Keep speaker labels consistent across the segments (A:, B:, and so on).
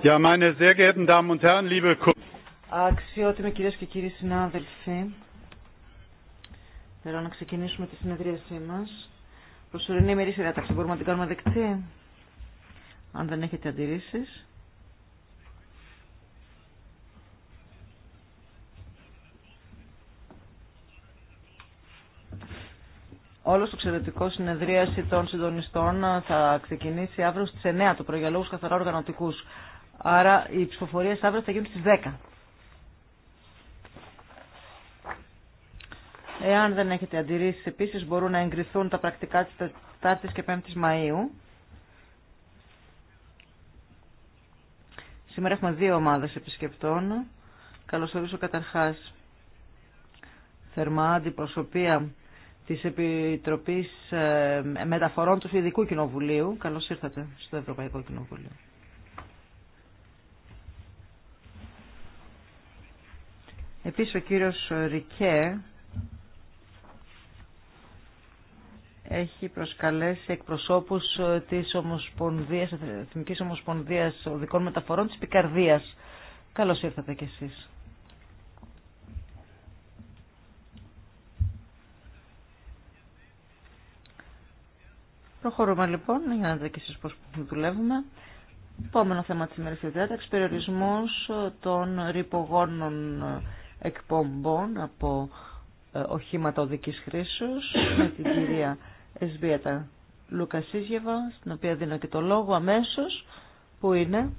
A: Αξιότιμε meine sehr geehrten Damen und Herren, liebe
B: κυρίες και κύριοι συνάδελφοι, θέλω να ξεκινήσουμε τη συνεδρίασή μας. Προσωρινή ημερήσια διάταξη μπορούμε να την κάνουμε δεκτή, αν δεν έχετε αντιρρήσεις. Όλο το εξαιρετικό συνεδρίαση των συντονιστών θα ξεκινήσει αύριο στι 9 το πρωί για λόγου καθαρά οργανωτικού. Άρα οι ψηφοφορίε αύριο θα γίνουν στις 10. Εάν δεν έχετε αντιρρήσει επίση μπορούν να εγκριθούν τα πρακτικά της 4 η και 5 η Μαΐου. Σήμερα έχουμε δύο ομάδε επισκεπτών. ορίσω καταρχάς θερμά αντιπροσωπεία της Επιτροπής ε, Μεταφορών του Ειδικού Κοινοβουλίου. Καλώς ήρθατε στο Ευρωπαϊκό Κοινοβούλιο. Επίσης ο κύριος Ρικέ έχει προσκαλέσει εκπροσώπους της Ομοσπονδίας, Εθνικής Ομοσπονδίας Οδικών Μεταφορών της Πικαρδίας. Καλώς ήρθατε κι εσείς. Προχωρούμε λοιπόν, για να δείτε και εσείς πώς δουλεύουμε. Επόμενο θέμα της ημέρας της διάταξης, περιορισμός των ρηπογόνων εκπομπών από ε, οχήματα οδικής χρήσης με την κυρία Εσβίατα Λουκασίγεβα στην οποία δίνω και το λόγο αμέσως, που είναι...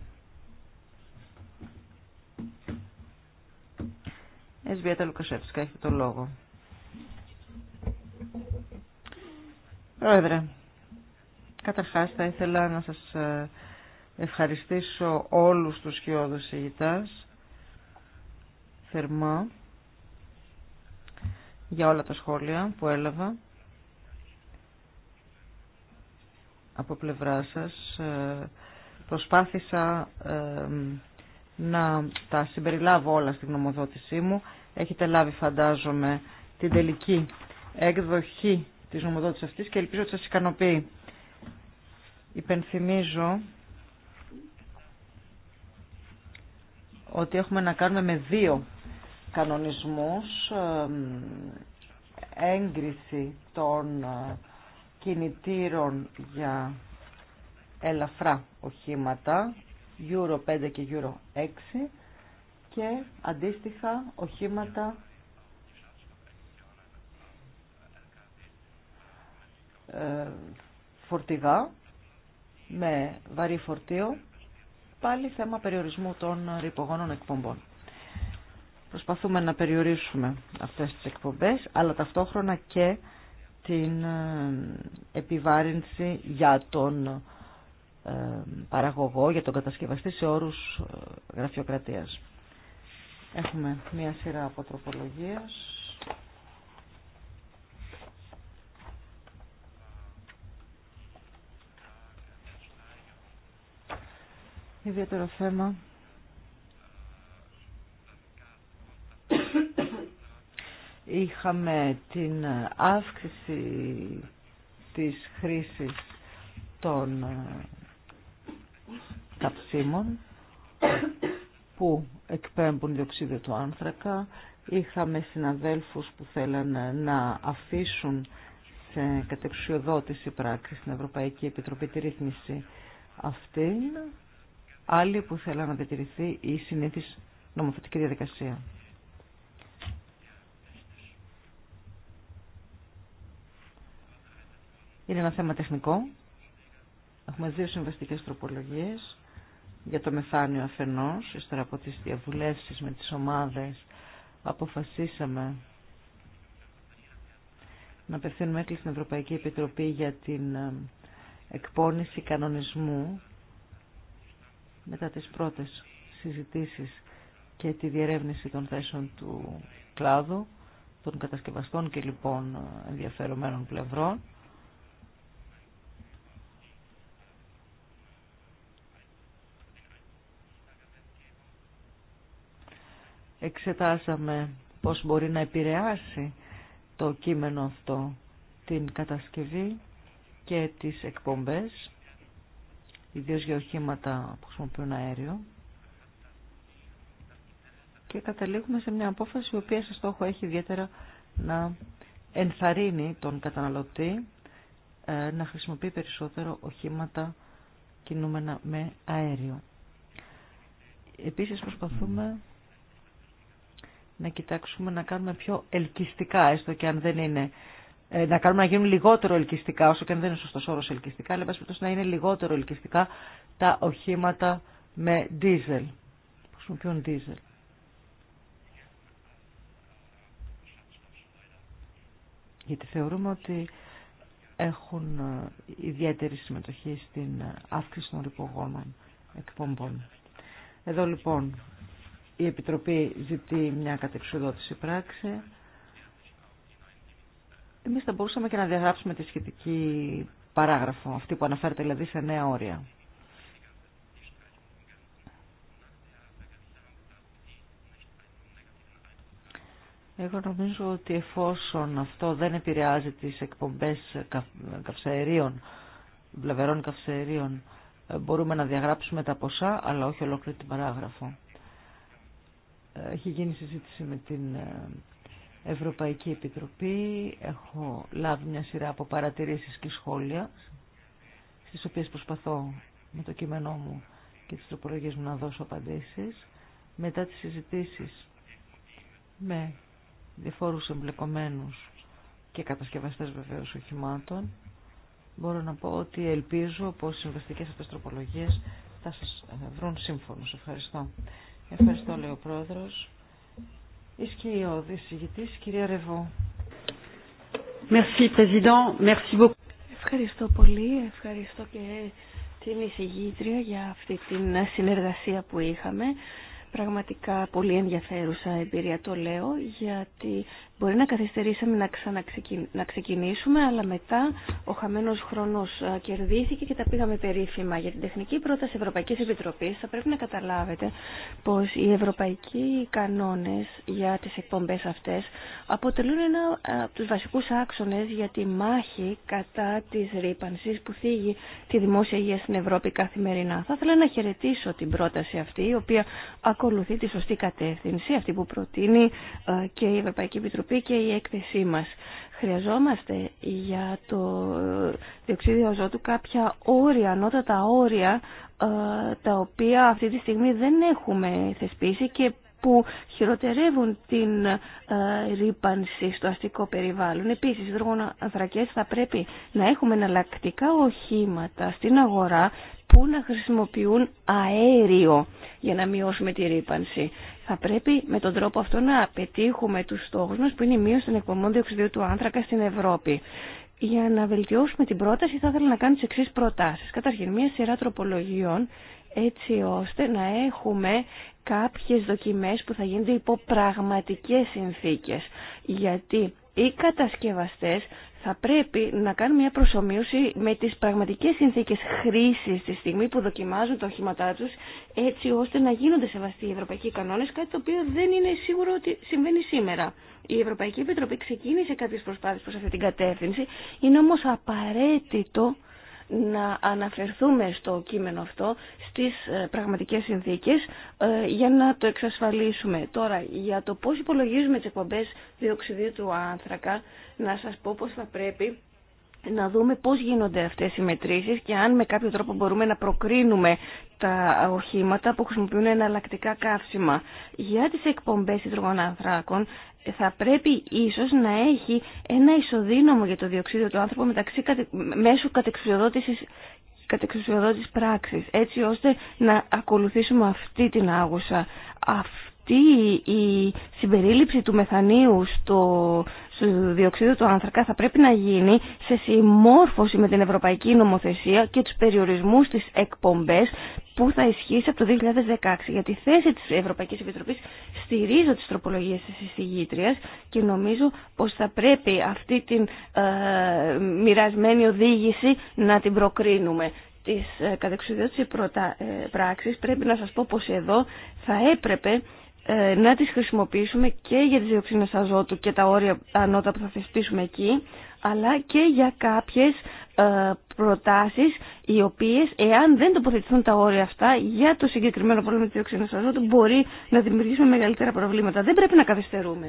B: Εσβίατα Λουκασίγεβα έχετε το λόγο. Πρόεδρε, καταρχάς θα ήθελα να σας ε, ευχαριστήσω όλους τους χειόδους ηγητάς θερμά για όλα τα σχόλια που έλαβα από πλευρά σας. Ε, προσπάθησα ε, να τα συμπεριλάβω όλα στην γνωμοδότησή μου. Έχετε λάβει φαντάζομαι την τελική έκδοχη της γνωμοδότησης αυτής και ελπίζω ότι σας ικανοποιεί. Υπενθυμίζω ότι έχουμε να κάνουμε με δύο κανονισμούς, έγκριση των ε, κινητήρων για ελαφρά οχήματα, Euro 5 και Euro 6 και αντίστοιχα οχήματα ε, φορτηγά με βαρύ φορτίο, πάλι θέμα περιορισμού των ρηπογόνων εκπομπών. Προσπαθούμε να περιορίσουμε αυτές τις εκπομπές, αλλά ταυτόχρονα και την ε, επιβάρυνση για τον ε, παραγωγό, για τον κατασκευαστή σε όρους ε, γραφειοκρατίας. Έχουμε μία σειρά από τροπολογίες. Ιδιαίτερο θέμα είχαμε την αύξηση της χρήσης των ε, καυσίμων που εκπέμπουν διοξίδιο του άνθρακα. Είχαμε συναδέλφους που θέλαν να αφήσουν σε κατεξουσιοδότηση πράξη στην Ευρωπαϊκή Επιτροπή τη ρύθμιση αυτήν. Άλλοι που θέλαν να διατηρηθεί η συνήθις νομοθετική διαδικασία. Είναι ένα θέμα τεχνικό. Έχουμε δύο συμβαστικέ τροπολογίες για το μεθάνιο αφενός, ύστερα από τι διαβουλεύσει με τι ομάδε αποφασίσαμε να απευθύνουμε έκκληση στην Ευρωπαϊκή Επιτροπή για την ε, εκπόνηση κανονισμού μετά τις πρώτες συζητήσεις και τη διερεύνηση των θέσεων του κλάδου, των κατασκευαστών και λοιπόν ε, ενδιαφερομένων πλευρών εξετάσαμε πώς μπορεί να επηρεάσει το κείμενο αυτό την κατασκευή και τις εκπομπές, ιδίως για οχήματα που χρησιμοποιούν αέριο. Και καταλήγουμε σε μια απόφαση η οποία σε στόχο έχει ιδιαίτερα να ενθαρρύνει τον καταναλωτή ε, να χρησιμοποιεί περισσότερο οχήματα κινούμενα με αέριο. Επίσης προσπαθούμε να κοιτάξουμε να κάνουμε πιο ελκυστικά, έστω και αν δεν είναι. Ε, να κάνουμε να γίνουν λιγότερο ελκυστικά, όσο και αν δεν είναι σωστό όρο ελκυστικά, αλλά να είναι λιγότερο ελκυστικά τα οχήματα με δίζελ. Χρησιμοποιούν δίζελ. Γιατί θεωρούμε ότι έχουν ε, ιδιαίτερη συμμετοχή στην ε, αύξηση των ρηπογόνων εκπομπών. Εδώ λοιπόν η Επιτροπή ζητεί μια κατεξοδότηση πράξη. Εμείς θα μπορούσαμε και να διαγράψουμε τη σχετική παράγραφο, αυτή που αναφέρεται δηλαδή σε νέα όρια. Εγώ νομίζω ότι εφόσον αυτό δεν επηρεάζει τις εκπομπές καυσαερίων, βλαβερών καυσαερίων, μπορούμε να διαγράψουμε τα ποσά, αλλά όχι ολόκληρη την παράγραφο έχει γίνει συζήτηση με την ε, Ευρωπαϊκή Επιτροπή. Έχω λάβει μια σειρά από παρατηρήσεις και σχόλια, στις οποίες προσπαθώ με το κείμενό μου και τις τροπολογίες μου να δώσω απαντήσεις. Μετά τις συζητήσεις με διαφόρους εμπλεκομένους και κατασκευαστές βεβαίως οχημάτων, μπορώ να πω ότι ελπίζω πως οι συμβαστικές αυτές τροπολογίες θα σας βρουν σύμφωνος. Ευχαριστώ. Ευχαριστώ, λέει ο Πρόεδρος. Ισκιώδη και κυρία Ρεβό. Merci, Président. Merci beaucoup. Ευχαριστώ
C: πολύ. Ευχαριστώ και την εισηγήτρια για αυτή την συνεργασία που είχαμε. Πραγματικά πολύ ενδιαφέρουσα εμπειρία το λέω γιατί Μπορεί να καθυστερήσαμε να ξεκινήσουμε, αλλά μετά ο χαμένος χρόνος κερδίθηκε και τα πήγαμε περίφημα. Για την τεχνική πρόταση Ευρωπαϊκής Επιτροπής θα πρέπει να καταλάβετε πως οι ευρωπαϊκοί κανόνες για τις εκπομπές αυτές αποτελούν ένα από τους βασικούς άξονες για τη μάχη κατά της ρήπανσης που θίγει τη δημόσια υγεία στην Ευρώπη καθημερινά. Θα ήθελα να χαιρετήσω την πρόταση αυτή, η οποία ακολουθεί τη σωστή κατεύθυνση, αυτή που προτείνει και η Ευρωπαϊκή Επιτροπή πει και η έκθεσή μας. Χρειαζόμαστε για το διοξίδιο αζότου κάποια όρια, ανώτατα όρια, ε, τα οποία αυτή τη στιγμή δεν έχουμε θεσπίσει και που χειροτερεύουν την ε, ρήπανση στο αστικό περιβάλλον. Επίσης, υδρογοναθρακές θα πρέπει να έχουμε εναλλακτικά οχήματα στην αγορά που να χρησιμοποιούν αέριο για να μειώσουμε τη ρήπανση. Θα πρέπει με τον τρόπο αυτό να πετύχουμε τους στόχους μας που είναι η μείωση των εκπομπών διοξιδίου του άνθρακα στην Ευρώπη. Για να βελτιώσουμε την πρόταση θα ήθελα να κάνω τις εξής προτάσεις. Καταρχήν μια σειρά τροπολογιών έτσι ώστε να έχουμε κάποιες δοκιμές που θα γίνονται υπό πραγματικές συνθήκες. Γιατί οι κατασκευαστές θα πρέπει να κάνουμε μια προσωμείωση με τις πραγματικές συνθήκες χρήσης τη στιγμή που δοκιμάζουν τα οχήματά τους έτσι ώστε να γίνονται σεβαστοί οι ευρωπαϊκοί κανόνες, κάτι το οποίο δεν είναι σίγουρο ότι συμβαίνει σήμερα. Η Ευρωπαϊκή Επιτροπή ξεκίνησε κάποιες προσπάθειες προς αυτή την κατεύθυνση, είναι όμως απαραίτητο να αναφερθούμε στο κείμενο αυτό στις ε, πραγματικές συνθήκες ε, για να το εξασφαλίσουμε. Τώρα, για το πώς υπολογίζουμε τις εκπομπές διοξιδίου του άνθρακα, να σας πω πώς θα πρέπει να δούμε πώς γίνονται αυτές οι μετρήσεις και αν με κάποιο τρόπο μπορούμε να προκρίνουμε τα οχήματα που χρησιμοποιούν εναλλακτικά καύσιμα. Για τις εκπομπές υδρογονάνθρακων θα πρέπει ίσως να έχει ένα ισοδύναμο για το διοξείδιο του άνθρωπου μεταξύ μέσω κατεξουσιοδότησης πράξης, έτσι ώστε να ακολουθήσουμε αυτή την άγουσα. Αυτή η συμπερίληψη του μεθανίου στο του διοξείδιο του άνθρακα θα πρέπει να γίνει σε συμμόρφωση με την ευρωπαϊκή νομοθεσία και τους περιορισμούς της εκπομπές που θα ισχύσει από το 2016. γιατί η θέση της Ευρωπαϊκής Επιτροπής στηρίζω τις τροπολογίες της εισηγήτριας και νομίζω πως θα πρέπει αυτή την ε, μοιρασμένη οδήγηση να την προκρίνουμε της ε, κατεξουδιώτησης ε, πράξης πρέπει να σας πω πως εδώ θα έπρεπε ε, να τις χρησιμοποιήσουμε και για τις διοξίνες αζότου και τα όρια ανώτα που θα θεσπίσουμε εκεί, αλλά και για κάποιες ε, προτάσεις οι οποίες εάν δεν τοποθετηθούν τα όρια αυτά για το συγκεκριμένο πρόβλημα της διοξίνης αζότου μπορεί να δημιουργήσουμε μεγαλύτερα προβλήματα. Δεν πρέπει να καθυστερούμε.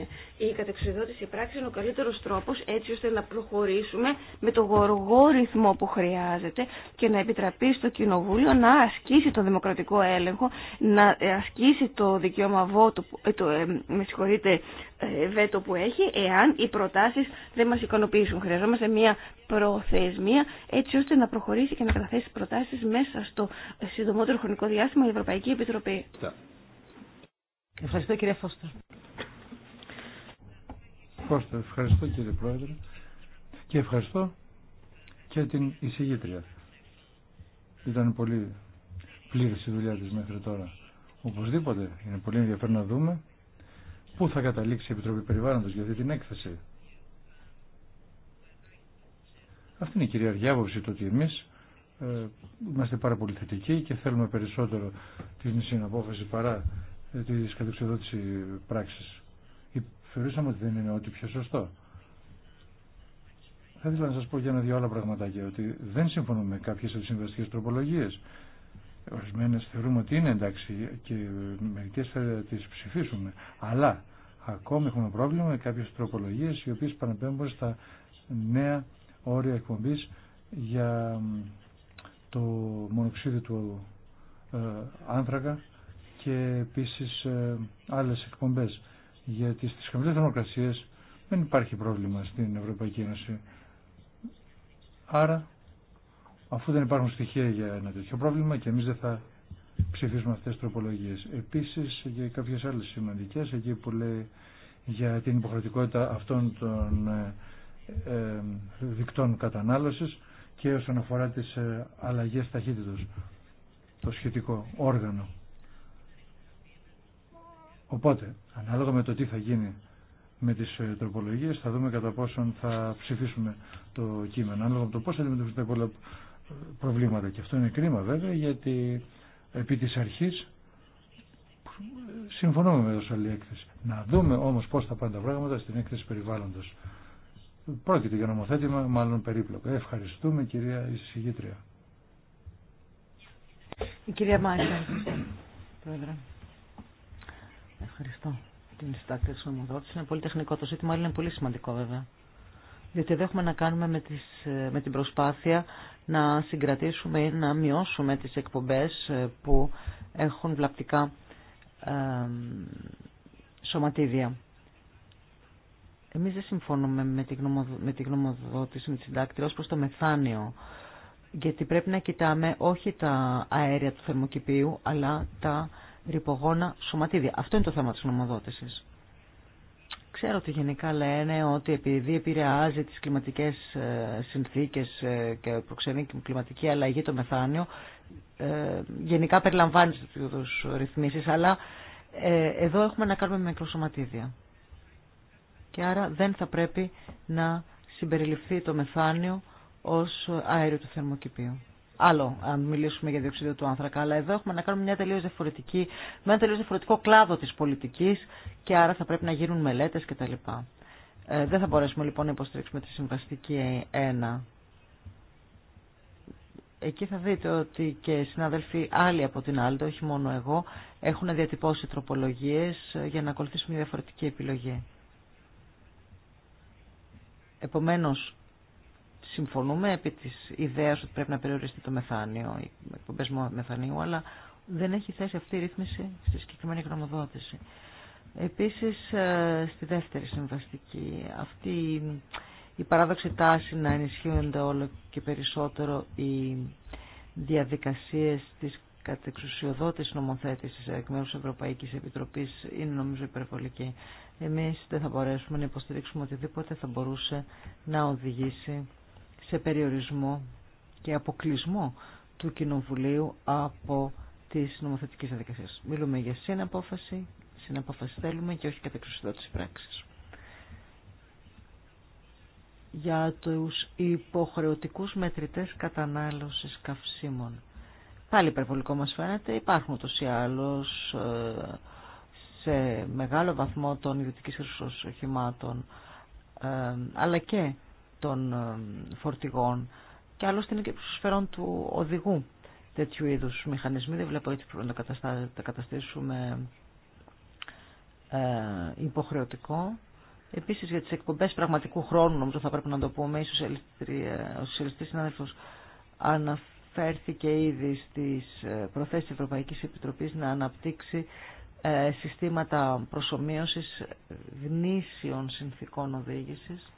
C: Η κατεξοδότηση πράξη είναι ο καλύτερος τρόπος έτσι ώστε να προχωρήσουμε με το γοργό ρυθμό που χρειάζεται και να επιτραπεί στο Κοινοβούλιο να ασκήσει το δημοκρατικό έλεγχο, να ασκήσει το δικαίωμα βότου, ε, το, ε, με συγχωρείτε, ε, βέτο που έχει, εάν οι προτάσεις δεν μας ικανοποιήσουν. Χρειαζόμαστε μια προθεσμία έτσι ώστε να προχωρήσει και να καταφέρει θέσει προτάσει μέσα στο συντομότερο χρονικό διάστημα η Ευρωπαϊκή Επιτροπή.
B: Ευχαριστώ κύριε Φώστα.
A: Φώστα, ευχαριστώ κύριε Πρόεδρε και ευχαριστώ και την εισηγήτρια. Ήταν πολύ πλήρης η δουλειά της μέχρι τώρα. Οπωσδήποτε είναι πολύ ενδιαφέρον να δούμε πού θα καταλήξει η Επιτροπή Περιβάλλοντος για αυτή την έκθεση. Αυτή είναι η κυρία άποψη το ότι εμείς ε, είμαστε πάρα πολύ θετικοί και θέλουμε περισσότερο την συναπόφαση παρά ε, τη κατεξοδότηση πράξη. Θεωρήσαμε ότι δεν είναι ό,τι πιο σωστό. Θα ήθελα να σα πω για ένα-δύο άλλα πραγματάκια. Ότι δεν συμφωνούμε με κάποιες από τι συμβαστικέ τροπολογίε. Ορισμένε θεωρούμε ότι είναι εντάξει και μερικέ θα τι ψηφίσουμε. Αλλά ακόμη έχουμε πρόβλημα με κάποιες τροπολογίε οι οποίες παραπέμπουν στα νέα όρια εκπομπή για το μονοξίδι του ε, άνθρακα και επίσης ε, άλλες εκπομπές. Γιατί στις χαμηλές θερμοκρασίες δεν υπάρχει πρόβλημα στην Ευρωπαϊκή Ένωση. Άρα, αφού δεν υπάρχουν στοιχεία για ένα τέτοιο πρόβλημα και εμείς δεν θα ψηφίσουμε αυτές τις τροπολογίες. Επίσης, για κάποιες άλλες σημαντικές, εκεί που λέει για την υποχρεωτικότητα αυτών των ε, δικτών κατανάλωσης, και όσον αφορά τις ε, αλλαγές ταχύτητος, το σχετικό όργανο. Οπότε, ανάλογα με το τι θα γίνει με τις ε, τροπολογίες, θα δούμε κατά πόσον θα ψηφίσουμε το κείμενο, ανάλογα με το πώς θα αντιμετωπίσουμε πολλά ε, προβλήματα. Και αυτό είναι κρίμα βέβαια, γιατί επί της αρχής συμφωνούμε με το άλλη έκθεση. Να δούμε όμως πώς θα πάνε τα πράγματα στην έκθεση περιβάλλοντος. Πρόκειται για νομοθέτημα μάλλον περίπλοκο. Ευχαριστούμε κυρία εισηγήτρια.
B: Η κυρία Μάγια, πρόεδρε. Ευχαριστώ την συντάκτη τη νομοδότησης. Είναι πολύ τεχνικό το ζήτημα, αλλά είναι πολύ σημαντικό βέβαια. Διότι εδώ έχουμε να κάνουμε με, τις, με την προσπάθεια να συγκρατήσουμε ή να μειώσουμε τις εκπομπές ε, που έχουν βλαπτικά ε, σωματίδια. Εμείς δεν συμφωνούμε με τη, γνωμοδότηση, με τη ως προς το μεθάνιο. Γιατί πρέπει να κοιτάμε όχι τα αέρια του θερμοκηπίου, αλλά τα ρηπογόνα σωματίδια. Αυτό είναι το θέμα της γνωμοδότησης. Ξέρω ότι γενικά λένε ότι επειδή επηρεάζει τις κλιματικές ε, συνθήκες ε, και προξενεί κλιματική αλλαγή το μεθάνιο, ε, γενικά περιλαμβάνει τους ρυθμίσεις, αλλά εδώ έχουμε να κάνουμε με μικροσωματίδια και άρα δεν θα πρέπει να συμπεριληφθεί το μεθάνιο ως αέριο του θερμοκηπίου. Άλλο, αν μιλήσουμε για διοξίδιο του άνθρακα, αλλά εδώ έχουμε να κάνουμε μια τελείως διαφορετική, με ένα τελείως διαφορετικό κλάδο της πολιτικής και άρα θα πρέπει να γίνουν μελέτες κτλ. Ε, δεν θα μπορέσουμε λοιπόν να υποστηρίξουμε τη συμβαστική 1. Εκεί θα δείτε ότι και συναδελφοί άλλοι από την άλλη, όχι μόνο εγώ, έχουν διατυπώσει τροπολογίες για να ακολουθήσουμε διαφορετική επιλογή. Επομένως, συμφωνούμε επί της ιδέας ότι πρέπει να περιοριστεί το μεθάνιο, το εκπομπές μεθανίου, αλλά δεν έχει θέση αυτή η ρύθμιση στη συγκεκριμένη γνωμοδότηση. Επίσης, ε, στη δεύτερη συμβαστική, αυτή η παράδοξη τάση να ενισχύονται όλο και περισσότερο οι διαδικασίες της κατ' εξουσιοδότηση νομοθέτησης εκ μέρους Ευρωπαϊκής Επιτροπής είναι νομίζω υπερβολική. Εμείς δεν θα μπορέσουμε να υποστηρίξουμε οτιδήποτε θα μπορούσε να οδηγήσει σε περιορισμό και αποκλεισμό του Κοινοβουλίου από τις νομοθετικές διαδικασίες. Μιλούμε για συναπόφαση, συναπόφαση θέλουμε και όχι κατ'
D: εξουσιοδότηση πράξης.
B: Για τους υποχρεωτικούς μετρητές κατανάλωσης καυσίμων Πάλι υπερβολικό μας φαίνεται. Υπάρχουν ούτως ή άλλως ε, σε μεγάλο βαθμό των ιδιωτικής χρήσης οχημάτων ε, αλλά και των ε, φορτηγών και άλλωστε είναι και προσφέρον του οδηγού τέτοιου είδους μηχανισμοί. Δεν βλέπω έτσι πρέπει να τα καταστήσουμε υποχρεωτικό. Επίσης για τις εκπομπές πραγματικού χρόνου, νομίζω θα πρέπει να το πούμε, ίσως ο συνάδελφος Φέρθηκε ήδη στις ε, προθέσεις της Ευρωπαϊκής Επιτροπής να αναπτύξει ε, συστήματα προσωμείωσης γνήσιων συνθήκων οδήγησης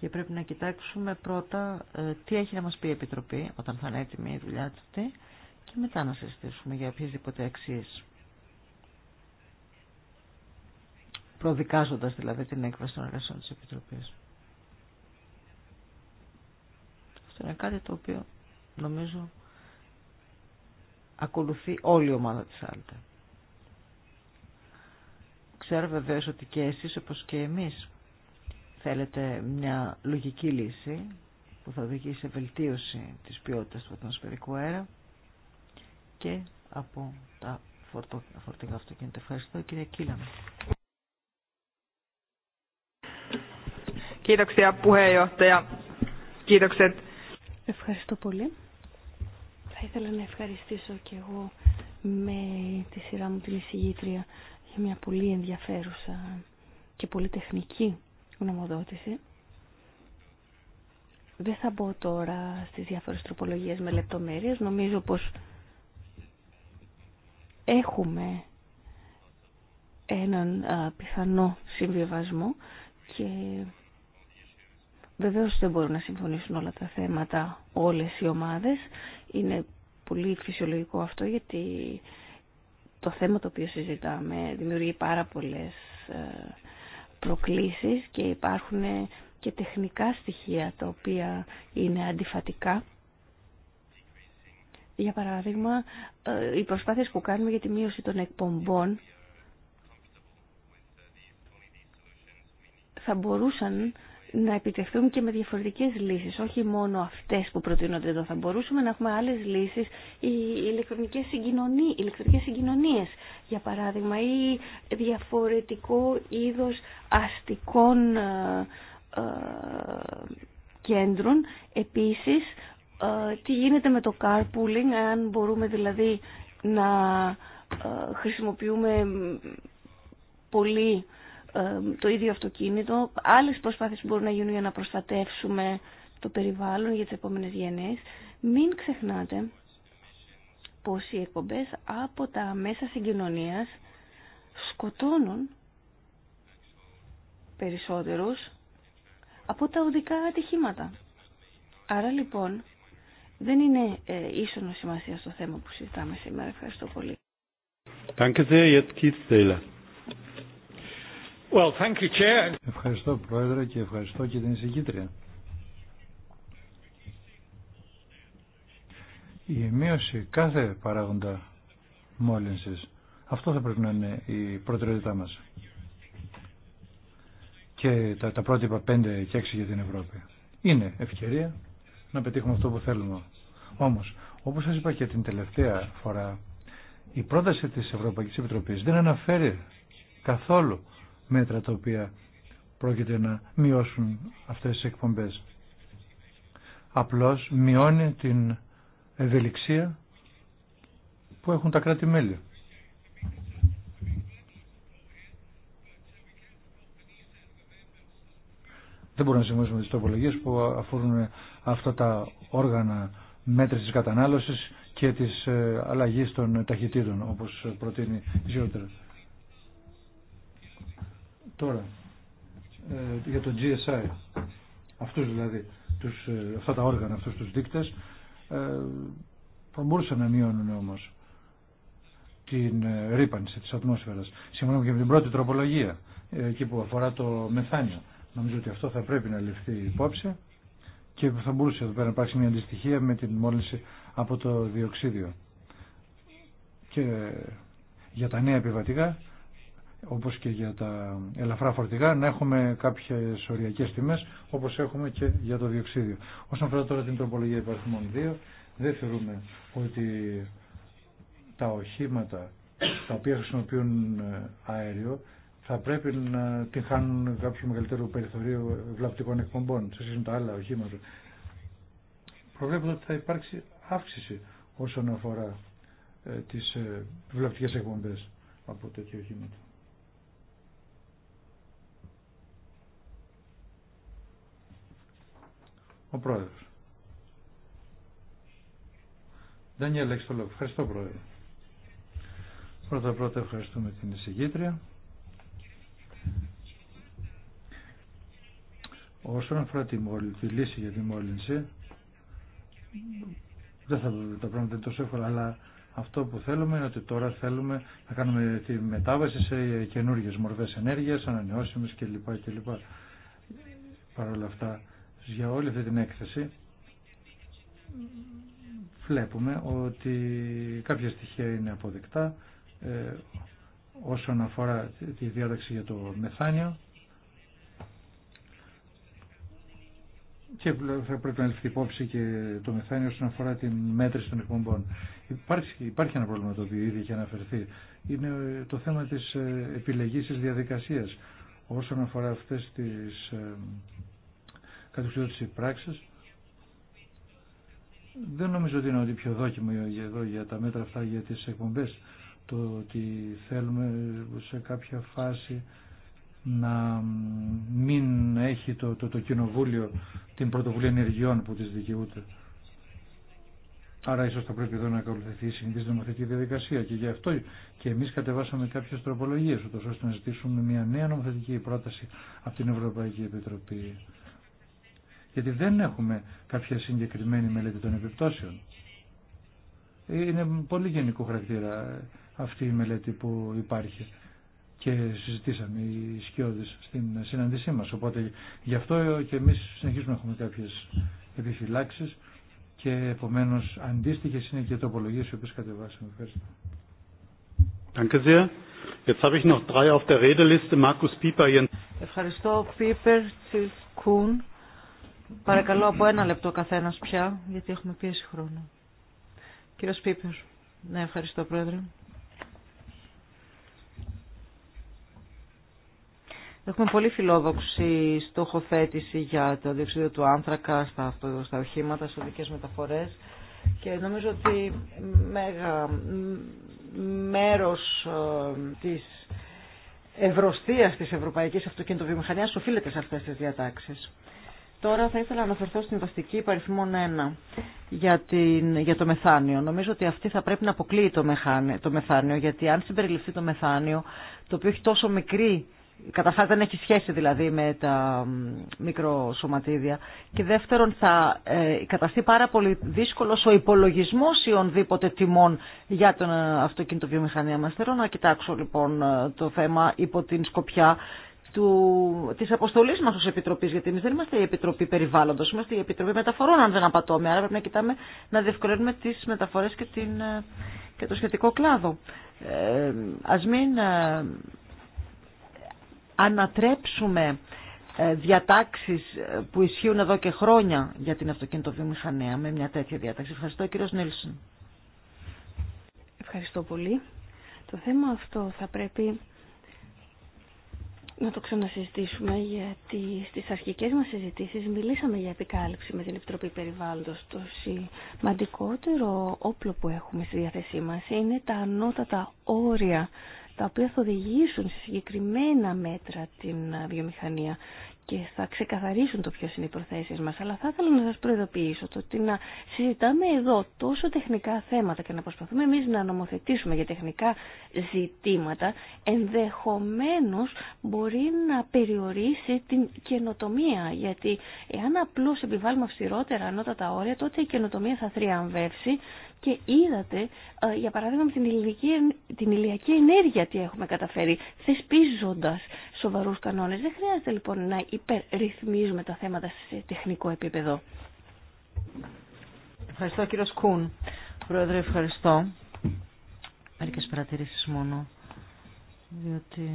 B: και πρέπει να κοιτάξουμε πρώτα ε, τι έχει να μας πει η Επιτροπή όταν θα είναι έτοιμη η δουλειά του και μετά να συζητήσουμε για οποιασδήποτε αξίες. Προδικάζοντας δηλαδή την έκβαση των εργασιών της Επιτροπής. είναι κάτι το οποίο νομίζω ακολουθεί όλη η ομάδα της Άλτα. Ξέρω βεβαίως ότι και εσείς όπως και εμείς θέλετε μια λογική λύση που θα οδηγεί σε βελτίωση της ποιότητας του ατμοσφαιρικού αέρα και από τα φορτηγά αυτοκίνητα. Ευχαριστώ κύριε Κίλα.
D: Kiitoksia puheenjohtaja. Kiitokset Ευχαριστώ πολύ.
C: Θα ήθελα να ευχαριστήσω και εγώ με τη σειρά μου την εισηγήτρια για μια πολύ ενδιαφέρουσα και πολύ τεχνική γνωμοδότηση. Δεν θα μπω τώρα στις διάφορες τροπολογίες με λεπτομέρειες. Νομίζω πως έχουμε έναν πιθανό συμβιβασμό και Βεβαίω δεν μπορούν να συμφωνήσουν όλα τα θέματα όλες οι ομάδες. Είναι πολύ φυσιολογικό αυτό γιατί το θέμα το οποίο συζητάμε δημιουργεί πάρα πολλές ε, προκλήσεις και υπάρχουν και τεχνικά στοιχεία τα οποία είναι αντιφατικά. Για παράδειγμα, ε, οι προσπάθειες που κάνουμε για τη μείωση των εκπομπών θα μπορούσαν να επιτευχθούμε και με διαφορετικές λύσεις, όχι μόνο αυτές που προτείνονται εδώ. Θα μπορούσαμε να έχουμε άλλες λύσεις, οι ηλεκτρονικές συγκοινωνίες, ηλεκτρικές για παράδειγμα, ή διαφορετικό είδος αστικών ε, ε, κέντρων. Επίσης, ε, τι γίνεται με το carpooling, αν μπορούμε δηλαδή να χρησιμοποιούμε πολύ το ίδιο αυτοκίνητο, άλλες προσπάθειες που μπορούν να γίνουν για να προστατεύσουμε το περιβάλλον για τις επόμενες γενναίες. Μην ξεχνάτε πως οι εκπομπές από τα μέσα συγκοινωνίας σκοτώνουν περισσότερους από τα οδικά ατυχήματα. Άρα λοιπόν δεν είναι ε, ίσονο σημασία στο θέμα που συζητάμε σήμερα. Ευχαριστώ πολύ.
A: Danke sehr, Well, thank you, Chair. Ευχαριστώ Πρόεδρε και ευχαριστώ και την εισηγήτρια. Η μείωση κάθε παράγοντα μόλυνσης, αυτό θα πρέπει να είναι η προτεραιότητά μας. Και τα, τα πρότυπα 5 και 6 για την Ευρώπη. Είναι ευκαιρία να πετύχουμε αυτό που θέλουμε. Όμως, όπως σας είπα και την τελευταία φορά, η πρόταση της Ευρωπαϊκής Επιτροπής δεν αναφέρει καθόλου μέτρα τα οποία πρόκειται να μειώσουν αυτές τις εκπομπές. Απλώς μειώνει την ευελιξία που έχουν τα κράτη-μέλη. Δεν μπορούμε να συμβούσουμε τις τοπολογίες που αφορούν αυτά τα όργανα μέτρησης κατανάλωσης και της ε, αλλαγής των ταχυτήτων όπως προτείνει η Τώρα, ε, για το GSI, αυτούς δηλαδή, τους, ε, αυτά τα όργανα, αυτούς τους δείκτες, ε, θα μπορούσαν να μειώνουν όμως την ε, ρήπανση της ατμόσφαιρας. Σύμφωνα και με την πρώτη τροπολογία, ε, εκεί που αφορά το μεθάνιο. Νομίζω ότι αυτό θα πρέπει να ληφθεί υπόψη και θα μπορούσε εδώ πέρα να υπάρξει μια αντιστοιχία με την μόλυνση από το διοξίδιο. Και για τα νέα επιβατικά όπως και για τα ελαφρά φορτηγά, να έχουμε κάποιες οριακές τιμές, όπως έχουμε και για το διοξίδιο. Όσον αφορά τώρα την τροπολογία υπαριθμών 2, δεν θεωρούμε ότι τα οχήματα τα οποία χρησιμοποιούν ε, αέριο θα πρέπει να την χάνουν κάποιο μεγαλύτερο περιθωρίο βλαπτικών εκπομπών σε σχέση με τα άλλα οχήματα. Προβλέπω ότι θα υπάρξει αύξηση όσον αφορά ε, τις ε, βλαπτικές εκπομπές από τέτοια οχήματα. Ο Πρόεδρος. είναι έχεις το λόγο. Ευχαριστώ, Πρόεδρε. Πρώτα-πρώτα ευχαριστούμε την εισηγήτρια. Όσον αφορά τη, τη λύση για τη μόλυνση, δεν θα τα πράγματα τόσο εύκολα, αλλά αυτό που θέλουμε είναι ότι τώρα θέλουμε να κάνουμε τη μετάβαση σε καινούργιες μορφές ενέργειας, ανανεώσιμες κλπ. Παρ' όλα αυτά για όλη αυτή την έκθεση βλέπουμε ότι κάποια στοιχεία είναι αποδεκτά ε, όσον αφορά τη διάταξη για το μεθάνιο και θα πρέπει να ληφθεί υπόψη και το μεθάνιο όσον αφορά την μέτρηση των εκπομπών. Υπάρχει, υπάρχει ένα πρόβλημα το οποίο ήδη έχει αναφερθεί. Είναι ε, το θέμα της ε, επιλεγής της διαδικασίας όσον αφορά αυτές τις ε, της πράξης. Δεν νομίζω ότι είναι ότι πιο δόκιμο εδώ για τα μέτρα αυτά για τις εκπομπές το ότι θέλουμε σε κάποια φάση να μην έχει το, το, το κοινοβούλιο την πρωτοβουλία ενεργειών που τη δικαιούται. Άρα ίσως θα πρέπει εδώ να ακολουθηθεί η συνήθιση νομοθετική διαδικασία και γι' αυτό και εμείς κατεβάσαμε κάποιες τροπολογίες ούτως ώστε να ζητήσουμε μια νέα νομοθετική πρόταση από την Ευρωπαϊκή Επιτροπή γιατί δεν έχουμε κάποια συγκεκριμένη μελέτη των επιπτώσεων. Είναι πολύ γενικό χαρακτήρα αυτή η μελέτη που υπάρχει και συζητήσαμε οι σκιώδεις στην συναντησή μας. Οπότε γι' αυτό και εμείς συνεχίζουμε να έχουμε κάποιες επιφυλάξεις και επομένως αντίστοιχες είναι και τοπολογίες οι οποίες κατεβάσαμε. Ευχαριστώ.
B: Ευχαριστώ, Πίπερ Κούν. Παρακαλώ από ένα λεπτό καθένας πια, γιατί έχουμε πίεση χρόνου. Κύριος Πίπερ. Ναι, ευχαριστώ Πρόεδρε. Έχουμε πολύ φιλόδοξη στόχοθέτηση για το διοξείδιο του άνθρακα στα, στα οχήματα, στις οδικές μεταφορές και νομίζω ότι μέγα μέρος ε, της ευρωστίας της ευρωπαϊκής αυτοκινητοβιομηχανίας οφείλεται σε αυτές τις διατάξεις. Τώρα θα ήθελα να αναφερθώ στην βαστική υπαριθμόν 1 για, την, για το μεθάνιο. Νομίζω ότι αυτή θα πρέπει να αποκλείει το, μεθάνιο, γιατί αν συμπεριληφθεί το μεθάνιο, το οποίο έχει τόσο μικρή, καταρχάς δεν έχει σχέση δηλαδή με τα μικροσωματίδια, και δεύτερον θα ε, καταστεί πάρα πολύ δύσκολος ο υπολογισμός ιονδήποτε τιμών για τον ε, αυτοκίνητο βιομηχανία μας. Θέλω να κοιτάξω λοιπόν ε, το θέμα υπό την σκοπιά του, της αποστολής μας ως Επιτροπής, γιατί εμείς δεν είμαστε η Επιτροπή Περιβάλλοντος, είμαστε η Επιτροπή Μεταφορών, αν δεν απατώμε, άρα πρέπει να κοιτάμε να διευκολύνουμε τις μεταφορές και, την, ε, και το σχετικό κλάδο. Ε, ας μην ε, ανατρέψουμε ε, διατάξεις ε, που ισχύουν εδώ και χρόνια για την αυτοκινητοβιομηχανία με μια τέτοια διάταξη. Ευχαριστώ κύριο Νίλσον. Ευχαριστώ πολύ. Το θέμα αυτό θα πρέπει να το
C: ξανασυζητήσουμε γιατί στις αρχικές μας συζητήσεις μιλήσαμε για επικάλυψη με την Επιτροπή Περιβάλλοντος. Το σημαντικότερο όπλο που έχουμε στη διάθεσή μας είναι τα ανώτατα όρια τα οποία θα οδηγήσουν σε συγκεκριμένα μέτρα την βιομηχανία και θα ξεκαθαρίσουν το ποιό είναι οι προθέσεις μας. Αλλά θα ήθελα να σας προειδοποιήσω το ότι να συζητάμε εδώ τόσο τεχνικά θέματα και να προσπαθούμε εμεί να νομοθετήσουμε για τεχνικά ζητήματα ενδεχομένως μπορεί να περιορίσει την καινοτομία. Γιατί εάν απλώς επιβάλλουμε αυστηρότερα ανώτατα όρια τότε η καινοτομία θα θριαμβεύσει και είδατε, ε, για παράδειγμα, την, ηλιακή, την ενέργεια τι έχουμε καταφέρει, θεσπίζοντας σοβαρούς κανόνες. Δεν χρειάζεται λοιπόν να υπερρυθμίζουμε τα θέματα σε τεχνικό επίπεδο.
B: Ευχαριστώ κύριο Σκούν. Πρόεδρε, ευχαριστώ. Μερικές παρατηρήσεις μόνο, διότι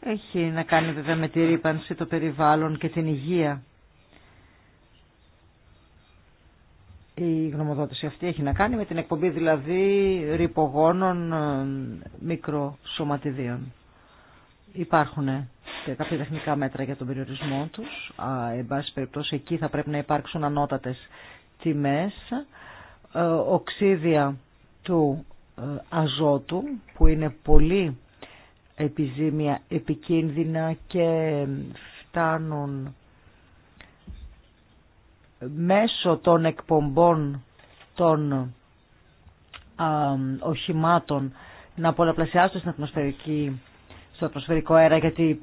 B: έχει να κάνει βέβαια με τη ρήπανση, το περιβάλλον και την υγεία Η γνωμοδότηση αυτή έχει να κάνει με την εκπομπή δηλαδή ρηπογόνων ε, μικροσωματιδίων. Υπάρχουν και κάποια τεχνικά μέτρα για τον περιορισμό τους. Εν πάση περιπτώσει εκεί θα πρέπει να υπάρξουν ανώτατες τιμές. Ε, οξύδια του ε, αζότου που είναι πολύ επιζήμια, επικίνδυνα και φτάνουν μέσω των εκπομπών των οχημάτων να πολλαπλασιάσουν στην ατμοσφαιρική στο ατμοσφαιρικό αέρα γιατί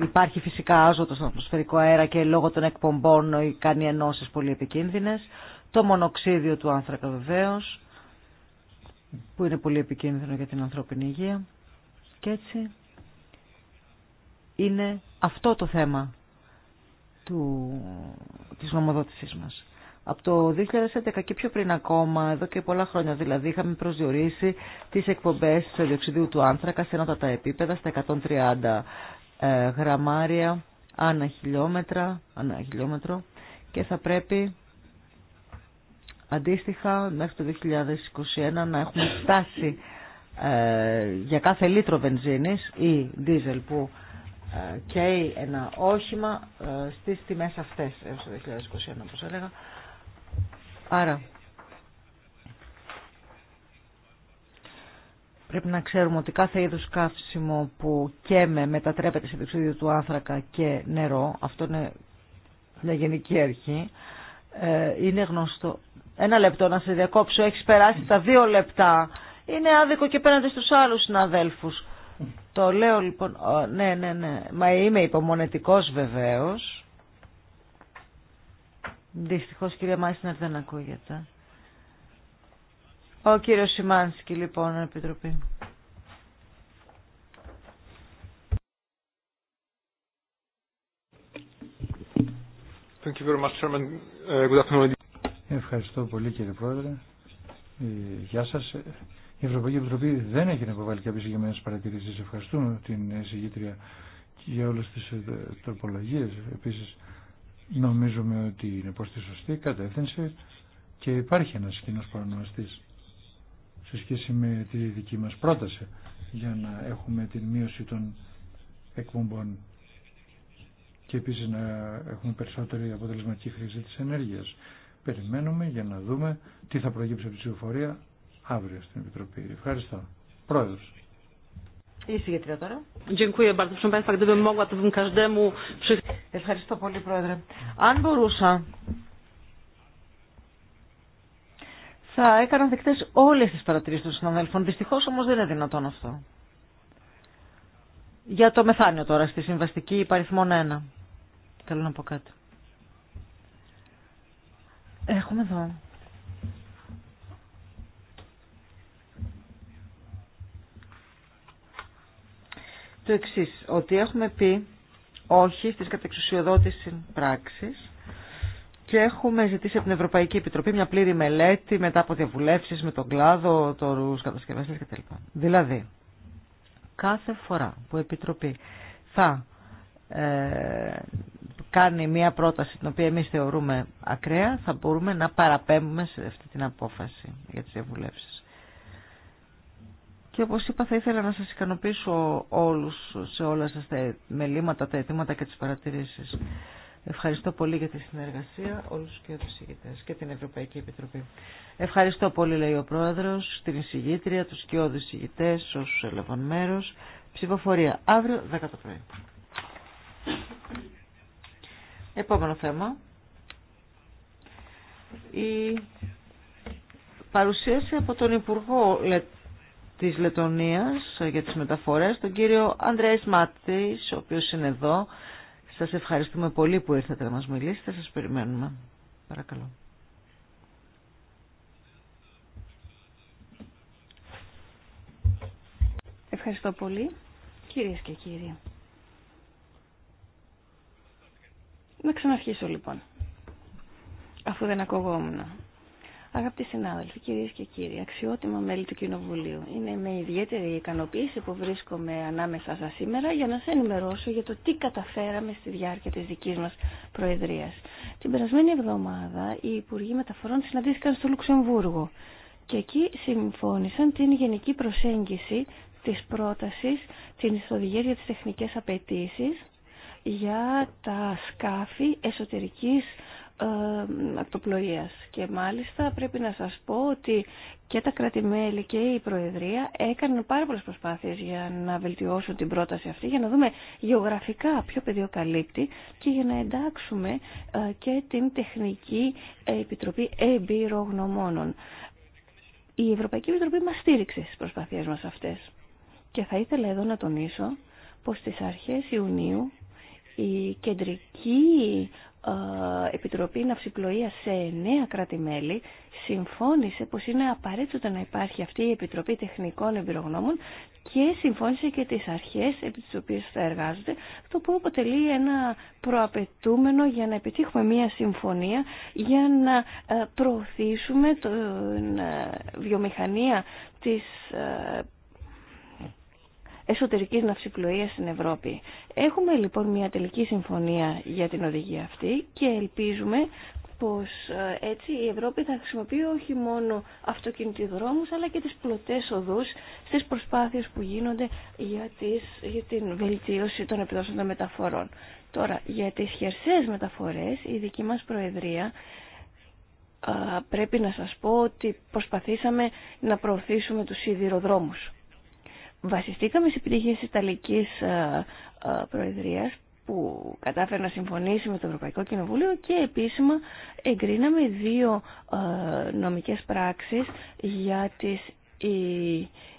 B: υπάρχει φυσικά άζωτο στο ατμοσφαιρικό αέρα και λόγω των εκπομπών κάνει ενώσεις πολύ επικίνδυνες το μονοξίδιο του άνθρακα βεβαίω, που είναι πολύ επικίνδυνο για την ανθρώπινη υγεία και έτσι είναι αυτό το θέμα του, της νομοδότησής μας. Από το 2011 και πιο πριν ακόμα, εδώ και πολλά χρόνια δηλαδή, είχαμε προσδιορίσει τις εκπομπές του διοξιδίου του άνθρακα σε τα επίπεδα, στα 130 ε, γραμμάρια ανά, χιλιόμετρα, ανά χιλιόμετρο και θα πρέπει αντίστοιχα μέχρι το 2021 να έχουμε φτάσει ε, για κάθε λίτρο βενζίνης ή δίζελ που καίει ένα όχημα ε, στις τιμές αυτές έως το 2021 όπως έλεγα. Άρα πρέπει να ξέρουμε ότι κάθε είδους καύσιμο που καίμε μετατρέπεται σε διοξείδιο του άνθρακα και νερό, αυτό είναι μια γενική αρχή, ε, είναι γνωστό. Ένα λεπτό να σε διακόψω, έχεις περάσει τα δύο λεπτά. Είναι άδικο και πέναντι στους άλλους συναδέλφους. Το λέω λοιπόν, ναι, ναι, ναι, μα είμαι υπομονετικός βεβαίως. Δυστυχώς κυρία Μάισνερ δεν ακούγεται. Ο κύριος Σιμάνσκι λοιπόν, Επιτροπή.
C: Uh,
A: Ευχαριστώ πολύ κύριε Πρόεδρε. Ε, γεια σας. Η Ευρωπαϊκή Επιτροπή δεν έχει να υποβάλει κάποιε συγκεκριμένε παρατηρήσει. Ευχαριστούμε την εισηγήτρια για όλε τι ε, τροπολογίε. Επίση, νομίζουμε ότι είναι προ τη σωστή κατεύθυνση και υπάρχει ένα κοινό παρονομαστή σε σχέση με τη δική μα πρόταση για να έχουμε την μείωση των εκπομπών και επίσης να έχουμε περισσότερη αποτελεσματική χρήση της ενέργειας. Περιμένουμε για να δούμε τι θα προγύψει από τη ψηφοφορία αύριο στην Επιτροπή. Ευχαριστώ. Πρόεδρος.
B: Ευχαριστώ πολύ, Πρόεδρε. Αν μπορούσα, θα έκανα δεκτές όλες τις παρατηρήσεις των συναδέλφων. Δυστυχώς όμως δεν είναι δυνατόν αυτό. Για το μεθάνιο τώρα, στη συμβαστική υπαριθμόν 1. Θέλω να πω κάτι. Έχουμε εδώ το εξή, ότι έχουμε πει όχι στις κατεξουσιοδότηση πράξεις και έχουμε ζητήσει από την Ευρωπαϊκή Επιτροπή μια πλήρη μελέτη μετά από διαβουλεύσει με τον κλάδο, του κατασκευαστέ κτλ. Δηλαδή, κάθε φορά που η Επιτροπή θα ε, κάνει μια πρόταση την οποία εμείς θεωρούμε ακραία, θα μπορούμε να παραπέμπουμε σε αυτή την απόφαση για τις διαβουλεύσει. Και όπως είπα θα ήθελα να σας ικανοποιήσω όλους σε όλα σας τα μελήματα, τα αιτήματα και τις παρατηρήσεις. Ευχαριστώ πολύ για τη συνεργασία όλους και τους ηγητές και την Ευρωπαϊκή Επιτροπή. Ευχαριστώ πολύ λέει ο Πρόεδρος, την εισηγήτρια, τους και ηγητές, όσους έλαβαν μέρος. Ψηφοφορία αύριο 10 το πρωί. Επόμενο θέμα. Η παρουσίαση από τον Υπουργό της Λετωνίας για τις μεταφορές, τον κύριο Ανδρέας Μάτης, ο οποίος είναι εδώ. Σας ευχαριστούμε πολύ που ήρθατε να μας μιλήσετε. Σας περιμένουμε. Παρακαλώ.
C: Ευχαριστώ πολύ, κυρίες και κύριοι. Να ξαναρχίσω λοιπόν, αφού δεν ακογόμουν. Αγαπητοί συνάδελφοι, κυρίε και κύριοι, αξιότιμα μέλη του Κοινοβουλίου, είναι με ιδιαίτερη ικανοποίηση που βρίσκομαι ανάμεσά σα σήμερα για να σα ενημερώσω για το τι καταφέραμε στη διάρκεια τη δική μα Προεδρία. Την περασμένη εβδομάδα οι Υπουργοί Μεταφορών συναντήθηκαν στο Λουξεμβούργο και εκεί συμφώνησαν την γενική προσέγγιση τη πρόταση την ιστοδηγία για τι τεχνικές απαιτήσει για τα σκάφη εσωτερικής ε, ακτοπλοείας. Και μάλιστα πρέπει να σας πω ότι και τα κρατημέλη και η Προεδρία έκαναν πάρα πολλές προσπάθειες για να βελτιώσουν την πρόταση αυτή, για να δούμε γεωγραφικά ποιο πεδίο καλύπτει και για να εντάξουμε ε, και την Τεχνική Επιτροπή Εμπειρογνωμόνων. Η Ευρωπαϊκή Επιτροπή μας στήριξε στις προσπάθειές μας αυτές. Και θα ήθελα εδώ να τονίσω πως στις αρχές Ιουνίου η κεντρική ε, Επιτροπή Ναυσιπλοεία σε εννέα κράτη-μέλη συμφώνησε πως είναι απαραίτητο να υπάρχει αυτή η Επιτροπή Τεχνικών Εμπειρογνώμων και συμφώνησε και τις αρχές επί τις οποίες θα εργάζονται, το οποίο αποτελεί ένα προαπαιτούμενο για να επιτύχουμε μια συμφωνία για να ε, προωθήσουμε την ε, βιομηχανία της Εσωτερική ναυσιπλοεία στην Ευρώπη. Έχουμε λοιπόν μια τελική συμφωνία για την οδηγία αυτή και ελπίζουμε πως ε, έτσι η Ευρώπη θα χρησιμοποιεί όχι μόνο δρόμους αλλά και τις πλωτές οδούς στις προσπάθειες που γίνονται για, τις, την βελτίωση των επιδόσεων των μεταφορών. Τώρα, για τις χερσαίες μεταφορές, η δική μας Προεδρία πρέπει να σας πω ότι προσπαθήσαμε να προωθήσουμε τους σιδηροδρόμους βασιστήκαμε σε επιτυχίες της Ιταλικής ε, ε, Προεδρίας που κατάφερε να συμφωνήσει με το Ευρωπαϊκό Κοινοβούλιο και επίσημα εγκρίναμε δύο ε, νομικές πράξεις για τις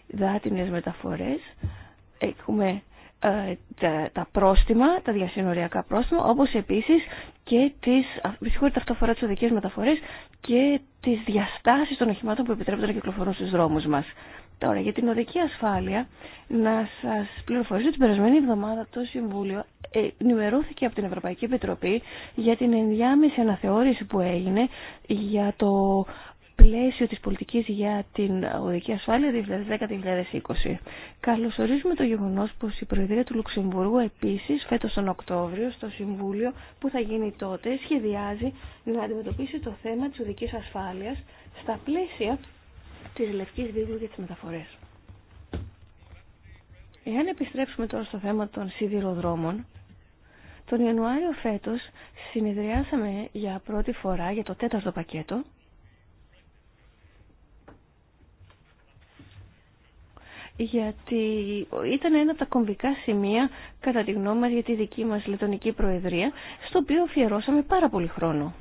C: δάτινες μεταφορές. Έχουμε τα, τα πρόστιμα, τα διασυνοριακά πρόστιμα, όπως επίσης και τις, συγχωρείτε αυτό αφορά τις μεταφορές και τις διαστάσεις των οχημάτων που επιτρέπεται να κυκλοφορούν στους δρόμους μας. Τώρα, για την οδική ασφάλεια, να σας πληροφορήσω ότι την περασμένη εβδομάδα το Συμβούλιο ενημερώθηκε από την Ευρωπαϊκή Επιτροπή για την ενδιάμεση αναθεώρηση που έγινε για το πλαίσιο της πολιτικής για την οδική ασφάλεια 2010-2020. Καλωσορίζουμε το γεγονός πως η Προεδρία του Λουξεμβούργου επίσης φέτος τον Οκτώβριο στο Συμβούλιο που θα γίνει τότε σχεδιάζει να αντιμετωπίσει το θέμα της οδικής ασφάλειας στα πλαίσια της Λευκής Βίβλου για τις μεταφορές. Εάν επιστρέψουμε τώρα στο θέμα των σιδηροδρόμων, τον Ιανουάριο φέτος συνεδριάσαμε για πρώτη φορά για το τέταρτο πακέτο γιατί ήταν ένα από τα κομβικά σημεία κατά τη γνώμη μας για τη δική μας λετωνική προεδρία στο οποίο αφιερώσαμε πάρα πολύ χρόνο.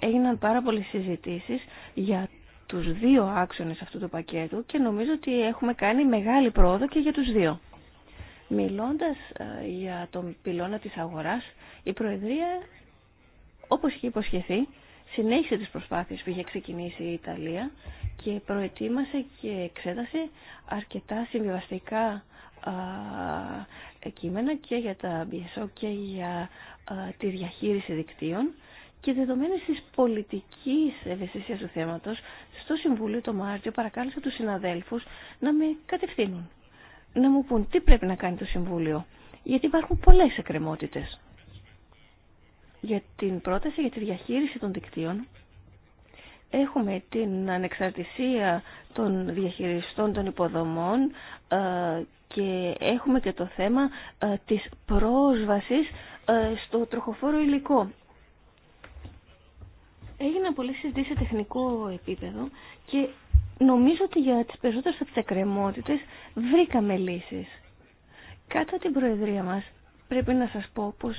C: Έγιναν πάρα πολλές συζητήσεις για τους δύο άξονες αυτού του πακέτου και νομίζω ότι έχουμε κάνει μεγάλη πρόοδο και για τους δύο. Μιλώντας ε, για τον πυλώνα της αγοράς, η Προεδρία, όπως είχε υποσχεθεί, συνέχισε τις προσπάθειες που είχε ξεκινήσει η Ιταλία και προετοίμασε και εξέτασε αρκετά συμβιβαστικά κείμενα και για τα BSO και για τη διαχείριση δικτύων και δεδομένης της πολιτικής ευαισθησίας του θέματος το Συμβούλιο το Μάρτιο παρακάλεσα τους συναδέλφους να με κατευθύνουν. Να μου πούν τι πρέπει να κάνει το Συμβούλιο. Γιατί υπάρχουν πολλές εκκρεμότητες. Για την πρόταση για τη διαχείριση των δικτύων έχουμε την ανεξαρτησία των διαχειριστών των υποδομών ε, και έχουμε και το θέμα ε, της πρόσβασης ε, στο τροχοφόρο υλικό έγιναν πολλές συζητήσεις σε τεχνικό επίπεδο και νομίζω ότι για τις περισσότερες από τις βρήκαμε λύσεις. από την Προεδρία μας πρέπει να σας πω πως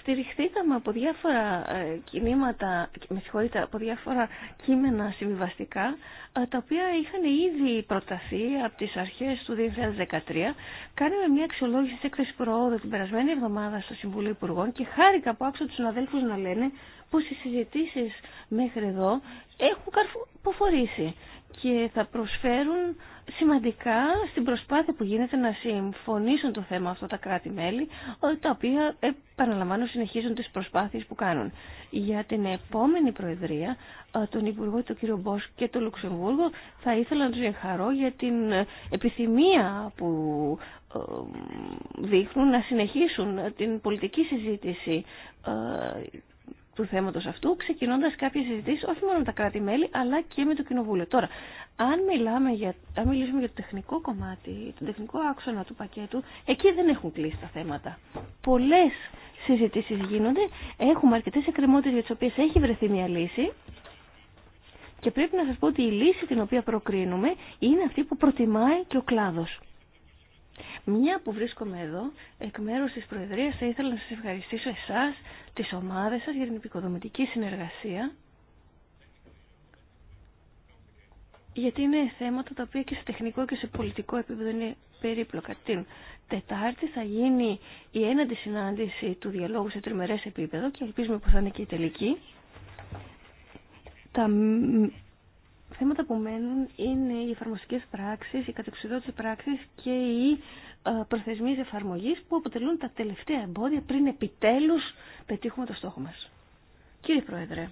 C: στηριχθήκαμε από διάφορα ε, κινήματα, με συγχωρείτε, από διάφορα κείμενα συμβιβαστικά, ε, τα οποία είχαν ήδη προταθεί από τις αρχές του 2013. Κάνουμε μια αξιολόγηση της έκθεσης προόδου την περασμένη εβδομάδα στο Συμβούλιο Υπουργών και χάρηκα που άκουσα τους συναδέλφους να λένε πως οι συζητήσεις μέχρι εδώ έχουν καρποφορήσει και θα προσφέρουν σημαντικά στην προσπάθεια που γίνεται να συμφωνήσουν το θέμα αυτό τα κράτη-μέλη, τα οποία, επαναλαμβάνω, συνεχίζουν τις προσπάθειες που κάνουν. Για την επόμενη Προεδρία, ε, τον Υπουργό, τον κύριο Μπόσκ και το Λουξεμβούργο, θα ήθελα να τους εγχαρώ για την επιθυμία που ε, δείχνουν να συνεχίσουν την πολιτική συζήτηση ε, του θέματο αυτού, ξεκινώντα κάποιε συζητήσει όχι μόνο με τα κράτη-μέλη, αλλά και με το Κοινοβούλιο. Τώρα, αν, μιλάμε για, αν μιλήσουμε για το τεχνικό κομμάτι, τον τεχνικό άξονα του πακέτου, εκεί δεν έχουν κλείσει τα θέματα. Πολλέ συζητήσει γίνονται, έχουμε αρκετέ εκκρεμότητε για τι οποίε έχει βρεθεί μια λύση, και πρέπει να σας πω ότι η λύση την οποία προκρίνουμε είναι αυτή που προτιμάει και ο κλάδος. Μια που βρίσκομαι εδώ, εκ μέρους της Προεδρίας θα ήθελα να σας ευχαριστήσω εσάς, τις ομάδες σας για την επικοδομητική συνεργασία. Γιατί είναι θέματα τα οποία και σε τεχνικό και σε πολιτικό επίπεδο είναι περίπλοκα. Την Τετάρτη θα γίνει η έναντι συνάντηση του διαλόγου σε τριμερές επίπεδο και ελπίζουμε πως θα είναι και η τελική. Τα Θέματα που μένουν είναι οι εφαρμοστικέ πράξει, οι κατεξουδότητε πράξει και οι ε, προθεσμίε εφαρμογή που αποτελούν τα τελευταία εμπόδια πριν επιτέλου πετύχουμε το στόχο μα. Κύριε Πρόεδρε,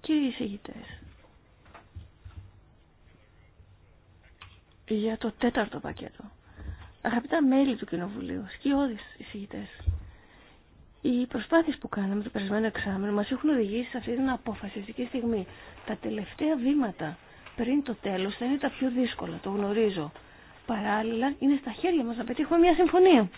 C: κύριοι εισηγητέ, για το τέταρτο πακέτο, αγαπητά μέλη του Κοινοβουλίου, σκιώδει εισηγητέ, οι προσπάθειες που κάναμε το περασμένο εξάμεινο μας έχουν οδηγήσει σε αυτή την αποφασιστική στιγμή. Τα τελευταία βήματα πριν το τέλος θα είναι τα πιο δύσκολα, το γνωρίζω. Παράλληλα είναι στα χέρια μας να πετύχουμε μια συμφωνία.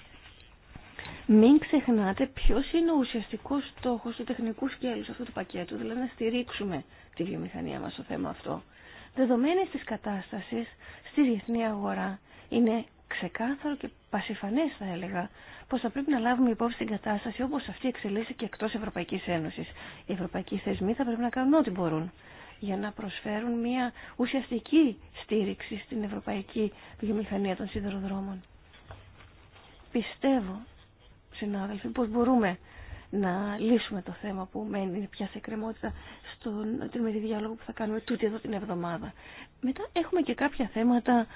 C: Μην ξεχνάτε ποιο είναι ο ουσιαστικό στόχο του τεχνικού σκέλου αυτού του πακέτου, δηλαδή να στηρίξουμε τη βιομηχανία μα στο θέμα αυτό. Δεδομένη τη κατάσταση στη διεθνή αγορά, είναι ξεκάθαρο και πασιφανέ θα έλεγα Πώ θα πρέπει να λάβουμε υπόψη την κατάσταση όπω αυτή εξελίσσεται και εκτό Ευρωπαϊκή Ένωση. Οι ευρωπαϊκοί θεσμοί θα πρέπει να κάνουν ό,τι μπορούν για να προσφέρουν μια ουσιαστική στήριξη στην ευρωπαϊκή βιομηχανία των σιδηροδρόμων. Πιστεύω, συνάδελφοι, πως μπορούμε να λύσουμε το θέμα που μένει πια σε κρεμότητα στον τριμερή διάλογο που θα κάνουμε τούτη εδώ την εβδομάδα. Μετά έχουμε και κάποια θέματα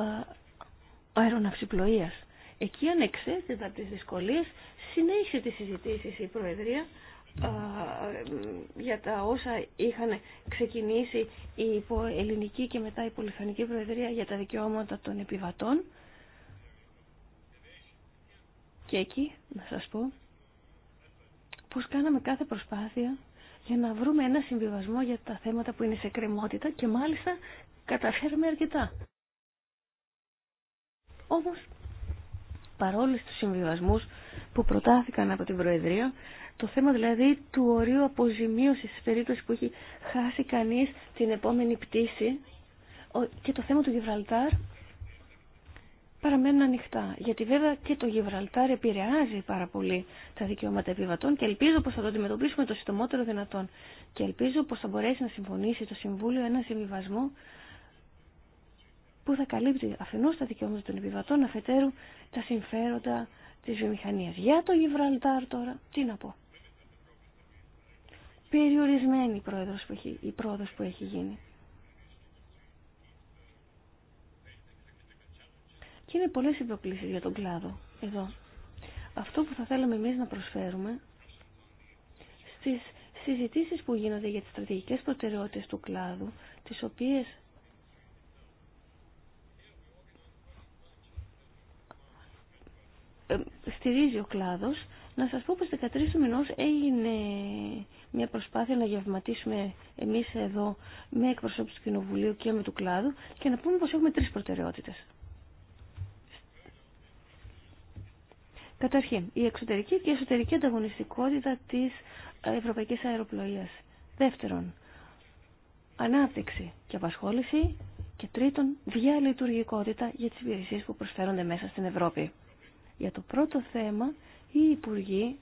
C: ε, αεροναυσιπλοείας. Εκεί ανεξέθετα από τις δυσκολίες συνέχισε τις συζητήσεις η Προεδρία για τα όσα είχαν ξεκινήσει η Ελληνική και μετά η πολυφανική προεδρία για τα δικαιώματα των επιβατών. Και εκεί να σας πω πως κάναμε κάθε προσπάθεια για να βρούμε ένα συμβιβασμό για τα θέματα που είναι σε κρεμότητα και μάλιστα καταφέρουμε αρκετά. Όμως παρόλου τους συμβιβασμούς που προτάθηκαν από την Προεδρία, το θέμα δηλαδή του ορίου αποζημίωσης σε περίπτωση που έχει χάσει κανείς την επόμενη πτήση και το θέμα του Γιβραλτάρ παραμένουν ανοιχτά. Γιατί βέβαια και το Γιβραλτάρ επηρεάζει πάρα πολύ τα δικαιώματα επιβατών και ελπίζω πως θα το αντιμετωπίσουμε το συντομότερο δυνατόν. Και ελπίζω πως θα μπορέσει να συμφωνήσει το Συμβούλιο ένα συμβιβασμό που θα καλύπτει αφενός τα δικαιώματα των επιβατών, αφετέρου τα συμφέροντα της βιομηχανίας. Για το Γιβραλτάρ τώρα, τι να πω. Περιορισμένη η, πρόεδρος που έχει, η πρόοδος που έχει γίνει. Και είναι πολλές οι για τον κλάδο εδώ. Αυτό που θα θέλαμε εμείς να προσφέρουμε στις συζητήσεις που γίνονται για τις στρατηγικές προτεραιότητες του κλάδου, τις οποίες στηρίζει ο κλάδος. Να σας πω πως 13 του μηνός έγινε μια προσπάθεια να γευματίσουμε εμείς εδώ με εκπροσώπηση του Κοινοβουλίου και με του κλάδου και να πούμε πως έχουμε τρεις προτεραιότητες. Καταρχήν, η εξωτερική και εσωτερική ανταγωνιστικότητα της ευρωπαϊκής αεροπλοείας. Δεύτερον, ανάπτυξη και απασχόληση. Και τρίτον, διαλειτουργικότητα για τις υπηρεσίες που προσφέρονται μέσα στην Ευρώπη. Για το πρώτο θέμα, οι Υπουργοί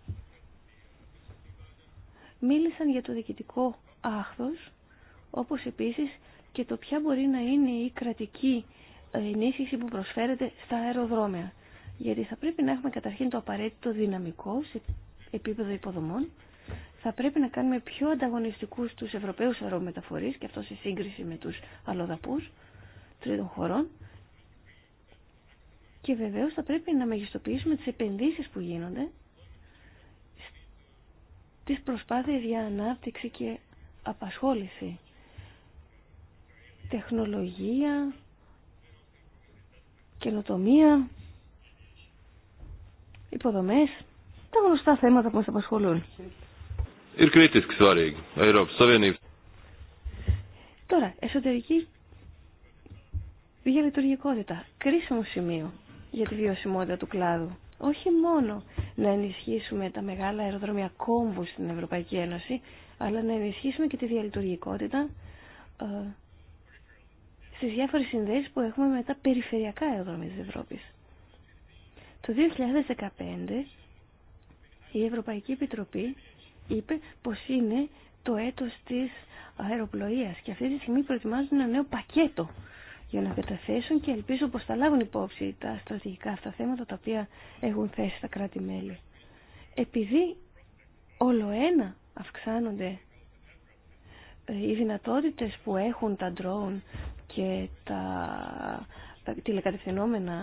C: μίλησαν για το διοικητικό άχθος, όπως επίσης και το ποια μπορεί να είναι η κρατική ενίσχυση που προσφέρεται στα αεροδρόμια. Γιατί θα πρέπει να έχουμε καταρχήν το απαραίτητο δυναμικό σε επίπεδο υποδομών, θα πρέπει να κάνουμε πιο ανταγωνιστικούς τους Ευρωπαίους αερομεταφορείς και αυτό σε σύγκριση με τους αλλοδαπούς τρίτων χωρών και βεβαίως θα πρέπει να μεγιστοποιήσουμε τις επενδύσεις που γίνονται τις προσπάθειες για ανάπτυξη και απασχόληση. Τεχνολογία, καινοτομία, υποδομές, τα γνωστά θέματα που μας απασχολούν. Τώρα, εσωτερική διαλειτουργικότητα, κρίσιμο σημείο για τη βιωσιμότητα του κλάδου. Όχι μόνο να ενισχύσουμε τα μεγάλα αεροδρόμια κόμβου στην Ευρωπαϊκή Ένωση, αλλά να ενισχύσουμε και τη διαλειτουργικότητα ε, στις διάφορες συνδέσεις που έχουμε με τα περιφερειακά αεροδρόμια της Ευρώπης. Το 2015 η Ευρωπαϊκή Επιτροπή είπε πως είναι το έτος της αεροπλοείας και αυτή τη στιγμή προετοιμάζουν ένα νέο πακέτο για να καταθέσουν και ελπίζω πως θα λάβουν υπόψη τα στρατηγικά αυτά θέματα τα οποία έχουν θέσει τα κράτη-μέλη. Επειδή όλο ένα αυξάνονται ε, οι δυνατότητες που έχουν τα ντρόουν και τα, τηλεκατευθυνόμενα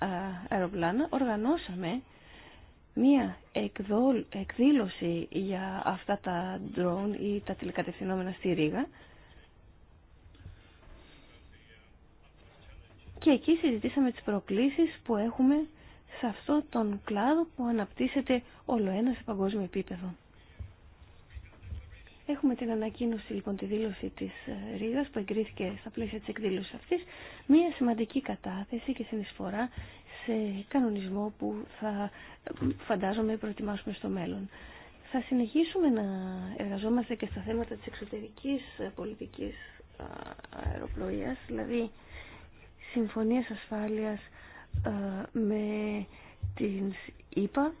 C: ε, αεροπλάνα, οργανώσαμε μία εκδήλωση για αυτά τα ντρόουν ή τα τηλεκατευθυνόμενα στη Ρήγα και εκεί συζητήσαμε τις προκλήσεις που έχουμε σε αυτό τον κλάδο που αναπτύσσεται όλο ένα σε παγκόσμιο επίπεδο. Έχουμε την ανακοίνωση λοιπόν τη δήλωση της ε, Ρήγας που εγκρίθηκε στα πλαίσια της εκδήλωσης αυτής μια σημαντική κατάθεση και συνεισφορά σε κανονισμό που θα φαντάζομαι προετοιμάσουμε στο μέλλον. Θα συνεχίσουμε να εργαζόμαστε και στα θέματα της εξωτερικής ε, πολιτικής αεροπλοείας, δηλαδή συμφωνίες ασφάλειας ε, με την ΙΠΑ,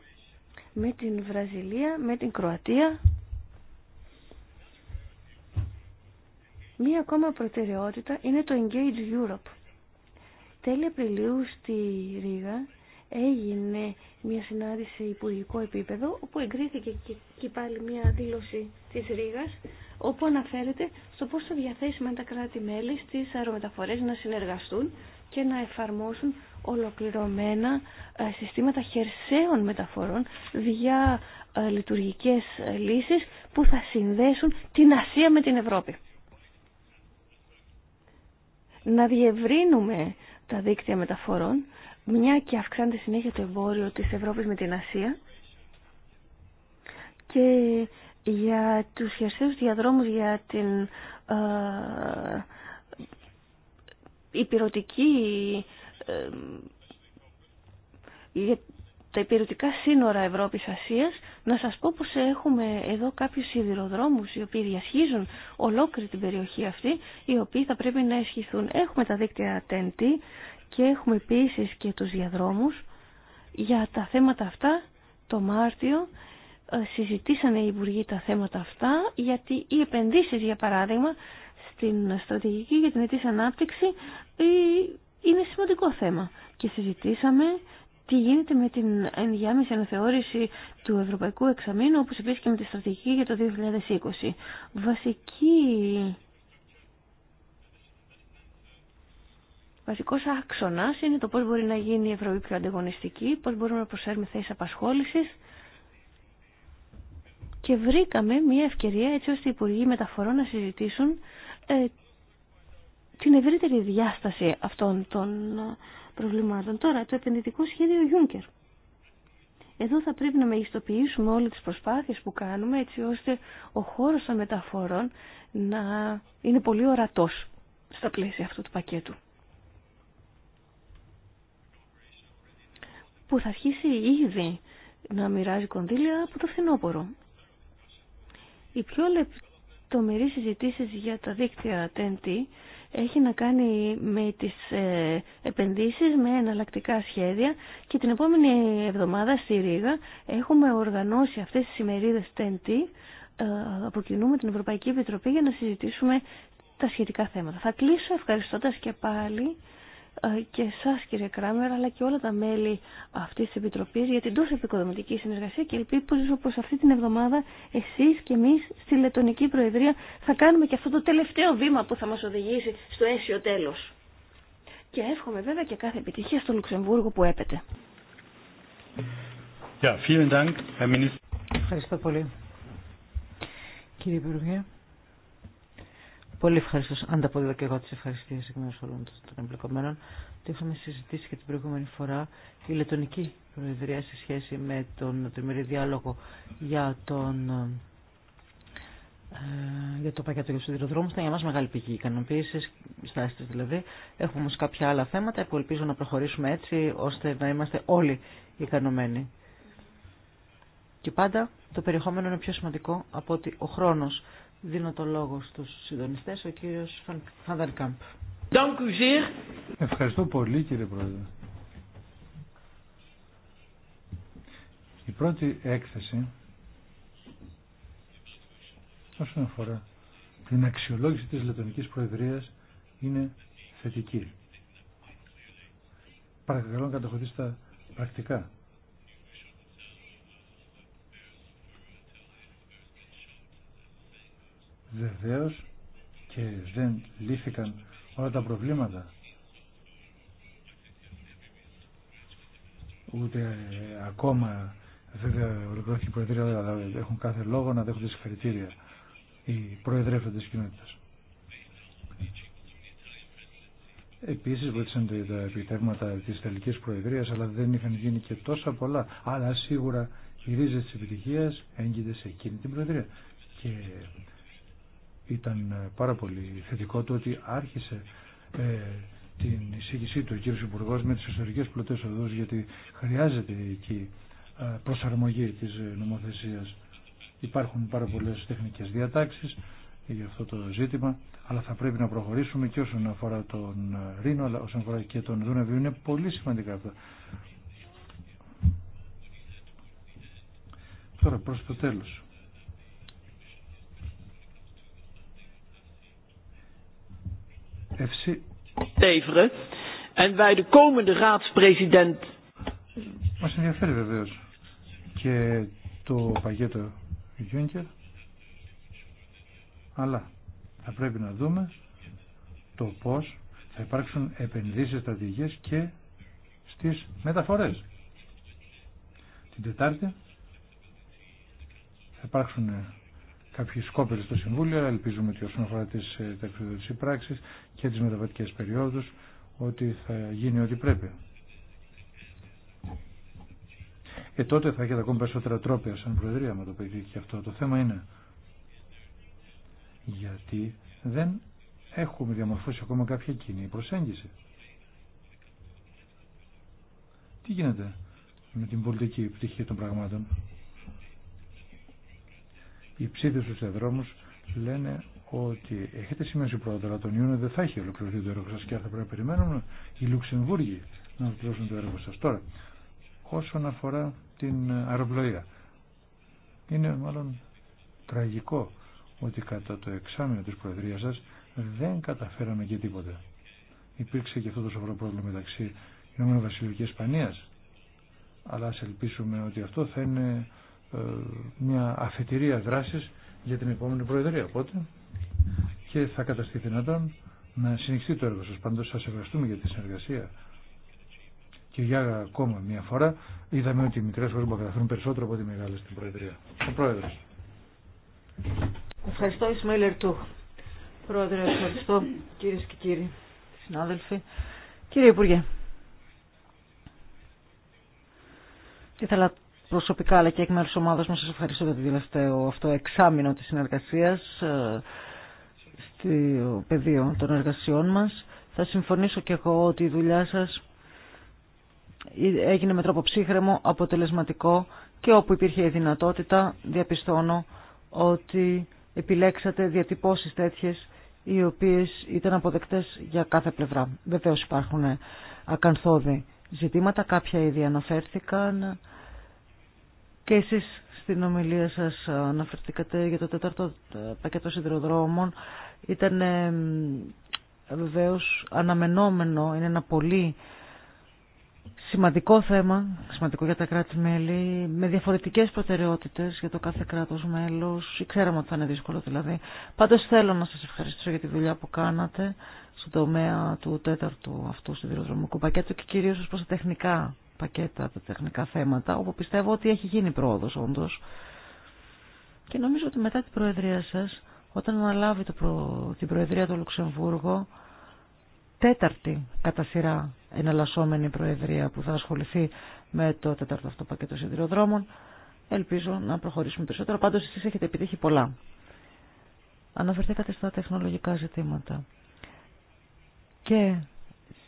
C: με την Βραζιλία, με την Κροατία. Μία ακόμα προτεραιότητα είναι το Engage Europe. Τέλη Απριλίου στη Ρήγα έγινε μια συνάντηση υπουργικό επίπεδο όπου εγκρίθηκε και πάλι μια δήλωση της Ρήγας όπου αναφέρεται στο πώς θα με τα κράτη-μέλη στις αερομεταφορές να συνεργαστούν και να εφαρμόσουν ολοκληρωμένα ε, συστήματα χερσαίων μεταφορών για ε, λειτουργικές ε, λύσεις που θα συνδέσουν την Ασία με την Ευρώπη. Να διευρύνουμε τα δίκτυα μεταφορών, μια και αυξάνεται συνέχεια το εμπόριο της Ευρώπης με την Ασία και για τους χερσαίους διαδρόμους για την ε, ε για τα υπηρετικά σύνορα Ευρώπης-Ασίας να σας πω πως έχουμε εδώ κάποιους σιδηροδρόμους οι οποίοι διασχίζουν ολόκληρη την περιοχή αυτή οι οποίοι θα πρέπει να ισχυθούν. Έχουμε τα δίκτυα TNT και έχουμε επίσης και τους διαδρόμους για τα θέματα αυτά το Μάρτιο ε, συζητήσανε οι Υπουργοί τα θέματα αυτά γιατί οι επενδύσεις για παράδειγμα στην στρατηγική για την αιτής ανάπτυξη ε, είναι σημαντικό θέμα και συζητήσαμε τι γίνεται με την ενδιάμεση αναθεώρηση του Ευρωπαϊκού Εξαμήνου όπως επίσης και με τη στρατηγική για το 2020. Βασική... Βασικός άξονας είναι το πώς μπορεί να γίνει η Ευρώπη πιο ανταγωνιστική, πώς μπορούμε να προσφέρουμε θέσεις απασχόλησης, και βρήκαμε μια ευκαιρία έτσι ώστε οι Υπουργοί Μεταφορών να συζητήσουν ε, την ευρύτερη διάσταση αυτών των ε, προβλημάτων. Τώρα, το επενδυτικό σχέδιο Juncker. Εδώ θα πρέπει να μεγιστοποιήσουμε όλες τις προσπάθειες που κάνουμε έτσι ώστε ο χώρος των μεταφορών να είναι πολύ ορατός στα πλαίσια αυτού του πακέτου. Που θα αρχίσει ήδη να μοιράζει κονδύλια από το φθινόπωρο. Οι πιο λεπτομερεί συζητήσει για τα δίκτυα TNT έχει να κάνει με τις ε, επενδύσεις, με εναλλακτικά σχέδια και την επόμενη εβδομάδα στη Ρήγα έχουμε οργανώσει αυτές τις ημερίδες TNT ε, με την Ευρωπαϊκή Επιτροπή για να συζητήσουμε τα σχετικά θέματα. Θα κλείσω ευχαριστώντας και πάλι ε, και εσά κύριε Κράμερ αλλά και όλα τα μέλη αυτής της Επιτροπής για την τόσο επικοδομητική συνεργασία και ελπίζω πως αυτή την εβδομάδα εσείς και εμείς στη Λετωνική Προεδρία θα κάνουμε και αυτό το τελευταίο βήμα που θα μας οδηγήσει στο αίσιο τέλος. Και εύχομαι βέβαια και κάθε επιτυχία στο Λουξεμβούργο που έπεται.
B: Ευχαριστώ πολύ. Κύριε Υπουργέ. Πολύ ευχαριστώ. Ανταποδίδω και εγώ τι ευχαριστίε εκ μέρου όλων των εμπλεκομένων. Το είχαμε συζητήσει και την προηγούμενη φορά η Λετωνική Προεδρία σε σχέση με τον τριμερή διάλογο για, τον, ε, για το πακέτο για του σιδηροδρόμου. Ήταν για μα μεγάλη πηγή ικανοποίηση, στάση τη δηλαδή. Έχουμε όμω κάποια άλλα θέματα που ελπίζω να προχωρήσουμε έτσι ώστε να είμαστε όλοι ικανομένοι. Και πάντα το περιεχόμενο είναι πιο σημαντικό από ότι ο χρόνος Δίνω το λόγο στους συντονιστές, ο κύριος Φανταρκάμπ.
A: Ευχαριστώ πολύ κύριε Πρόεδρε. Η πρώτη έκθεση όσον αφορά την αξιολόγηση της Λετωνικής Προεδρίας είναι θετική. Παρακαλώ να τα πρακτικά Βεβαίως και δεν λύθηκαν όλα τα προβλήματα. Ούτε ε, ακόμα βέβαια ολοκληρώθηκε η Προεδρία, αλλά έχουν κάθε λόγο να δέχονται συγχαρητήρια οι προεδρεύοντες κοινότητες. Επίσης βοήθησαν τα επιτεύγματα της Ιταλικής Προεδρίας, αλλά δεν είχαν γίνει και τόσα πολλά. Αλλά σίγουρα οι ρίζε της επιτυχίας έγκυται σε εκείνη την Προεδρία. Και ήταν ε, πάρα πολύ θετικό το ότι άρχισε ε, την εισήγησή του ο κύριος Υπουργό με τι ιστορικές πλωτέ οδού, γιατί χρειάζεται εκεί ε, προσαρμογή τη ε, νομοθεσία. Υπάρχουν πάρα πολλέ τεχνικές διατάξεις για αυτό το ζήτημα, αλλά θα πρέπει να προχωρήσουμε και όσον αφορά τον Ρήνο, αλλά όσον αφορά και τον Δούναβιου είναι πολύ σημαντικά αυτά. Τώρα προς το τέλος.
B: leveren. En bij de komende raadspresident.
A: Μα ενδιαφέρει βεβαίω και το πακέτο Juncker. Αλλά θα πρέπει να δούμε το πώς θα υπάρξουν επενδύσεις στρατηγικές και στις μεταφορές. Την Τετάρτη θα υπάρξουν κάποιοι σκόπελοι στο Συμβούλιο, ελπίζουμε ότι όσον αφορά τις ε, τεχνικές πράξεις και τις μεταβατικές περιόδους, ότι θα γίνει ό,τι πρέπει. Ε, τότε θα έχετε ακόμη περισσότερα τρόπια σαν Προεδρία με το παιδί και αυτό. Το θέμα είναι γιατί δεν έχουμε διαμορφώσει ακόμα κάποια κοινή προσέγγιση. Τι γίνεται με την πολιτική πτυχή των πραγμάτων οι ψήφοι στου διαδρόμου λένε ότι έχετε σημαίνει πρώτα τον Ιούνιο δεν θα έχει ολοκληρωθεί το έργο σα και θα πρέπει να περιμένουμε οι Λουξεμβούργοι να ολοκληρώσουν το έργο σα Τώρα, όσον αφορά την αεροπλοεία, είναι μάλλον τραγικό ότι κατά το εξάμεινο της Προεδρίας σας δεν καταφέραμε και τίποτα. Υπήρξε και αυτό το σοβαρό πρόβλημα μεταξύ Ηνωμένου Βασιλείου και Ισπανίας. Αλλά ας ελπίσουμε ότι αυτό θα είναι ε, μια αφετηρία δράσης για την επόμενη Προεδρία. Οπότε και θα καταστεί δυνατόν να συνεχιστεί το έργο σας. Πάντως σας ευχαριστούμε για τη συνεργασία. Και για ακόμα μια φορά είδαμε ότι οι μικρές χώρες καταφέρουν περισσότερο από ότι οι μεγάλες στην Προεδρία. Ο Πρόεδρο.
B: Ευχαριστώ Ισμαήλ Ερτού. Πρόεδρε, ευχαριστώ κύριε και κύριοι συνάδελφοι. Κύριε Υπουργέ, ήθελα προσωπικά αλλά και εκ μέρους της ομάδας μας σας ευχαριστώ για το τελευταίο αυτό εξάμεινο της συνεργασίας ε, στο πεδίο των εργασιών μας. Θα συμφωνήσω και εγώ ότι η δουλειά σας έγινε με τρόπο ψύχρεμο, αποτελεσματικό και όπου υπήρχε η δυνατότητα διαπιστώνω ότι επιλέξατε διατυπώσεις τέτοιες οι οποίες ήταν αποδεκτές για κάθε πλευρά. Βεβαίως υπάρχουν ακαθόδη ζητήματα, κάποια ήδη αναφέρθηκαν και εσείς στην ομιλία σας αναφερθήκατε για το τέταρτο ε, πακέτο σιδηροδρόμων. Ήταν ε, βεβαίω αναμενόμενο, είναι ένα πολύ σημαντικό θέμα, σημαντικό για τα κράτη-μέλη, με διαφορετικές προτεραιότητες για το κάθε κράτος μέλος. Ξέραμε ότι θα είναι δύσκολο δηλαδή. Πάντως θέλω να σας ευχαριστήσω για τη δουλειά που κάνατε στον τομέα του τέταρτου αυτού σιδηροδρομικού πακέτου και κυρίως ως προς τα τεχνικά πακέτα, τα τεχνικά θέματα, όπου πιστεύω ότι έχει γίνει πρόοδος όντως. Και νομίζω ότι μετά την Προεδρία σας, όταν αναλάβει προ... την Προεδρία του Λουξεμβούργο, τέταρτη κατά σειρά εναλλασσόμενη Προεδρία που θα ασχοληθεί με το τέταρτο αυτό πακέτο σιδηροδρόμων, ελπίζω να προχωρήσουμε περισσότερο. Πάντως εσείς έχετε επιτύχει πολλά. Αναφερθήκατε στα τεχνολογικά ζητήματα. Και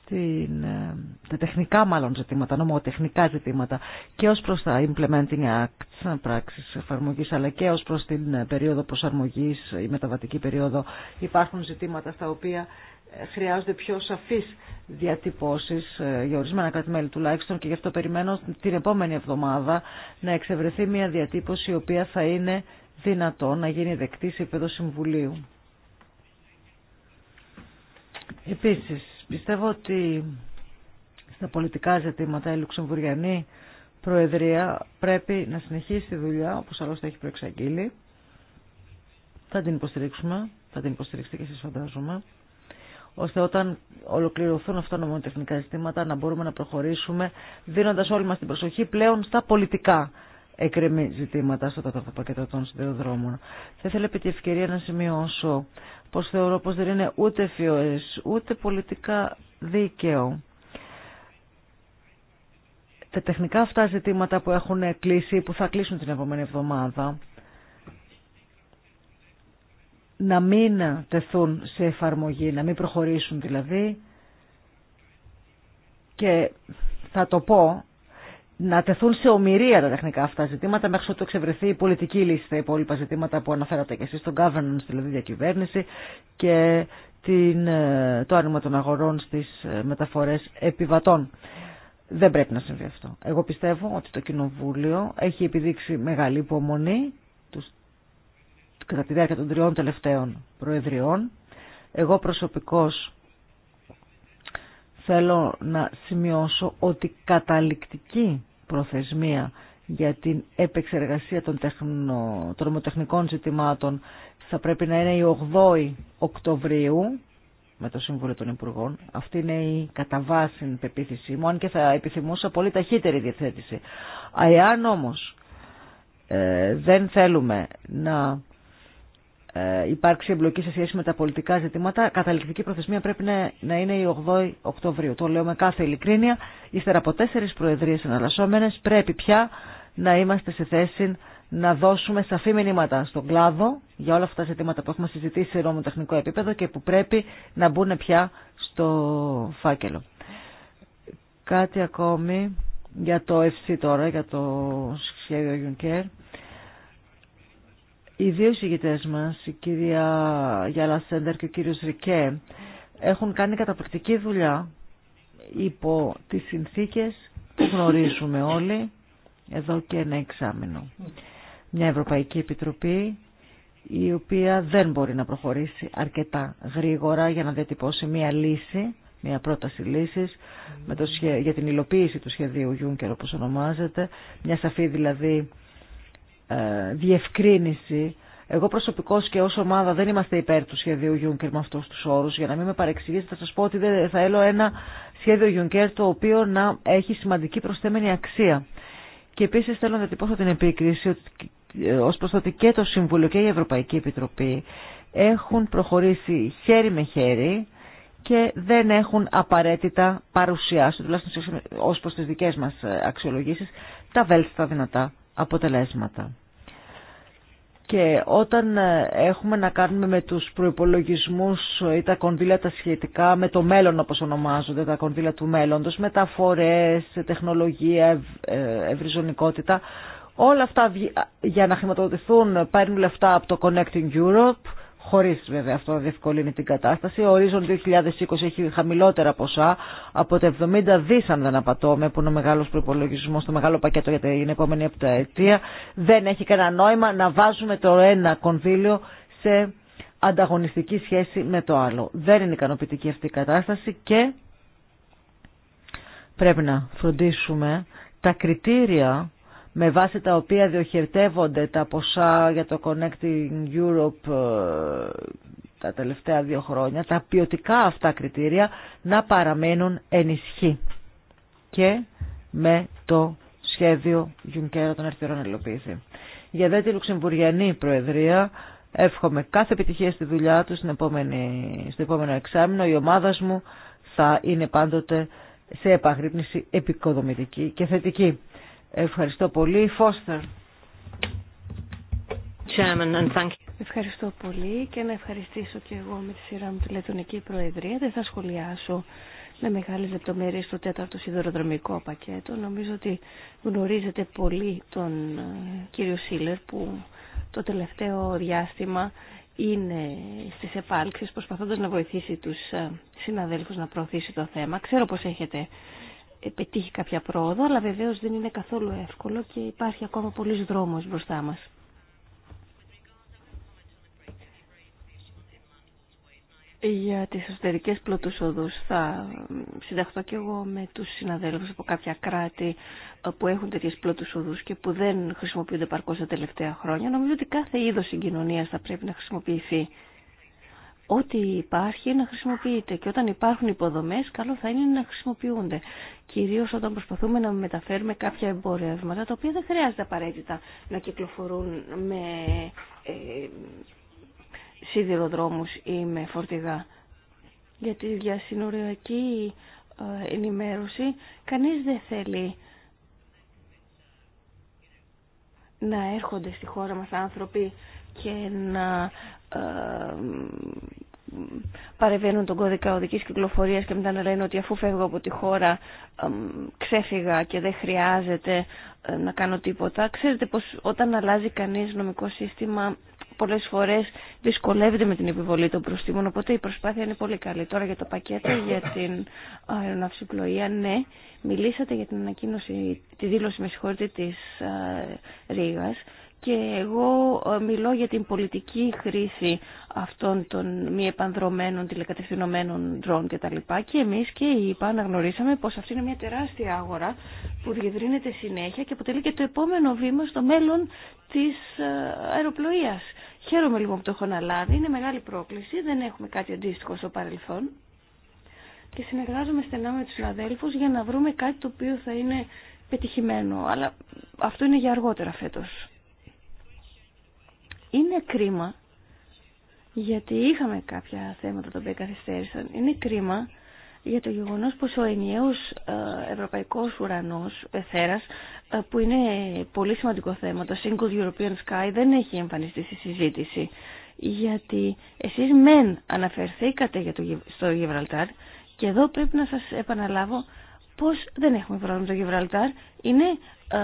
B: την, ε, τα τεχνικά μάλλον ζητήματα, νομοτεχνικά ζητήματα και ως προς τα implementing acts, πράξεις εφαρμογής αλλά και ως προς την ε, περίοδο προσαρμογής, η μεταβατική περίοδο υπάρχουν ζητήματα στα οποία ε, χρειάζονται πιο σαφείς διατυπώσεις για ορισμένα κράτη-μέλη τουλάχιστον και γι' αυτό περιμένω την επόμενη εβδομάδα να εξευρεθεί μια διατύπωση η οποία θα είναι δυνατό να γίνει δεκτή σε επίπεδο Συμβουλίου. Επίσης, Πιστεύω ότι στα πολιτικά ζητήματα η Λουξεμβουριανή Προεδρία πρέπει να συνεχίσει τη δουλειά, όπως άλλωστε έχει προεξαγγείλει. Θα την υποστηρίξουμε, θα την υποστηρίξετε και εσείς φαντάζομαι, ώστε όταν ολοκληρωθούν αυτά τα τεχνικά ζητήματα να μπορούμε να προχωρήσουμε, δίνοντας όλη μας την προσοχή πλέον στα πολιτικά εκκρεμή ζητήματα στο τέταρτο πακέτο των σιδηροδρόμων. Θα ήθελα επί τη ευκαιρία να σημειώσω πως θεωρώ πως δεν είναι ούτε φιωές, ούτε πολιτικά δίκαιο. Τα τεχνικά αυτά ζητήματα που έχουν κλείσει, που θα κλείσουν την επόμενη εβδομάδα, να μην τεθούν σε εφαρμογή, να μην προχωρήσουν δηλαδή. Και θα το πω, να τεθούν σε ομοιρία τα τεχνικά αυτά ζητήματα μέχρι ότου εξευρεθεί η πολιτική λύση στα υπόλοιπα ζητήματα που αναφέρατε και εσείς, το governance, δηλαδή διακυβέρνηση και την, ε, το άνοιγμα των αγορών στις ε, μεταφορές επιβατών. Δεν πρέπει να συμβεί αυτό. Εγώ πιστεύω ότι το Κοινοβούλιο έχει επιδείξει μεγάλη υπομονή τους, κατά τη διάρκεια των τριών τελευταίων προεδριών. Εγώ προσωπικώς θέλω να σημειώσω ότι καταληκτική προθεσμία για την επεξεργασία των, τεχνο, ζητημάτων θα πρέπει να είναι η 8η Οκτωβρίου με το Σύμβουλο των Υπουργών. Αυτή είναι η κατά βάση πεποίθησή μου, αν και θα επιθυμούσα πολύ ταχύτερη διαθέτηση. Αν όμως ε, δεν θέλουμε να ε, υπάρξει εμπλοκή σε σχέση με τα πολιτικά ζητήματα, καταληκτική προθεσμία πρέπει να, είναι η 8η Οκτωβρίου. Το λέω με κάθε ειλικρίνεια. Ύστερα από τέσσερι προεδρίε εναλλασσόμενε, πρέπει πια να είμαστε σε θέση να δώσουμε σαφή μηνύματα στον κλάδο για όλα αυτά τα ζητήματα που έχουμε συζητήσει σε νομοτεχνικό επίπεδο και που πρέπει να μπουν πια στο φάκελο. Κάτι ακόμη για το FC τώρα, για το σχέδιο Juncker. Οι δύο συγγητές μας, η κυρία Γιάλα Σέντερ και ο κύριος Ρικέ, έχουν κάνει καταπληκτική δουλειά υπό τις συνθήκες που γνωρίζουμε όλοι εδώ και ένα εξάμεινο. Μια Ευρωπαϊκή Επιτροπή η οποία δεν μπορεί να προχωρήσει αρκετά γρήγορα για να διατυπώσει μια λύση, μια πρόταση λύσης με για την υλοποίηση του σχεδίου Juncker όπως ονομάζεται, μια σαφή δηλαδή ε, διευκρίνηση. Εγώ προσωπικώ και ω ομάδα δεν είμαστε υπέρ του σχεδίου Juncker με αυτού του όρου. Για να μην με παρεξηγήσετε, θα σα πω ότι θα έλω ένα σχέδιο Juncker το οποίο να έχει σημαντική προσθέμενη αξία. Και επίση θέλω να τυπώσω την επίκριση ε, ω προ το ότι και το Συμβούλιο και η Ευρωπαϊκή Επιτροπή έχουν προχωρήσει χέρι με χέρι και δεν έχουν απαραίτητα παρουσιάσει, τουλάχιστον ω προ τι δικέ μα ε, αξιολογήσει, τα βέλτιστα δυνατά αποτελέσματα. Και όταν ε, έχουμε να κάνουμε με τους προϋπολογισμούς ή τα κονδύλια τα σχετικά με το μέλλον όπως ονομάζονται, τα κονδύλια του μέλλοντος, μεταφορές, τεχνολογία, ε, ευρυζωνικότητα, όλα αυτά για να χρηματοδοτηθούν παίρνουν λεφτά από το Connecting Europe, χωρίς βέβαια αυτό να διευκολύνει την κατάσταση. Ο Ορίζον 2020 έχει χαμηλότερα ποσά από τα 70 δις αν δεν απατώμε που είναι ο μεγάλος προπολογισμό το μεγάλο πακέτο για την επόμενη επταετία. Δεν έχει κανένα νόημα να βάζουμε το ένα κονδύλιο σε ανταγωνιστική σχέση με το άλλο. Δεν είναι ικανοποιητική αυτή η κατάσταση και πρέπει να φροντίσουμε τα κριτήρια με βάση τα οποία διοχερτεύονται τα ποσά για το Connecting Europe ε, τα τελευταία δύο χρόνια, τα ποιοτικά αυτά κριτήρια να παραμένουν ενισχύ και με το σχέδιο Juncker των αρχιερών ελληνοποίηση. Για δε τη Λουξεμβουριανή Προεδρία εύχομαι κάθε επιτυχία στη δουλειά του στην στο επόμενο εξάμεινο. Η ομάδα μου θα είναι πάντοτε σε επαγρύπνηση επικοδομητική και θετική. Ευχαριστώ πολύ. Φώστερ.
C: Ευχαριστώ πολύ και να ευχαριστήσω και εγώ με τη σειρά μου τη Λετωνική Προεδρία. Δεν θα σχολιάσω με μεγάλες λεπτομέρειες το τέταρτο σιδηροδρομικό πακέτο. Νομίζω ότι γνωρίζετε πολύ τον ε, κύριο Σίλερ που το τελευταίο διάστημα είναι στις επάλξεις προσπαθώντας να βοηθήσει τους ε, συναδέλφους να προωθήσει το θέμα. Ξέρω πως έχετε πετύχει κάποια πρόοδο, αλλά βεβαίως δεν είναι καθόλου εύκολο και υπάρχει ακόμα πολλής δρόμος μπροστά μας. Για τις εσωτερικέ πλωτούς οδούς θα συνταχθώ και εγώ με τους συναδέλφους από κάποια κράτη που έχουν τέτοιες πλωτούς οδούς και που δεν χρησιμοποιούνται παρκώς τα τελευταία χρόνια. Νομίζω ότι κάθε είδος συγκοινωνίας θα πρέπει να χρησιμοποιηθεί ό,τι υπάρχει να χρησιμοποιείται και όταν υπάρχουν υποδομές καλό θα είναι να χρησιμοποιούνται. Κυρίως όταν προσπαθούμε να μεταφέρουμε κάποια εμπορεύματα τα οποία δεν χρειάζεται απαραίτητα να κυκλοφορούν με ε, σιδηροδρόμους ή με φορτηγά. Για τη διασυνοριακή ε, ενημέρωση κανείς δεν θέλει να έρχονται στη χώρα μας άνθρωποι και να ε, παρεβαίνουν τον κώδικα οδικής κυκλοφορίας και μετά να λένε ότι αφού φεύγω από τη χώρα ξέφυγα και δεν χρειάζεται ε, να κάνω τίποτα. Ξέρετε πως όταν αλλάζει κανείς νομικό σύστημα πολλές φορές δυσκολεύεται με την επιβολή των προστήμων οπότε η προσπάθεια είναι πολύ καλή. Τώρα για το πακέτο για την αεροναυσιπλοεία ναι, μιλήσατε για την ανακοίνωση, τη δήλωση με συγχωρείτε της ε, Ρήγας και εγώ ε, μιλώ για την πολιτική χρήση αυτών των μη επανδρομένων τηλεκατευθυνωμένων ντρόν και τα λοιπά και εμείς και η ΙΠΑ αναγνωρίσαμε πως αυτή είναι μια τεράστια αγορά που διευρύνεται συνέχεια και αποτελεί και το επόμενο βήμα στο μέλλον της ε, αεροπλοείας. Χαίρομαι λοιπόν που το έχω αναλάβει, είναι μεγάλη πρόκληση, δεν έχουμε κάτι αντίστοιχο στο παρελθόν και συνεργάζομαι στενά με τους συναδέλφους για να βρούμε κάτι το οποίο θα είναι πετυχημένο, αλλά αυτό είναι για αργότερα φέτος. Είναι κρίμα, γιατί είχαμε κάποια θέματα τα οποία καθυστέρησαν, είναι κρίμα για το γεγονός πως ο ενιαίος ε, ευρωπαϊκός ουρανός, εθέρας, ε, που είναι πολύ σημαντικό θέμα, το Single European Sky δεν έχει εμφανιστεί στη συζήτηση. Γιατί εσείς μεν αναφερθήκατε για στο Γεβραλτάρ και εδώ πρέπει να σας επαναλάβω πως δεν έχουμε πρόβλημα με το Γιβραλτάρ. Είναι ε,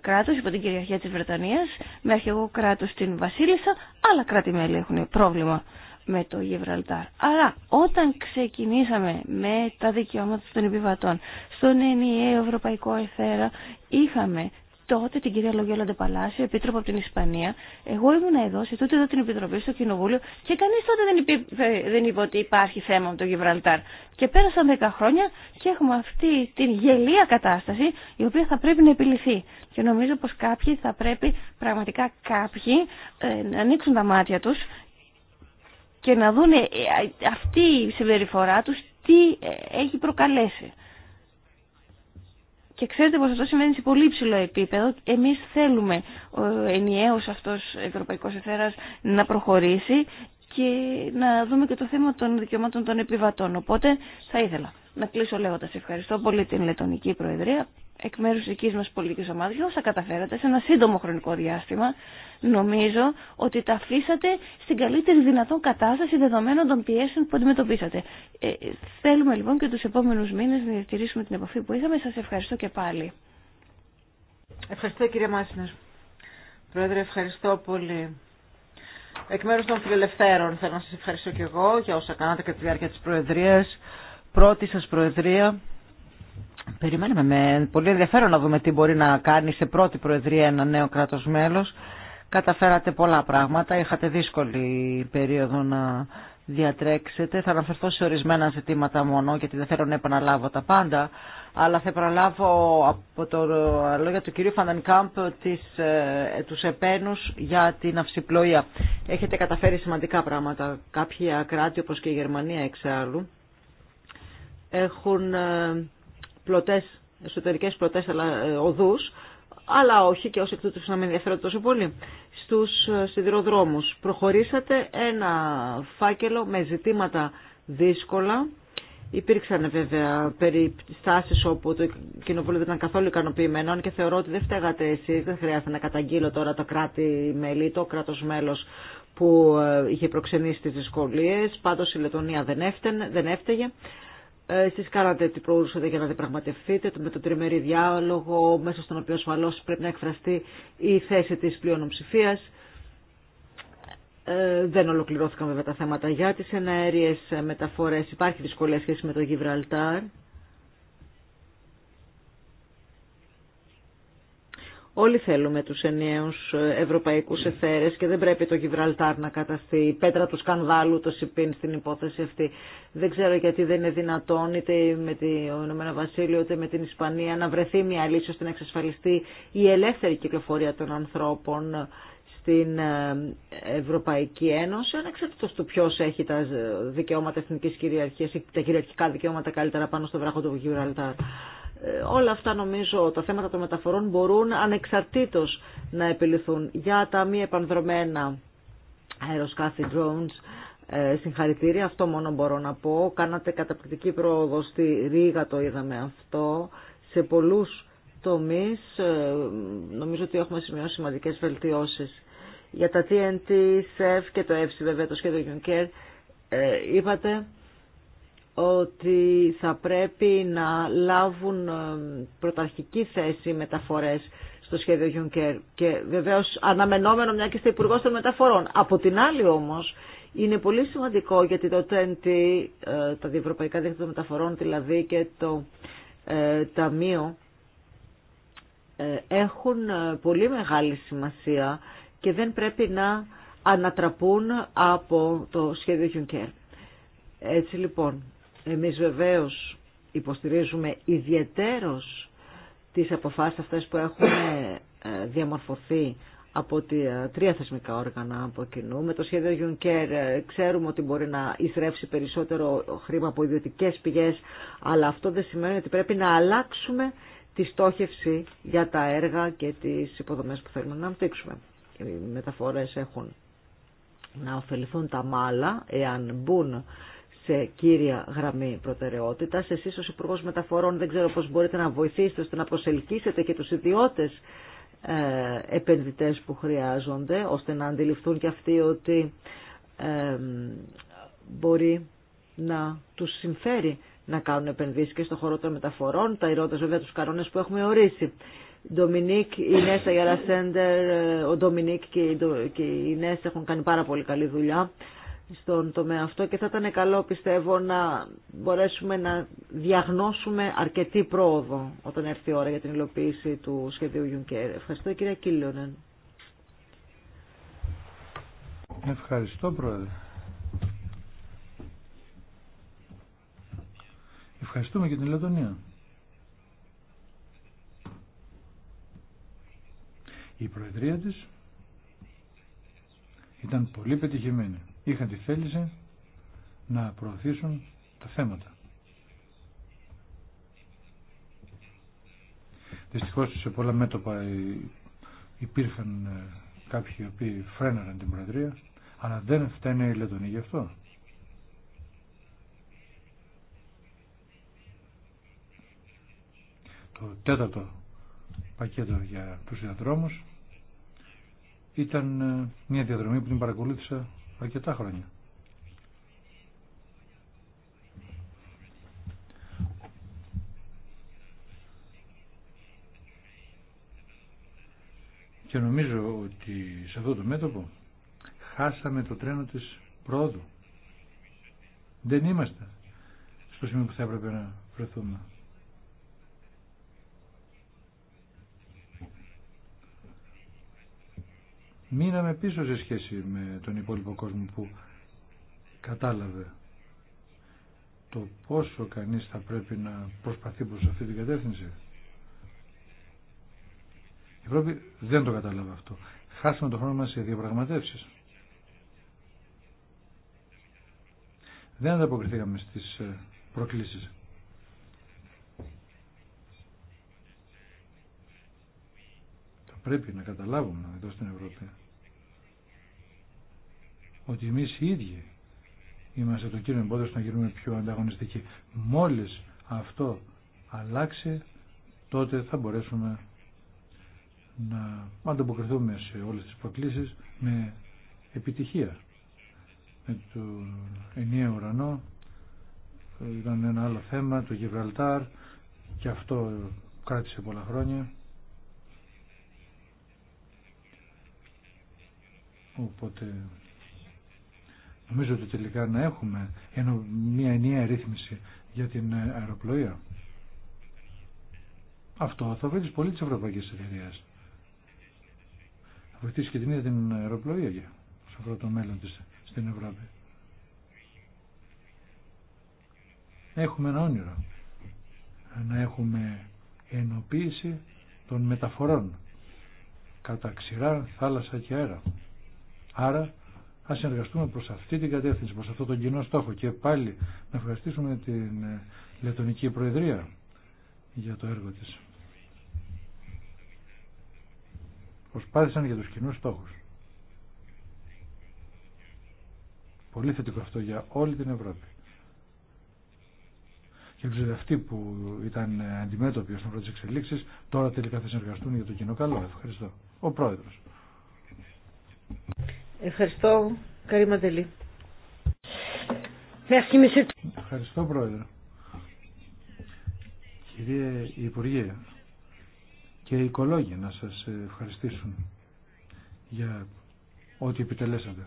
C: κράτος υπό την κυριαρχία της Βρετανίας, με αρχηγό κράτος την Βασίλισσα, άλλα κράτη-μέλη έχουν πρόβλημα με το Γιβραλτάρ. Άρα όταν ξεκινήσαμε με τα δικαιώματα των επιβατών στον ενιαίο ευρωπαϊκό εθέρα είχαμε τότε την κυρία Λογιόλα Ντεπαλάσιο, επίτροπο από την Ισπανία. Εγώ ήμουν εδώ, σε τούτη εδώ την επιτροπή στο Κοινοβούλιο και κανεί τότε δεν, είπε, δεν είπε ότι υπάρχει θέμα με το Γιβραλτάρ. Και πέρασαν 10 χρόνια και έχουμε αυτή την γελία κατάσταση η οποία θα πρέπει να επιληθεί. Και νομίζω πω κάποιοι θα πρέπει, πραγματικά κάποιοι, ε, να ανοίξουν τα μάτια του και να δουν ε, αυτή η συμπεριφορά του τι ε, έχει προκαλέσει. Και ξέρετε πως αυτό συμβαίνει σε πολύ ψηλό επίπεδο. Εμείς θέλουμε ο ενιαίος αυτός ευρωπαϊκός εθέρας να προχωρήσει και να δούμε και το θέμα των δικαιωμάτων των επιβατών. Οπότε θα ήθελα να κλείσω λέγοντα ευχαριστώ πολύ την Λετωνική Προεδρία εκ μέρου δική μα πολιτική ομάδα για όσα καταφέρατε σε ένα σύντομο χρονικό διάστημα. Νομίζω ότι τα αφήσατε στην καλύτερη δυνατόν κατάσταση δεδομένων των πιέσεων που αντιμετωπίσατε. Ε, θέλουμε λοιπόν και του επόμενου μήνε να διατηρήσουμε την επαφή που είχαμε. Σα ευχαριστώ και πάλι.
B: Ευχαριστώ κύριε Μάσινερ. Πρόεδρε, ευχαριστώ πολύ. Εκ μέρου των φιλελευθέρων θέλω να σα ευχαριστώ και εγώ για όσα κάνατε κατά τη διάρκεια τη Προεδρία πρώτη σας Προεδρία. Περιμένουμε με πολύ ενδιαφέρον να δούμε τι μπορεί να κάνει σε πρώτη Προεδρία ένα νέο κράτος μέλος. Καταφέρατε πολλά πράγματα, είχατε δύσκολη περίοδο να διατρέξετε. Θα αναφερθώ σε ορισμένα ζητήματα μόνο, γιατί δεν θέλω να επαναλάβω τα πάντα, αλλά θα επαναλάβω από το λόγια του κυρίου Φαντανκάμπ τις, ε, τους επένους για την αυσιπλοεία. Έχετε καταφέρει σημαντικά πράγματα. Κάποια κράτη, όπως και η Γερμανία εξάλλου, έχουν ε, πλωτές, εσωτερικές πλωτές αλλά, ε, οδούς, αλλά όχι και ως εκ τούτου να με ενδιαφέρονται τόσο πολύ, στους ε, σιδηροδρόμους. Προχωρήσατε ένα φάκελο με ζητήματα δύσκολα. Υπήρξαν βέβαια περιστάσει όπου το κοινοβούλιο δεν ήταν καθόλου ικανοποιημένο και θεωρώ ότι δεν φταίγατε εσεί, δεν χρειάζεται να καταγγείλω τώρα το κράτη-μέλη, το κράτο μέλο που είχε προξενήσει τι δυσκολίε. Πάντω η Λετωνία δεν, έφταιγε. Ε, εσείς κάνατε ότι προούσατε για να διαπραγματευτείτε με τον τριμερή διάλογο, μέσα στον οποίο ασφαλώ πρέπει να εκφραστεί η θέση της πλειονοψηφία. Ε, δεν ολοκληρώθηκαν βέβαια τα θέματα για τι εναέριε ε, μεταφορές. Υπάρχει δυσκολία σχέση με το Γιβραλτάρ. Όλοι θέλουμε τους ενιαίους ε, ευρωπαϊκούς εθέρες και δεν πρέπει το Γιβραλτάρ να καταστεί η πέτρα του σκανδάλου, το ΣΥΠΗΝ στην υπόθεση αυτή. Δεν ξέρω γιατί δεν είναι δυνατόν είτε με το Ηνωμένο Βασίλειο είτε με την Ισπανία να βρεθεί μια λύση ώστε να εξασφαλιστεί η ελεύθερη κυκλοφορία των ανθρώπων στην ε, Ευρωπαϊκή Ένωση, ανεξαρτήτω του ποιο έχει τα δικαιώματα εθνική κυριαρχία ή τα κυριαρχικά δικαιώματα καλύτερα πάνω στο βράχο του Γιβραλτάρ. Ε, όλα αυτά νομίζω τα θέματα των μεταφορών μπορούν ανεξαρτήτως να επιληθούν. Για τα μη επανδρομένα αεροσκάφη drones, ε, συγχαρητήρια, αυτό μόνο μπορώ να πω. Κάνατε καταπληκτική πρόοδο στη Ρήγα, το είδαμε αυτό, σε πολλούς τομείς. Ε, νομίζω ότι έχουμε σημειώσει σημαντικές βελτιώσεις. Για τα TNT, SEF και το EFSI βέβαια, το σχέδιο Juncker, ε, είπατε ότι θα πρέπει να λάβουν ε, πρωταρχική θέση μεταφορές στο σχέδιο Juncker και βεβαίως αναμενόμενο μια και στο Υπουργό των Μεταφορών. Από την άλλη όμως είναι πολύ σημαντικό γιατί το TNT, ε, τα διευρωπαϊκά δίκτυα των μεταφορών δηλαδή και το ε, Ταμείο έχουν πολύ μεγάλη σημασία και δεν πρέπει να ανατραπούν από το σχέδιο Juncker. Έτσι λοιπόν, εμείς βεβαίως υποστηρίζουμε ιδιαιτέρως τις αποφάσεις αυτές που έχουν ε, διαμορφωθεί από ε, τρία θεσμικά όργανα από κοινού. Με το σχέδιο Juncker ε, ξέρουμε ότι μπορεί να εισρεύσει περισσότερο χρήμα από ιδιωτικέ πηγές, αλλά αυτό δεν σημαίνει ότι πρέπει να αλλάξουμε τη στόχευση για τα έργα και τις υποδομές που θέλουμε να αναπτύξουμε. Οι μεταφορές έχουν να ωφεληθούν τα μάλα, εάν μπουν σε κύρια γραμμή προτεραιότητας. Εσείς ως υπουργό Μεταφορών δεν ξέρω πώς μπορείτε να βοηθήσετε ώστε να προσελκύσετε και τους ιδιώτες ε, επενδυτές που χρειάζονται ώστε να αντιληφθούν και αυτοί ότι ε, μπορεί να τους συμφέρει να κάνουν επενδύσεις και στον χώρο των μεταφορών, ταϊρώντας βέβαια τους κανόνες που έχουμε ορίσει. η Νέσα ε, ο Ντομινίκ και η Νέσα έχουν κάνει πάρα πολύ καλή δουλειά στον τομέα αυτό και θα ήταν καλό πιστεύω να μπορέσουμε να διαγνώσουμε αρκετή πρόοδο όταν έρθει η ώρα για την υλοποίηση του σχεδίου Juncker. Ευχαριστώ κυρία Κίλιονεν. Ευχαριστώ πρόεδρε.
A: Ευχαριστούμε και την Λετωνία. Η προεδρία της ήταν πολύ πετυχημένη είχαν τη θέληση να προωθήσουν τα θέματα. Δυστυχώς σε πολλά μέτωπα υπήρχαν ε, κάποιοι οι οποίοι φρέναραν την Προεδρία, αλλά δεν φταίνε η Λετωνοί γι' αυτό. Το τέταρτο πακέτο για τους διαδρόμους ήταν ε, μια διαδρομή που την παρακολούθησα αρκετά χρόνια. Και νομίζω ότι σε αυτό το μέτωπο χάσαμε το τρένο της πρόοδου. Δεν είμαστε στο σημείο που θα έπρεπε να βρεθούμε. μείναμε πίσω σε σχέση με τον υπόλοιπο κόσμο που κατάλαβε το πόσο κανείς θα πρέπει να προσπαθεί προς αυτή την κατεύθυνση. Η Ευρώπη δεν το κατάλαβε αυτό. Χάσαμε τον χρόνο μας σε διαπραγματεύσεις. Δεν ανταποκριθήκαμε στις ε, προκλήσεις. Θα πρέπει να καταλάβουμε εδώ στην Ευρώπη ότι εμεί οι ίδιοι είμαστε το κύριο εμπόδιο να γίνουμε πιο ανταγωνιστικοί. Μόλι αυτό αλλάξει, τότε θα μπορέσουμε να ανταποκριθούμε σε όλες τις προκλήσεις με επιτυχία. Με το ενιαίο ουρανό, ήταν ένα άλλο θέμα, το Γιβραλτάρ, και αυτό κράτησε πολλά χρόνια. Οπότε Νομίζω ότι τελικά να έχουμε μια ενιαία ρύθμιση για την ε, αεροπλοεία. Αυτό θα βοηθήσει πολύ τι ευρωπαϊκέ εταιρείε. Θα βοηθήσει και την ίδια την αεροπλοεία για αυτό το μέλλον τη στην Ευρώπη. Έχουμε ένα όνειρο. Να έχουμε ενοποίηση των μεταφορών κατά ξηρά, θάλασσα και αέρα. Άρα ας συνεργαστούμε προς αυτή την κατεύθυνση, προς αυτό τον κοινό στόχο και πάλι να ευχαριστήσουμε την ε, Λετωνική Προεδρία για το έργο της. Προσπάθησαν για τους κοινούς στόχους. Πολύ θετικό αυτό για όλη την Ευρώπη. Και ξέρω αυτοί που ήταν αντιμέτωποι τον πρώτο τι εξελίξει, τώρα τελικά θα συνεργαστούν για το κοινό καλό. Ευχαριστώ. Ο Πρόεδρος.
B: Ευχαριστώ. Καλή Μαντελή.
A: Ευχαριστώ Πρόεδρε. Κύριε Υπουργέ και οι οικολόγοι να σας ευχαριστήσουν για ό,τι επιτελέσατε.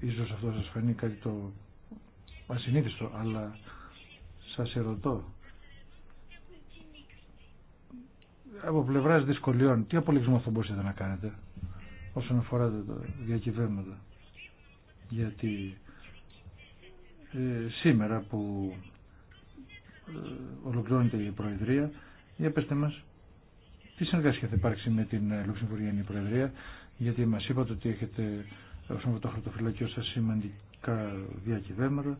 A: Ίσως αυτό σας φανεί κάτι το ασυνήθιστο, αλλά σας ερωτώ. Από πλευράς δυσκολιών, τι απολύγισμο θα μπορούσατε να κάνετε όσον αφορά τα διακυβέρματα. Γιατί ε, σήμερα που ε, ολοκληρώνεται η Προεδρία, για πέστε μας, τι συνεργασία θα υπάρξει με την ε, Λουξεμβουργιανή Προεδρία, γιατί μας είπατε ότι έχετε ε, όσον αφορά το χρωτοφυλακείο σας σημαντικά διακυβέρματα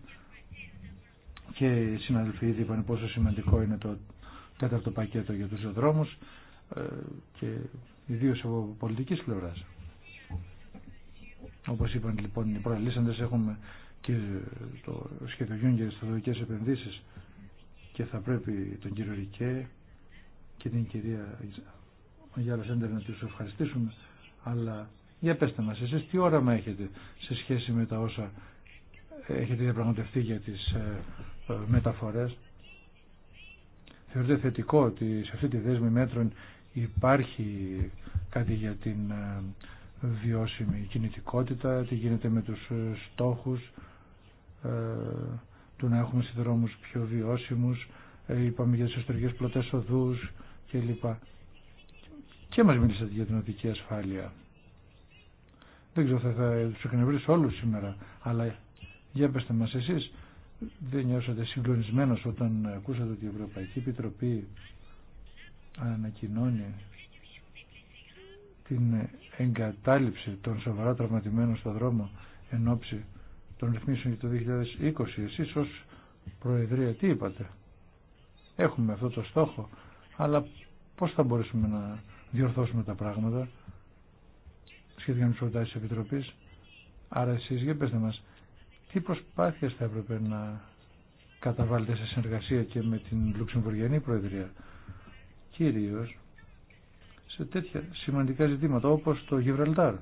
A: και οι συναδελφοί ήδη είπαν πόσο σημαντικό είναι το τέταρτο πακέτο για τους δρόμους ε, και ιδίως από πολιτικής πλευράς. Όπω είπαν λοιπόν οι προελίσσαντε, έχουμε και το σχέδιο Γιούγκερ στις επενδύσει και θα πρέπει τον κύριο Ρικέ και την κυρία Γιάννη Σέντερ να τους ευχαριστήσουμε αλλά για πέστε μα, εσεί τι όραμα έχετε σε σχέση με τα όσα έχετε διαπραγματευτεί για τις ε, ε, μεταφορές Θεωρείτε θετικό ότι σε αυτή τη δέσμη μέτρων υπάρχει κάτι για την ε, βιώσιμη κινητικότητα, τι γίνεται με τους ε, στόχους ε, του να έχουμε συνδρόμους πιο βιώσιμους, ε, είπαμε για τις ιστορικές πλωτές οδούς κλπ. Και μας μίλησατε για την οδική ασφάλεια. Δεν ξέρω, θα, θα τους εκνευρίσω όλους σήμερα, αλλά για πέστε μας εσείς, δεν νιώσατε συγκλονισμένος όταν ακούσατε ότι η Ευρωπαϊκή Επιτροπή ανακοινώνει την εγκατάλειψη των σοβαρά τραυματιμένων στο δρόμο εν ώψη των ρυθμίσεων για το 2020. εσεί ως Προεδρία τι είπατε. Έχουμε αυτό το στόχο, αλλά πώς θα μπορέσουμε να διορθώσουμε τα πράγματα σχετικά με τι προτάσει της Επιτροπής. Άρα εσείς για πετε μας, τι προσπάθειε θα έπρεπε να καταβάλλετε σε συνεργασία και με την Λουξεμβουργιανή Προεδρία. κυρίω σε τέτοια σημαντικά ζητήματα όπως το Γιβραλτάρ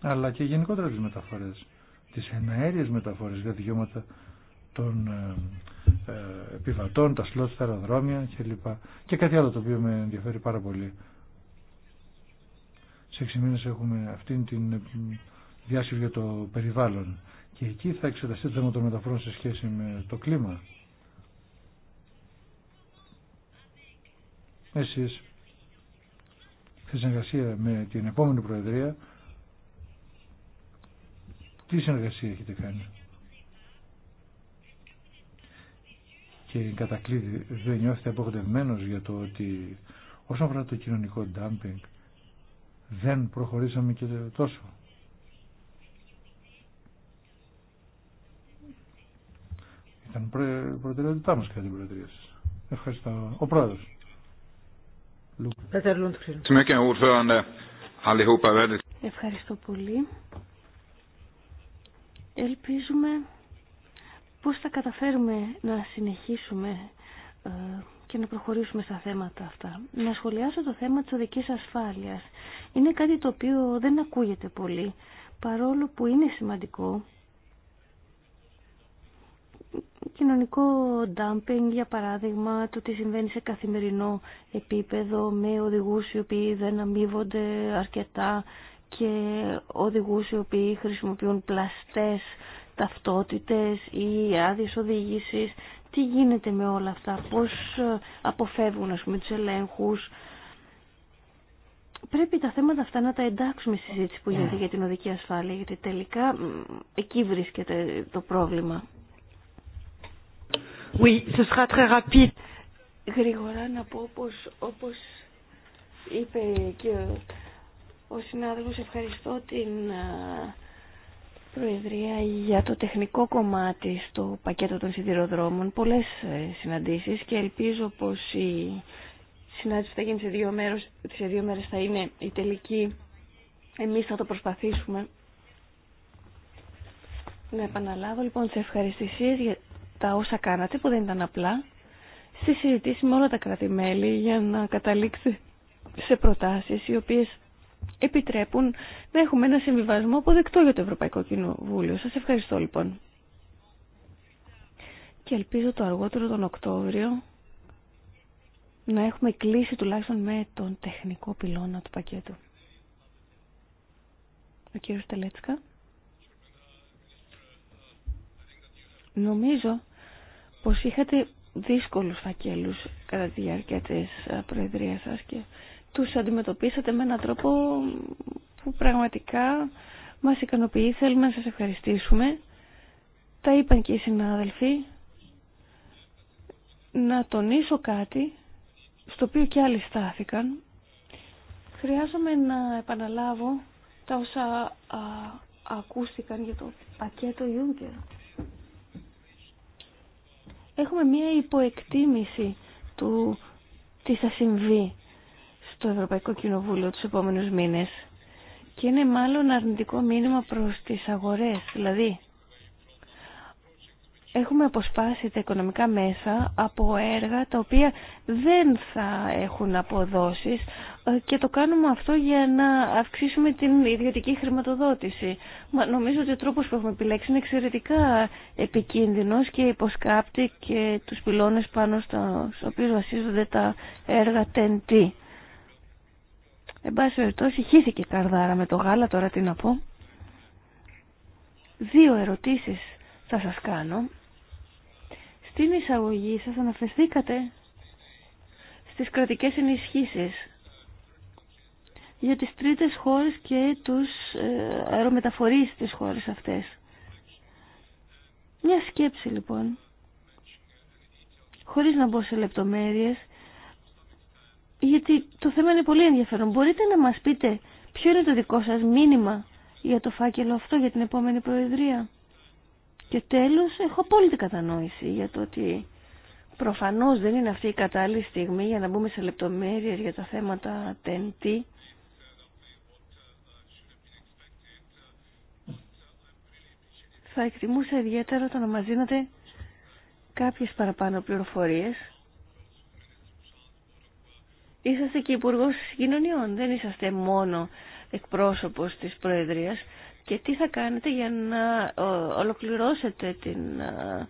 A: αλλά και γενικότερα τις μεταφορές τις εναέριες μεταφορές για δικαιώματα των ε, ε επιβατών, τα σλότ, τα αεροδρόμια κλπ. Και κάτι άλλο το οποίο με ενδιαφέρει πάρα πολύ. Σε 6 μήνες έχουμε αυτήν την ε, διάσκεψη για το περιβάλλον και εκεί θα εξεταστεί το θέμα των μεταφορών σε σχέση με το κλίμα. εσείς στη συνεργασία με την επόμενη Προεδρία τι συνεργασία έχετε κάνει. Και κατακλείδη δεν νιώθετε απογοητευμένος για το ότι όσον αφορά το κοινωνικό ντάμπινγκ δεν προχωρήσαμε και τόσο. Ήταν προτεραιότητά μας κατά την Προεδρία σας. Ευχαριστώ. Ο Πρόεδρος.
B: Ευχαριστώ πολύ. Ελπίζουμε
C: πώς θα καταφέρουμε να συνεχίσουμε ε, και να προχωρήσουμε στα θέματα αυτά. Να σχολιάσω το θέμα της οδικής ασφάλειας. Είναι κάτι το οποίο δεν ακούγεται πολύ, παρόλο που είναι σημαντικό κοινωνικό dumping, για παράδειγμα, το τι συμβαίνει σε καθημερινό επίπεδο με οδηγούς οι οποίοι δεν αμείβονται αρκετά και οδηγούς οι οποίοι χρησιμοποιούν πλαστές ταυτότητες ή άδειε οδήγηση, Τι γίνεται με όλα αυτά, πώς αποφεύγουν ας πούμε, τους ελέγχους. Πρέπει τα θέματα αυτά να τα εντάξουμε στη συζήτηση που γίνεται για την οδική ασφάλεια, γιατί τελικά εκεί βρίσκεται το πρόβλημα.
B: Oui, ce sera très rapide.
C: Γρήγορα να πω πως όπως είπε και ο, συνάδελφος ευχαριστώ την ε, Προεδρία για το τεχνικό κομμάτι στο πακέτο των σιδηροδρόμων. Πολλές συναντήσει. συναντήσεις και ελπίζω πως η συνάντηση θα γίνει σε δύο, μέρος, σε δύο μέρες θα είναι η τελική. Εμείς θα το προσπαθήσουμε. Να επαναλάβω λοιπόν τι ευχαριστήσει τα όσα κάνατε που δεν ήταν απλά στη συζητήση με όλα τα κράτη-μέλη για να καταλήξει σε προτάσεις οι οποίες επιτρέπουν να έχουμε ένα συμβιβασμό αποδεκτό για το Ευρωπαϊκό Κοινοβούλιο. Σας ευχαριστώ λοιπόν. Και ελπίζω το αργότερο τον Οκτώβριο να έχουμε κλείσει τουλάχιστον με τον τεχνικό πυλώνα του πακέτου. Ο κύριος Τελέτσκα. Νομίζω πως είχατε δύσκολους φακέλους κατά τη διάρκεια της ε, προεδρίας σας και τους αντιμετωπίσατε με έναν τρόπο που πραγματικά μας ικανοποιεί. Θέλουμε να σας ευχαριστήσουμε. Τα είπαν και οι συνάδελφοι. Να τονίσω κάτι στο οποίο και άλλοι στάθηκαν. Χρειάζομαι να επαναλάβω τα όσα α, ακούστηκαν για το πακέτο Ιούγκερ έχουμε μία υποεκτίμηση του τι θα συμβεί στο Ευρωπαϊκό Κοινοβούλιο τους επόμενους μήνες και είναι μάλλον αρνητικό μήνυμα προς τις αγορές. Δηλαδή, έχουμε αποσπάσει τα οικονομικά μέσα από έργα τα οποία δεν θα έχουν αποδόσεις, ε, και το κάνουμε αυτό για να αυξήσουμε την ιδιωτική χρηματοδότηση. Μα νομίζω ότι ο τρόπος που έχουμε επιλέξει είναι εξαιρετικά επικίνδυνος και υποσκάπτει και τους πυλώνες πάνω στους οποίους βασίζονται τα έργα TNT. Εν πάση περιπτώσει, χύθηκε καρδάρα με το γάλα, τώρα τι να πω. Δύο ερωτήσεις θα σας κάνω. Στην εισαγωγή σας αναφερθήκατε στις κρατικές ενισχύσεις για τις τρίτες χώρες και τους ε, αερομεταφορείς της χώρες αυτές. Μια σκέψη λοιπόν, χωρίς να μπω σε λεπτομέρειες, γιατί το θέμα είναι πολύ ενδιαφέρον. Μπορείτε να μας πείτε ποιο είναι το δικό σας μήνυμα για το φάκελο αυτό για την επόμενη Προεδρία. Και τέλος, έχω απόλυτη κατανόηση για το ότι προφανώς δεν είναι αυτή η κατάλληλη στιγμή για να μπούμε σε λεπτομέρειες για τα θέματα TNT. θα εκτιμούσα ιδιαίτερα το να μας δίνετε κάποιες παραπάνω πληροφορίες. Είσαστε και υπουργό Κοινωνιών, δεν είσαστε μόνο εκπρόσωπος της Προεδρίας. Και τι θα κάνετε για να ε, ολοκληρώσετε την ε,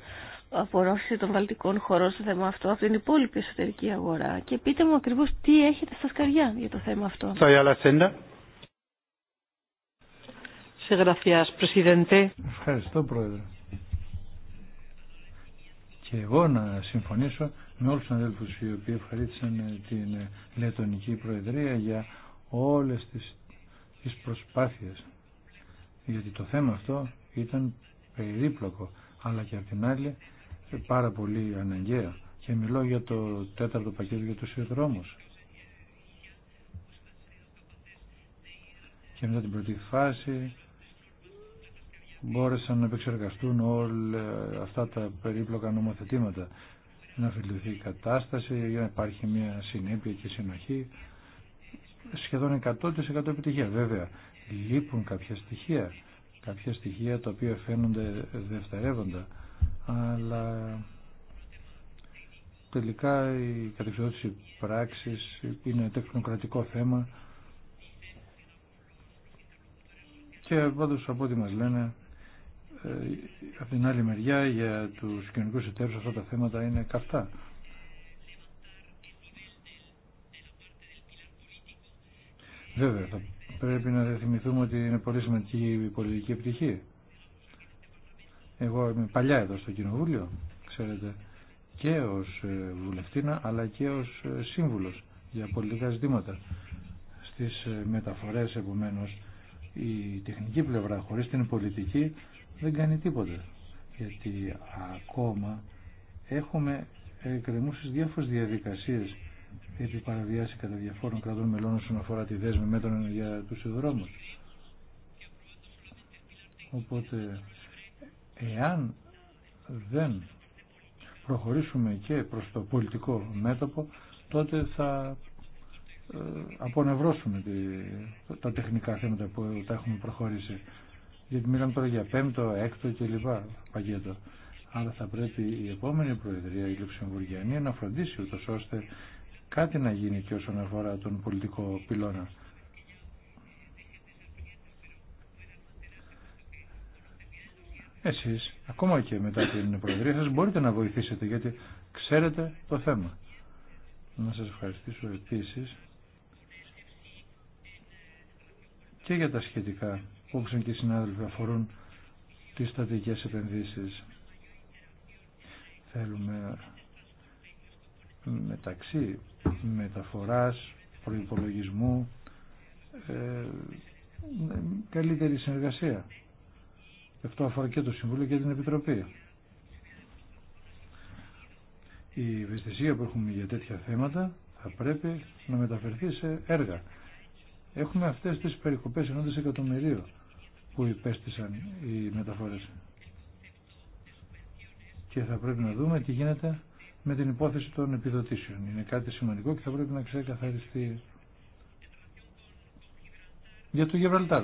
C: απορρόφηση των βαλτικών χωρών στο θέμα αυτό από την υπόλοιπη εσωτερική αγορά και πείτε μου ακριβώς τι έχετε στα σκαριά για το θέμα αυτό.
B: Ευχαριστώ,
A: Πρόεδρε. Και εγώ να συμφωνήσω με όλου του αδέλφους οι οποίοι ευχαρίστησαν την Λετωνική Προεδρία για όλες τις, τις προσπάθειες. Γιατί το θέμα αυτό ήταν περίπλοκο, αλλά και απ' την άλλη πάρα πολύ αναγκαίο. Και μιλώ για το τέταρτο πακέτο για τους ιδρώμου. Και μετά την πρώτη φάση μπόρεσαν να επεξεργαστούν όλα αυτά τα περίπλοκα νομοθετήματα. Να φιλουθεί η κατάσταση, για να υπάρχει μια συνέπεια και συνοχή. Σχεδόν 100% επιτυχία. Βέβαια, λείπουν κάποια στοιχεία, κάποια στοιχεία τα οποία φαίνονται δευτερεύοντα, αλλά τελικά η κατεξοδότηση πράξης είναι τεχνοκρατικό θέμα και πάντως από ό,τι μας λένε ε, από την άλλη μεριά για τους κοινωνικούς εταίρους αυτά τα θέματα είναι καυτά. Βέβαια, θα πρέπει να θυμηθούμε ότι είναι πολύ σημαντική η πολιτική επιτυχία. Εγώ είμαι παλιά εδώ στο Κοινοβούλιο, ξέρετε, και ως ε, βουλευτήνα αλλά και ως ε, σύμβουλος για πολιτικά ζητήματα. Στις μεταφορές επομένως η τεχνική πλευρά χωρίς την πολιτική δεν κάνει τίποτα. Γιατί ακόμα έχουμε εκκρεμούσει διάφορες διαδικασίες επί παραβιάση κατά διαφόρων κρατών μελών όσον αφορά τη δέσμη μέτρων για του Οπότε, εάν δεν προχωρήσουμε και προς το πολιτικό μέτωπο, τότε θα ε, απονευρώσουμε τα τεχνικά θέματα που τα έχουμε προχωρήσει γιατί μιλάμε τώρα για πέμπτο, έκτο κλπ. πακέτο. Άρα θα πρέπει η επόμενη Προεδρία, η Λουξεμβουργιανή, να φροντίσει ούτω ώστε κάτι να γίνει και όσον αφορά τον πολιτικό πυλώνα. Εσείς, ακόμα και μετά την Προεδρία σας, μπορείτε να βοηθήσετε γιατί ξέρετε το θέμα. Να σας ευχαριστήσω επίσης και για τα σχετικά όψαν και οι συνάδελφοι αφορούν τις στατικές επενδύσεις. Θέλουμε μεταξύ μεταφοράς, προϋπολογισμού, ε, καλύτερη συνεργασία. Αυτό αφορά και το Συμβούλιο και την Επιτροπή. Η ευαισθησία που έχουμε για τέτοια θέματα θα πρέπει να μεταφερθεί σε έργα. Έχουμε αυτές τις περικοπές ενώντας εκατομμυρίων που υπέστησαν οι μεταφορές. Και θα πρέπει να δούμε τι γίνεται με την υπόθεση των επιδοτήσεων. Είναι κάτι σημαντικό και θα πρέπει να ξεκαθαριστεί για το Γεβραλτάρ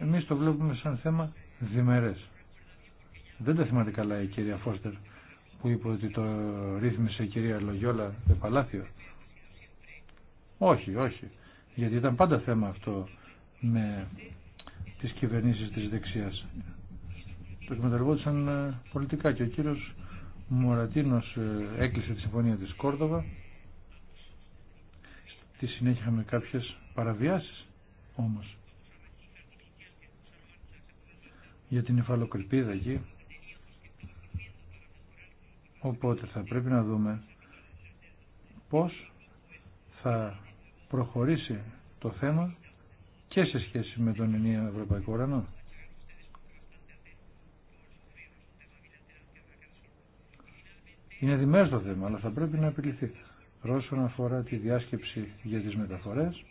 A: Εμείς το βλέπουμε σαν θέμα διμερές. Δεν τα θυμάται καλά η κυρία Φώστερ που είπε ότι το ρύθμισε η κυρία Λογιόλα το Παλάθιο όχι, όχι. Γιατί ήταν πάντα θέμα αυτό με τις κυβερνήσεις της δεξιάς. Το εκμεταλλευόντουσαν ε, πολιτικά και ο κύριος Μωρατίνος ε, έκλεισε τη συμφωνία της Κόρδοβα. Στη συνέχεια είχαμε κάποιες παραβιάσεις όμως. Για την υφαλοκρηπίδα εκεί. Οπότε θα πρέπει να δούμε πώς θα προχωρήσει το θέμα και σε σχέση με τον ενιαίο Ευρωπαϊκό Ουρανό. Είναι διμέρες το θέμα, αλλά θα πρέπει να επιληθεί. Ρώσον αφορά τη διάσκεψη για τις μεταφορές,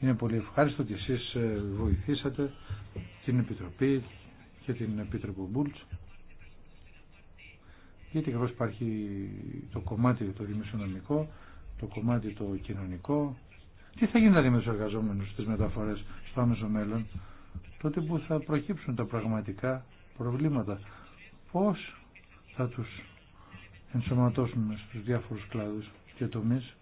A: είναι πολύ ευχάριστο ότι εσείς ε, βοηθήσατε την Επιτροπή και την Επίτροπο Μπούλτς γιατί καθώς υπάρχει το κομμάτι το δημοσιονομικό το κομμάτι το κοινωνικό. Τι θα γίνει δηλαδή με τους εργαζόμενους στις μεταφορές στο άμεσο μέλλον, τότε που θα προκύψουν τα πραγματικά προβλήματα. Πώς θα τους ενσωματώσουμε στους διάφορους κλάδους και τομείς.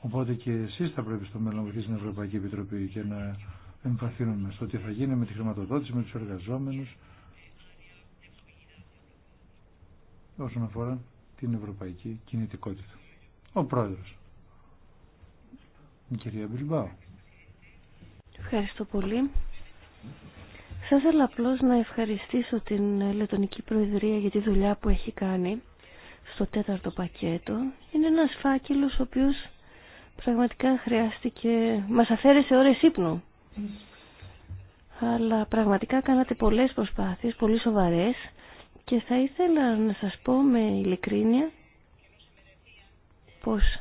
A: Οπότε και εσείς θα πρέπει στο μέλλον να στην Ευρωπαϊκή Επιτροπή και να εμφαθύνουμε στο τι θα γίνει με τη χρηματοδότηση, με τους εργαζόμενους, όσον αφορά την ευρωπαϊκή κινητικότητα. Ο Πρόεδρος. Η κυρία Μπιλμπάου.
C: Ευχαριστώ πολύ. Θα ήθελα απλώ να ευχαριστήσω την Λετωνική Προεδρία για τη δουλειά που έχει κάνει στο τέταρτο πακέτο. Είναι ένας φάκελος ο οποίος πραγματικά χρειάστηκε, μας αφαίρεσε ώρες ύπνου. Αλλά πραγματικά κάνατε πολλές προσπάθειες, πολύ σοβαρές και θα ήθελα να σας πω με ειλικρίνεια πως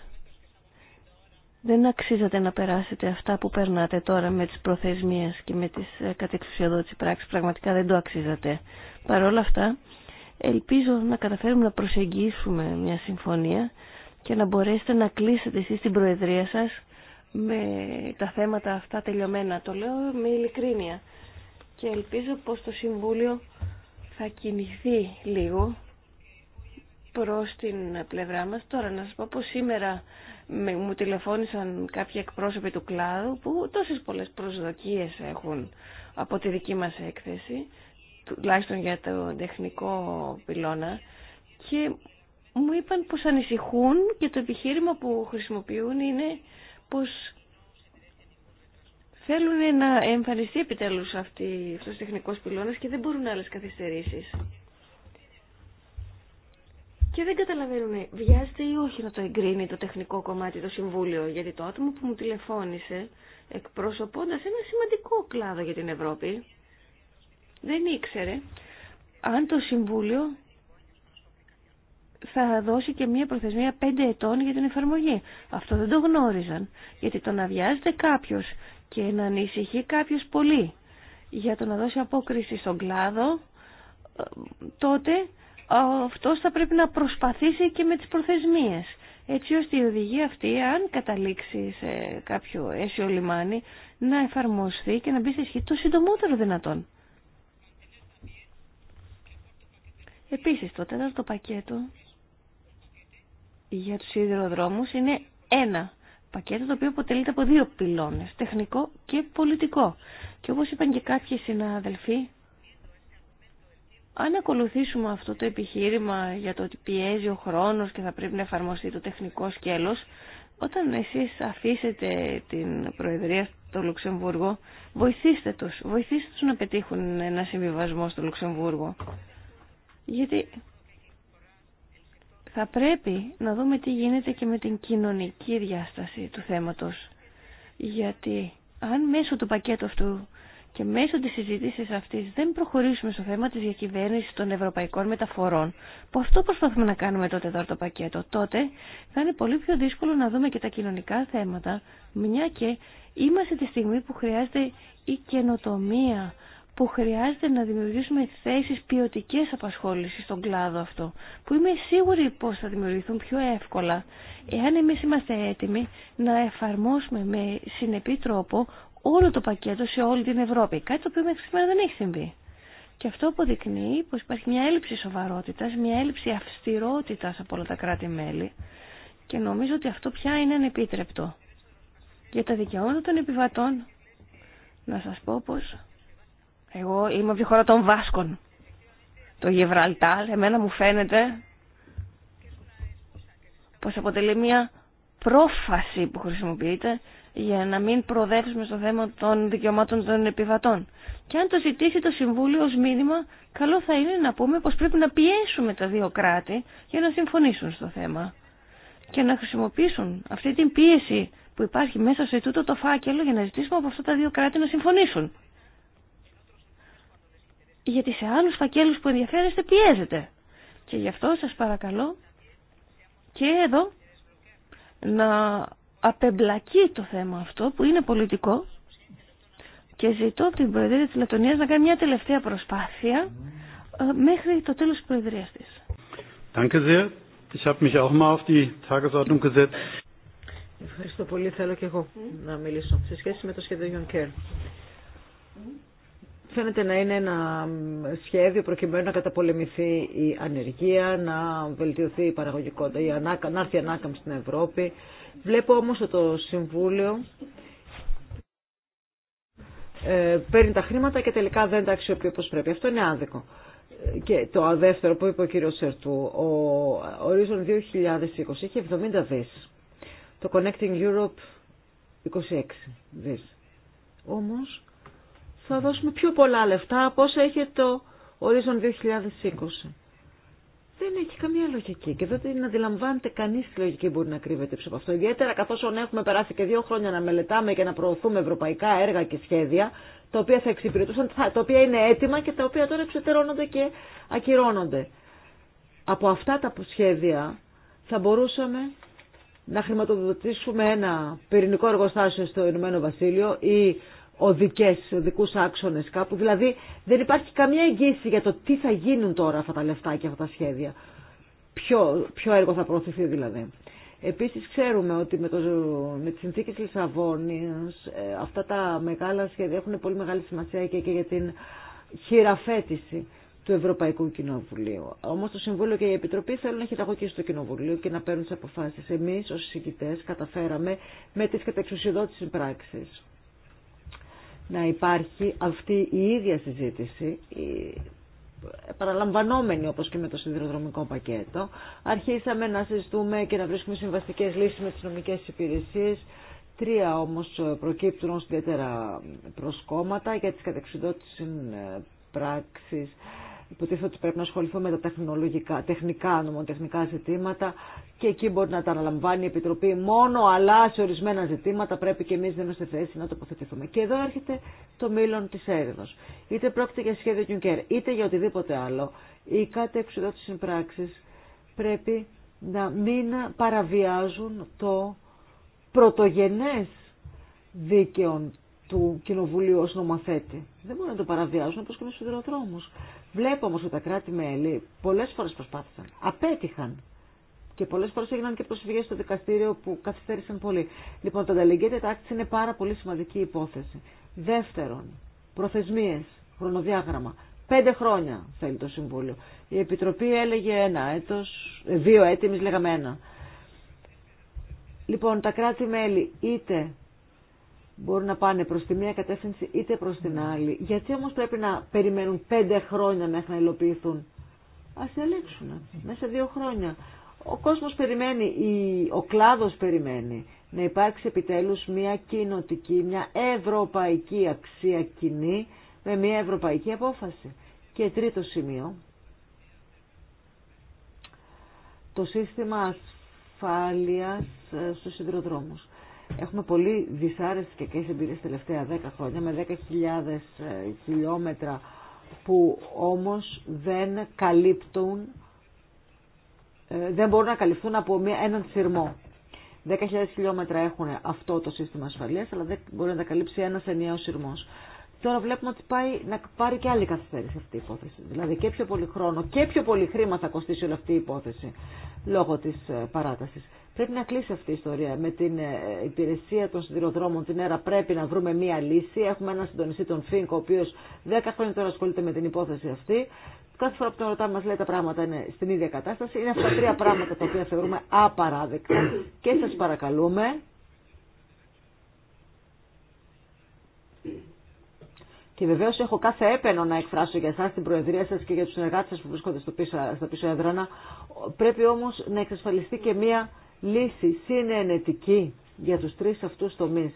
C: δεν αξίζατε να περάσετε αυτά που περνάτε τώρα με τις προθεσμίες και με τις ε, κατεξουσιοδότηση πράξεις. Πραγματικά δεν το αξίζατε. Παρ' όλα αυτά, ελπίζω να καταφέρουμε να προσεγγίσουμε μια συμφωνία και να μπορέσετε να κλείσετε εσείς την Προεδρία σας με τα θέματα αυτά τελειωμένα. Το λέω με ειλικρίνεια. Και ελπίζω πως το Συμβούλιο θα κινηθεί λίγο προς την πλευρά μας. Τώρα να σας πω πως σήμερα μου τηλεφώνησαν κάποιοι εκπρόσωποι του κλάδου που τόσες πολλές προσδοκίες έχουν από τη δική μας έκθεση, τουλάχιστον για το τεχνικό πυλώνα και μου είπαν πως ανησυχούν και το επιχείρημα που χρησιμοποιούν είναι πως Θέλουν να εμφανιστεί επιτέλους αυτοί αυτός ο τεχνικός πυλώνας και δεν μπορούν άλλες καθυστερήσεις. Και δεν καταλαβαίνουν, βιάζεται ή όχι να το εγκρίνει το τεχνικό κομμάτι το Συμβούλιο, γιατί το άτομο που μου τηλεφώνησε, εκπροσωπώντας ένα σημαντικό κλάδο για την Ευρώπη, δεν ήξερε αν το Συμβούλιο θα δώσει και μία προθεσμία πέντε ετών για την εφαρμογή. Αυτό δεν το γνώριζαν. Γιατί το να βιάζεται κάποιος και να ανησυχεί κάποιος πολύ για το να δώσει απόκριση στον κλάδο, τότε αυτός θα πρέπει να προσπαθήσει και με τις προθεσμίες. Έτσι ώστε η οδηγία αυτή, αν καταλήξει σε κάποιο αίσιο λιμάνι, να εφαρμοστεί και να μπει στη το συντομότερο δυνατόν. Επίσης, το τέταρτο πακέτο για τους σιδηροδρόμους είναι ένα πακέτο το οποίο αποτελείται από δύο πυλώνες, τεχνικό και πολιτικό. Και όπως είπαν και κάποιοι συναδελφοί, αν ακολουθήσουμε αυτό το επιχείρημα για το ότι πιέζει ο χρόνος και θα πρέπει να εφαρμοστεί το τεχνικό σκέλος, όταν εσείς αφήσετε την Προεδρία στο Λουξεμβούργο, βοηθήστε τους, βοηθήστε τους να πετύχουν ένα συμβιβασμό στο Λουξεμβούργο. Γιατί θα πρέπει να δούμε τι γίνεται και με την κοινωνική διάσταση του θέματος. Γιατί αν μέσω του πακέτου αυτού και μέσω της συζήτηση αυτής δεν προχωρήσουμε στο θέμα της διακυβέρνησης των ευρωπαϊκών μεταφορών, που αυτό προσπαθούμε να κάνουμε τότε εδώ το πακέτο, τότε θα είναι πολύ πιο δύσκολο να δούμε και τα κοινωνικά θέματα, μια και είμαστε τη στιγμή που χρειάζεται η καινοτομία, που χρειάζεται να δημιουργήσουμε θέσεις ποιοτικέ απασχόλησης στον κλάδο αυτό, που είμαι σίγουρη πως θα δημιουργηθούν πιο εύκολα, εάν εμείς είμαστε έτοιμοι να εφαρμόσουμε με συνεπή τρόπο όλο το πακέτο σε όλη την Ευρώπη, κάτι το οποίο μέχρι σήμερα δεν έχει συμβεί. Και αυτό αποδεικνύει πως υπάρχει μια έλλειψη σοβαρότητας, μια έλλειψη αυστηρότητας από όλα τα κράτη-μέλη και νομίζω ότι αυτό πια είναι ανεπίτρεπτο. Για τα δικαιώματα των επιβατών, να σας πω πως εγώ είμαι από τη χώρα των Βάσκων. Το Γεβραλτάλ, εμένα μου φαίνεται πως αποτελεί μια πρόφαση που χρησιμοποιείται για να μην προοδεύσουμε στο θέμα των δικαιωμάτων των επιβατών. Και αν το ζητήσει το Συμβούλιο ως μήνυμα, καλό θα είναι να πούμε πως πρέπει να πιέσουμε τα δύο κράτη για να συμφωνήσουν στο θέμα και να χρησιμοποιήσουν αυτή την πίεση που υπάρχει μέσα σε τούτο το φάκελο για να ζητήσουμε από αυτά τα δύο κράτη να συμφωνήσουν γιατί σε άλλους φακέλους που ενδιαφέρεστε πιέζετε. Και γι' αυτό σας παρακαλώ και εδώ να απεμπλακεί το θέμα αυτό που είναι πολιτικό και ζητώ από την Προεδρία της Λατωνίας να κάνει μια τελευταία προσπάθεια ε, μέχρι το τέλος της Προεδρίας της.
B: Ευχαριστώ πολύ. Θέλω και εγώ να μιλήσω σε σχέση με το σχέδιο Juncker φαίνεται να είναι ένα σχέδιο προκειμένου να καταπολεμηθεί η ανεργία, να βελτιωθεί η παραγωγικότητα, η ανάκα, να έρθει η ανάκαμψη στην Ευρώπη. Βλέπω όμως ότι το Συμβούλιο ε, παίρνει τα χρήματα και τελικά δεν τα αξιοποιεί όπως πρέπει. Αυτό είναι άδικο. Και το δεύτερο που είπε ο κύριος Σερτού, ο Horizon 2020 είχε 70 δις. Το Connecting Europe 26 δις. Όμως θα δώσουμε πιο πολλά λεφτά από όσα έχει το ορίζον 2020. Δεν έχει καμία λογική και δεν την αντιλαμβάνεται κανεί τη λογική μπορεί να κρύβεται πίσω από αυτό. Ιδιαίτερα καθώ έχουμε περάσει και δύο χρόνια να μελετάμε και να προωθούμε ευρωπαϊκά έργα και σχέδια, τα οποία θα εξυπηρετούσαν, τα οποία είναι έτοιμα και τα οποία τώρα εξετερώνονται και ακυρώνονται. Από αυτά τα σχέδια θα μπορούσαμε να χρηματοδοτήσουμε ένα πυρηνικό εργοστάσιο στο Ηνωμένο Βασίλειο ή οδικές, οδικούς άξονες κάπου. Δηλαδή δεν υπάρχει καμία εγγύηση για το τι θα γίνουν τώρα αυτά τα λεφτά και αυτά τα σχέδια. Ποιο, ποιο έργο θα προωθηθεί δηλαδή. Επίσης ξέρουμε ότι με, το, με τις συνθήκες Λισαβόνης ε, αυτά τα μεγάλα σχέδια έχουν πολύ μεγάλη σημασία και, και για την χειραφέτηση του Ευρωπαϊκού Κοινοβουλίου. Όμω το Συμβούλιο και η Επιτροπή θέλουν να χειραγωγήσουν το Κοινοβουλίο και να παίρνουν τι αποφάσει. Εμεί, ω συγκητέ, καταφέραμε με τι κατεξουσιοδότησης πράξη να υπάρχει αυτή η ίδια συζήτηση, η παραλαμβανόμενη όπως και με το σιδηροδρομικό πακέτο. Αρχίσαμε να συζητούμε και να βρίσκουμε συμβαστικές λύσεις με τις νομικές υπηρεσίες. Τρία όμως προκύπτουν ως ιδιαίτερα προσκόμματα για τις κατεξιδότησης ε, πράξεις Υποτίθεται ότι πρέπει να ασχοληθούμε με τα τεχνολογικά, τεχνικά, νομοτεχνικά ζητήματα και εκεί μπορεί να τα αναλαμβάνει η Επιτροπή μόνο, αλλά σε ορισμένα ζητήματα πρέπει και εμεί να είμαστε θέση να τοποθετηθούμε. Και εδώ έρχεται το μήλον τη έρευνα. Είτε πρόκειται για σχέδιο Juncker, είτε για οτιδήποτε άλλο, οι κάτι εξουδότηση συμπράξει πρέπει να μην παραβιάζουν το πρωτογενές δίκαιο του Κοινοβουλίου ως νομοθέτη. Δεν μπορεί να το παραβιάζουν, όπως και με σιδηροδρόμους. Βλέπω όμως ότι τα κράτη-μέλη πολλές φορές προσπάθησαν, απέτυχαν και πολλές φορές έγιναν και προσφυγές στο δικαστήριο που καθυστέρησαν πολύ. Λοιπόν, το delegated acts είναι πάρα πολύ σημαντική υπόθεση. Δεύτερον, προθεσμίες, χρονοδιάγραμμα. Πέντε χρόνια θέλει το Συμβούλιο. Η Επιτροπή έλεγε ένα έτος, ε, δύο έτη, λέγαμε ένα. Λοιπόν, τα κράτη-μέλη είτε μπορούν να πάνε προς τη μία κατεύθυνση είτε προς την άλλη. Γιατί όμως πρέπει να περιμένουν πέντε χρόνια μέχρι να υλοποιηθούν. Ας διαλέξουν μέσα δύο χρόνια. Ο κόσμος περιμένει, ο κλάδος περιμένει να υπάρξει επιτέλους μια κοινοτική, μια ευρωπαϊκή αξία κοινή με μια ευρωπαϊκή απόφαση. Και τρίτο σημείο, το σύστημα ασφάλειας στους Έχουμε πολύ δυσάρεστη και κακές εμπειρίες τελευταία 10 χρόνια με 10.000 ε, χιλιόμετρα που όμως δεν καλύπτουν, ε, δεν μπορούν να καλυφθούν από έναν σειρμό. 10.000 χιλιόμετρα έχουν αυτό το σύστημα ασφαλείας, αλλά δεν μπορεί να τα καλύψει ένας ενιαίος σειρμός. Τώρα βλέπουμε ότι πάει να πάρει και άλλη καθυστέρηση αυτή η υπόθεση. Δηλαδή και πιο πολύ χρόνο και πιο πολύ χρήμα θα κοστίσει όλη αυτή η υπόθεση λόγω της ε, παράτασης. Πρέπει να κλείσει αυτή η ιστορία. Με την ε, υπηρεσία των σιδηροδρόμων την ΕΡΑ πρέπει να βρούμε μία λύση. Έχουμε ένα συντονιστή, τον ΦΙΝΚ ο οποίο 10 χρόνια τώρα ασχολείται με την υπόθεση αυτή. Κάθε φορά που τον ρωτάμε μα λέει τα πράγματα είναι στην ίδια κατάσταση. Είναι αυτά τα τρία πράγματα τα οποία θεωρούμε απαράδεκτα και σα παρακαλούμε. Και βεβαίω έχω κάθε έπαινο να εκφράσω για εσά, την Προεδρία σα και για του συνεργάτε σα που βρίσκονται στο πίσω, στα πίσω έδρανα. Πρέπει όμω να εξασφαλιστεί και μία λύση συνενετική για τους τρεις αυτούς τομείς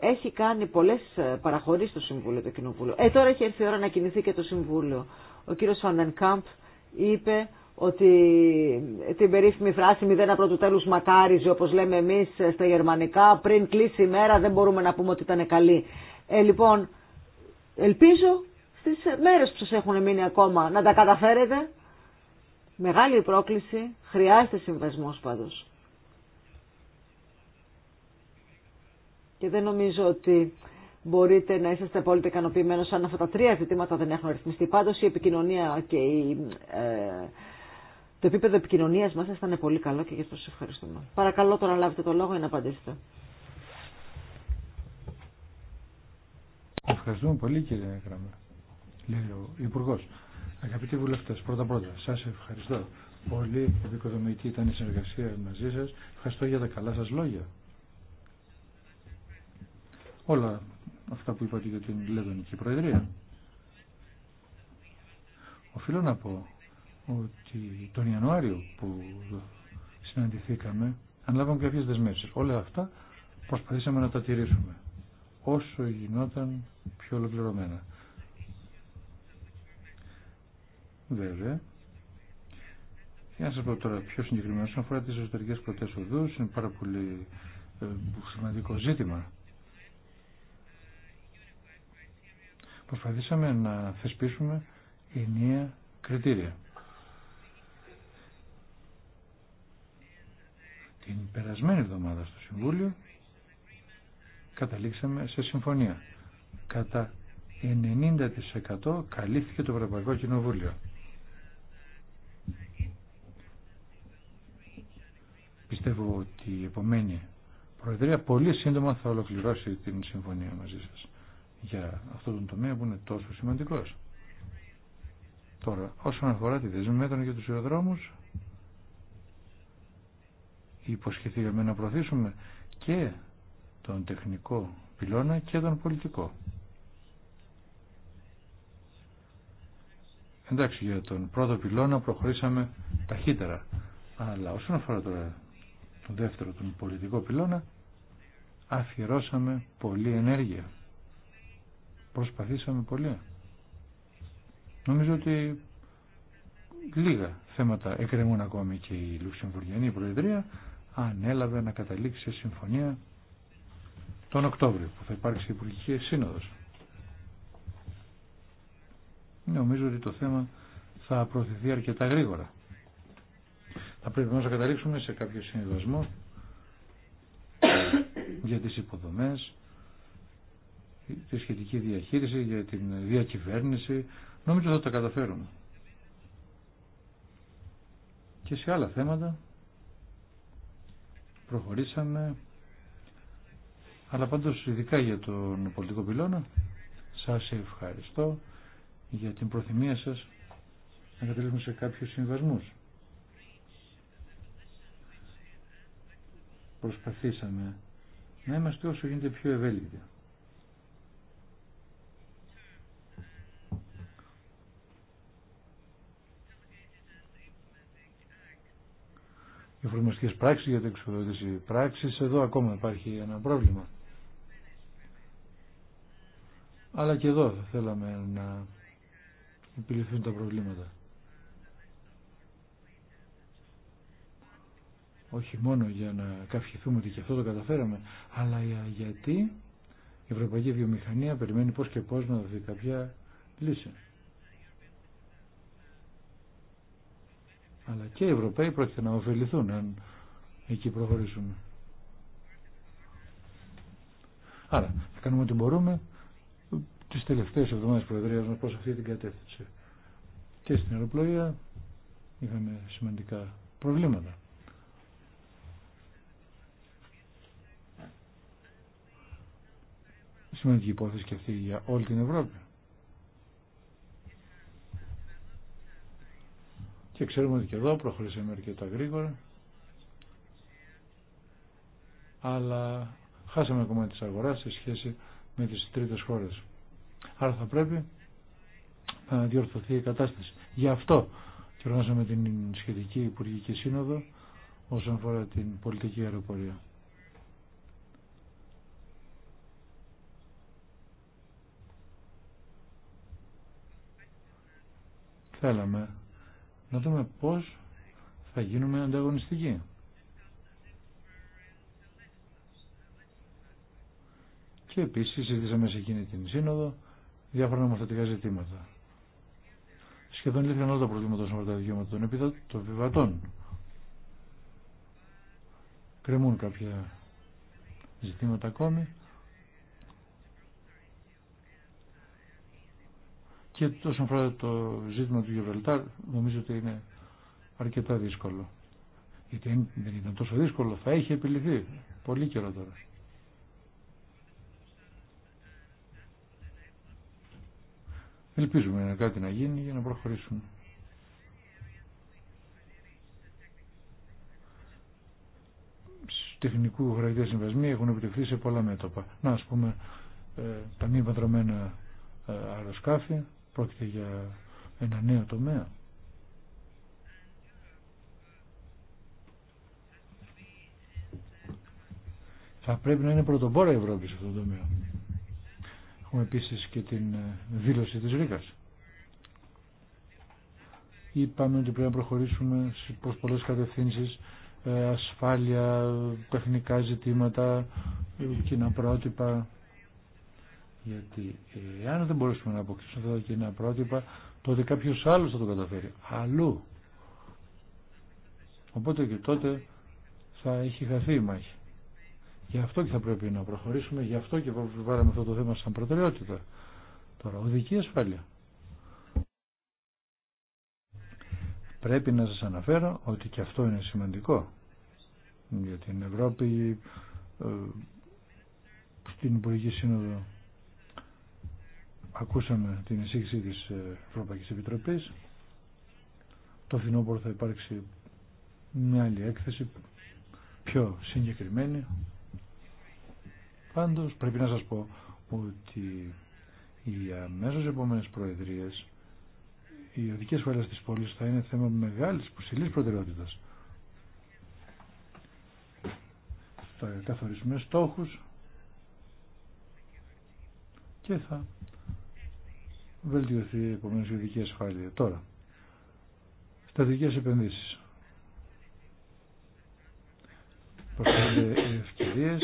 B: έχει κάνει πολλές ε, παραχωρήσεις στο Συμβούλιο, το Κοινοβούλιο. Ε, τώρα έχει έρθει η ώρα να κινηθεί και το Συμβούλιο. Ο κύριος Φαντενκάμπ είπε ότι την περίφημη φράση από το τέλο μακάριζε» όπως λέμε εμείς ε, στα γερμανικά πριν κλείσει η μέρα δεν μπορούμε να πούμε ότι ήταν καλή. Ε, λοιπόν, ελπίζω στις μέρες που σας έχουν μείνει ακόμα να τα καταφέρετε Μεγάλη πρόκληση, χρειάζεται συμβασμός πάντως. Και δεν νομίζω ότι μπορείτε να είσαστε απόλυτα ικανοποιημένος αν αυτά τα τρία ζητήματα δεν έχουν ρυθμιστεί. Πάντως η επικοινωνία και η, ε, το επίπεδο επικοινωνίας μας ήταν πολύ καλό και γι' αυτό σας ευχαριστούμε. Παρακαλώ τώρα να λάβετε το λόγο για να απαντήσετε.
A: Ευχαριστούμε πολύ κύριε Γράμμα, λέει ο Υπουργός αγαπητοι βουλευτέ, βουλευτές, πρώτα-πρώτα, σας ευχαριστώ πολύ. Επικοδομητική ήταν η συνεργασία μαζί σα. Ευχαριστώ για τα καλά σας λόγια. Όλα αυτά που είπατε για την Λεδονική Προεδρία. Οφείλω να πω ότι τον Ιανουάριο που συναντηθήκαμε, ανλάβαμε κάποιες δεσμεύσει. Όλα αυτά προσπαθήσαμε να τα τηρήσουμε όσο γινόταν πιο ολοκληρωμένα. Βέβαια. Για να σα πω τώρα πιο συγκεκριμένα, όσον αφορά τι εσωτερικέ πρωτέ οδού, είναι πάρα πολύ ε, σημαντικό ζήτημα. Προσπαθήσαμε να θεσπίσουμε ενιαία κριτήρια. Την περασμένη εβδομάδα στο Συμβούλιο καταλήξαμε σε συμφωνία. Κατά 90% καλύφθηκε το Ευρωπαϊκό Κοινοβούλιο. Πιστεύω ότι η επομένη Προεδρία πολύ σύντομα θα ολοκληρώσει την συμφωνία μαζί σας για αυτό τον τομέα που είναι τόσο σημαντικός. Τώρα, όσον αφορά τη δεσμή μέτρων για τους αεροδρόμους, υποσχεθήκαμε να προωθήσουμε και τον τεχνικό πυλώνα και τον πολιτικό. Εντάξει, για τον πρώτο πυλώνα προχωρήσαμε ταχύτερα. Αλλά όσον αφορά τώρα τον δεύτερο τον πολιτικό πυλώνα αφιερώσαμε πολλή ενέργεια προσπαθήσαμε πολύ νομίζω ότι λίγα θέματα εκκρεμούν ακόμη και η Λουξεμβουργιανή Προεδρία ανέλαβε να καταλήξει σε συμφωνία τον Οκτώβριο που θα υπάρξει η Υπουργική Σύνοδος νομίζω ότι το θέμα θα προωθηθεί αρκετά γρήγορα θα πρέπει να καταλήξουμε σε κάποιο συμβασμό για τις υποδομές, τη σχετική διαχείριση, για την διακυβέρνηση. Νομίζω θα τα καταφέρουμε. Και σε άλλα θέματα προχωρήσαμε, αλλά πάντως ειδικά για τον πολιτικό πυλώνα, σας ευχαριστώ για την προθυμία σας να καταλήξουμε σε κάποιους συμβασμούς. προσπαθήσαμε να είμαστε όσο γίνεται πιο ευέλικτοι. Οι φορμαστικές πράξεις για την εξοδότηση πράξης, εδώ ακόμα υπάρχει ένα πρόβλημα. Αλλά και εδώ θέλαμε να επιληθούν τα προβλήματα. όχι μόνο για να καυχηθούμε ότι και αυτό το καταφέραμε, αλλά γιατί η ευρωπαϊκή βιομηχανία περιμένει πώς και πώς να δοθεί κάποια λύση. Αλλά και οι Ευρωπαίοι πρόκειται να ωφεληθούν αν εκεί προχωρήσουν. Άρα, θα κάνουμε ό,τι μπορούμε τις τελευταίες εβδομάδες προεδρίας μας προς αυτή την κατεύθυνση. Και στην αεροπλοεία είχαμε σημαντικά προβλήματα. σημαντική υπόθεση και αυτή για όλη την Ευρώπη. Και ξέρουμε ότι και εδώ προχωρήσαμε αρκετά γρήγορα. Αλλά χάσαμε ακόμα τις αγοράς σε σχέση με τις τρίτες χώρες. Άρα θα πρέπει να διορθωθεί η κατάσταση. Γι' αυτό και την σχετική Υπουργική Σύνοδο όσον αφορά την πολιτική αεροπορία. θέλαμε να δούμε πώς θα γίνουμε ανταγωνιστικοί. Και επίσης συζητήσαμε σε εκείνη την σύνοδο διάφορα νομοθετικά ζητήματα. Σχεδόν λύθηκαν όλα τα προβλήματα όσον τα δικαιώματα των επιβατών. Κρεμούν κάποια ζητήματα ακόμη Και όσον αφορά το ζήτημα του Γιβραλτάρ, νομίζω ότι είναι αρκετά δύσκολο. Γιατί δεν ήταν τόσο δύσκολο, θα είχε επιληθεί πολύ καιρό τώρα. Ελπίζουμε να κάτι να γίνει για να προχωρήσουμε. Τεχνικού χαρακτήρα συμβασμοί έχουν επιτευχθεί σε πολλά μέτωπα. Να, ας πούμε, ε, τα μη πατρωμένα ε, αεροσκάφη, Πρόκειται για ένα νέο τομέα. Θα πρέπει να είναι πρωτοπόρα η Ευρώπη σε αυτό το τομέα. Έχουμε επίσης και την ε, δήλωση της Ρήκας. Είπαμε ότι πρέπει να προχωρήσουμε σε πολλές κατευθύνσεις ε, ασφάλεια, τεχνικά ζητήματα, ε, κοινά πρότυπα, γιατί εάν δεν μπορέσουμε να αποκτήσουμε αυτά τα κοινά πρότυπα, τότε κάποιο άλλος θα το καταφέρει. Αλλού. Οπότε και τότε θα έχει χαθεί η μάχη. Γι' αυτό και θα πρέπει να προχωρήσουμε, γι' αυτό και βάλαμε αυτό το θέμα σαν προτεραιότητα. Τώρα, οδική ασφάλεια. Πρέπει να σας αναφέρω ότι και αυτό είναι σημαντικό. Για την Ευρώπη, ε, στην Υπουργική Σύνοδο Ακούσαμε την εισήγηση της ε, Ευρωπαϊκής Επιτροπής. Το φθινόπωρο θα υπάρξει μια άλλη έκθεση πιο συγκεκριμένη. Πάντως πρέπει να σας πω ότι οι αμέσως επόμενες προεδρίες οι οδικές φορές της πόλης θα είναι θέμα μεγάλης ψηλής προτεραιότητας. Θα καθορίσουμε στόχους και θα βελτιωθεί επομένως η ειδική ασφάλεια. Τώρα, στρατηγικές επενδύσεις. Προσφέρονται ευκαιρίε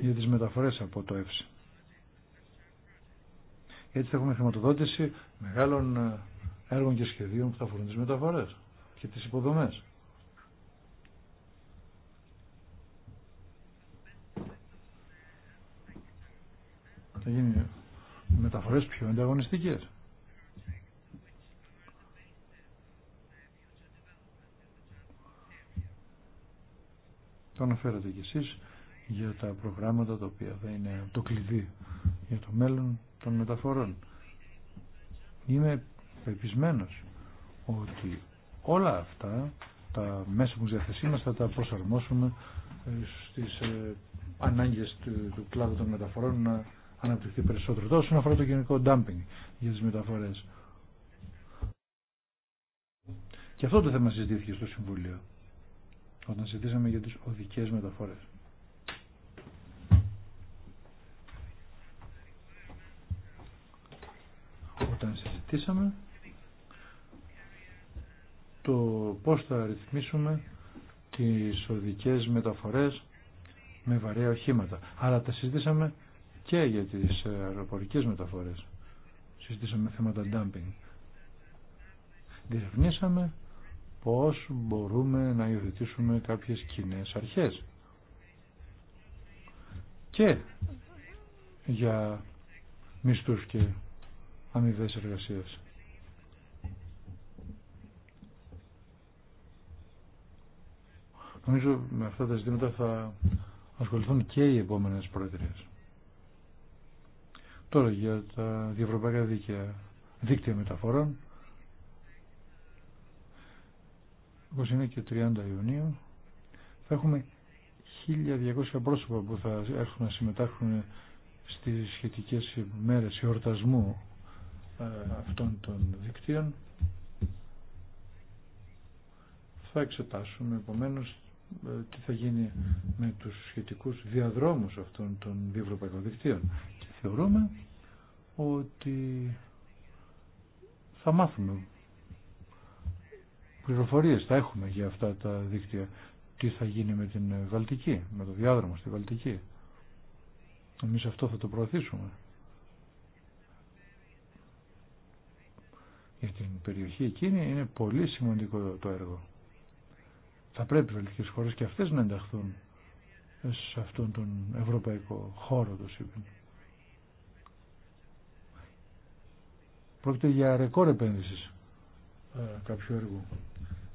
A: για τις μεταφορές από το ΕΦΣΙ. Έτσι θα έχουμε χρηματοδότηση μεγάλων ε, έργων και σχεδίων που θα αφορούν τις μεταφορές και τις υποδομές. Θα γίνει μεταφορές πιο ανταγωνιστικές. Το αναφέρατε κι εσείς για τα προγράμματα τα οποία θα είναι το κλειδί για το μέλλον των μεταφορών. Είμαι πεπισμένος ότι όλα αυτά τα μέσα που διαθεσή μας θα τα προσαρμόσουμε ε, στις ε, ανάγκες του, του κλάδου των μεταφορών να αναπτυχθεί περισσότερο. Τώρα όσον αφορά το γενικό dumping για τις μεταφορές. Και αυτό το θέμα συζητήθηκε στο Συμβούλιο όταν συζητήσαμε για τις οδικές μεταφορές. Όταν συζητήσαμε το πώς θα ρυθμίσουμε τις οδικές μεταφορές με βαρέα οχήματα. Αλλά τα συζητήσαμε και για τις ε, αεροπορικές μεταφορές. Συζητήσαμε θέματα dumping. διευνήσαμε πώς μπορούμε να υιοθετήσουμε κάποιες κοινέ αρχές. Και για μισθούς και αμοιβέ εργασία. Νομίζω με αυτά τα ζητήματα θα ασχοληθούν και οι επόμενες πρόεδρες. Τώρα για τα διευρωπαϊκά δίκαια, δίκτυα μεταφορών, είναι και 30 Ιουνίου, θα έχουμε 1.200 πρόσωπα που θα έρθουν να συμμετάχουν στις σχετικές μέρες εορτασμού ε, αυτών των δικτύων. Θα εξετάσουμε επομένως ε, τι θα γίνει με τους σχετικούς διαδρόμους αυτών των διευρωπαϊκών δικτύων θεωρούμε ότι θα μάθουμε πληροφορίες θα έχουμε για αυτά τα δίκτυα τι θα γίνει με την Βαλτική με το διάδρομο στη Βαλτική εμείς αυτό θα το προωθήσουμε για την περιοχή εκείνη είναι πολύ σημαντικό το έργο θα πρέπει οι βαλτικές χώρες και αυτές να ενταχθούν σε αυτόν τον ευρωπαϊκό χώρο του σύμπαν. Πρόκειται για ρεκόρ επένδυση ε, κάποιου έργου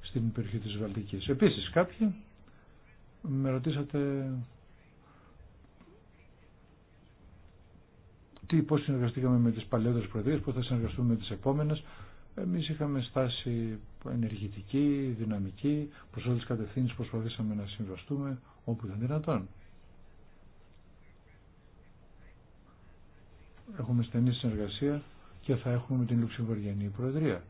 A: στην περιοχή της Βαλτικής. Επίσης κάποιοι με ρωτήσατε τι, πώς συνεργαστήκαμε με τις παλαιότερες προεδρίες, πώς θα συνεργαστούμε με τις επόμενες. Εμείς είχαμε στάση ενεργητική, δυναμική, προς όλες τις κατευθύνσεις προσπαθήσαμε να συμβαστούμε όπου ήταν δυνατόν. Έχουμε στενή συνεργασία και θα έχουμε με την Λουξεμβουργιανή Προεδρία.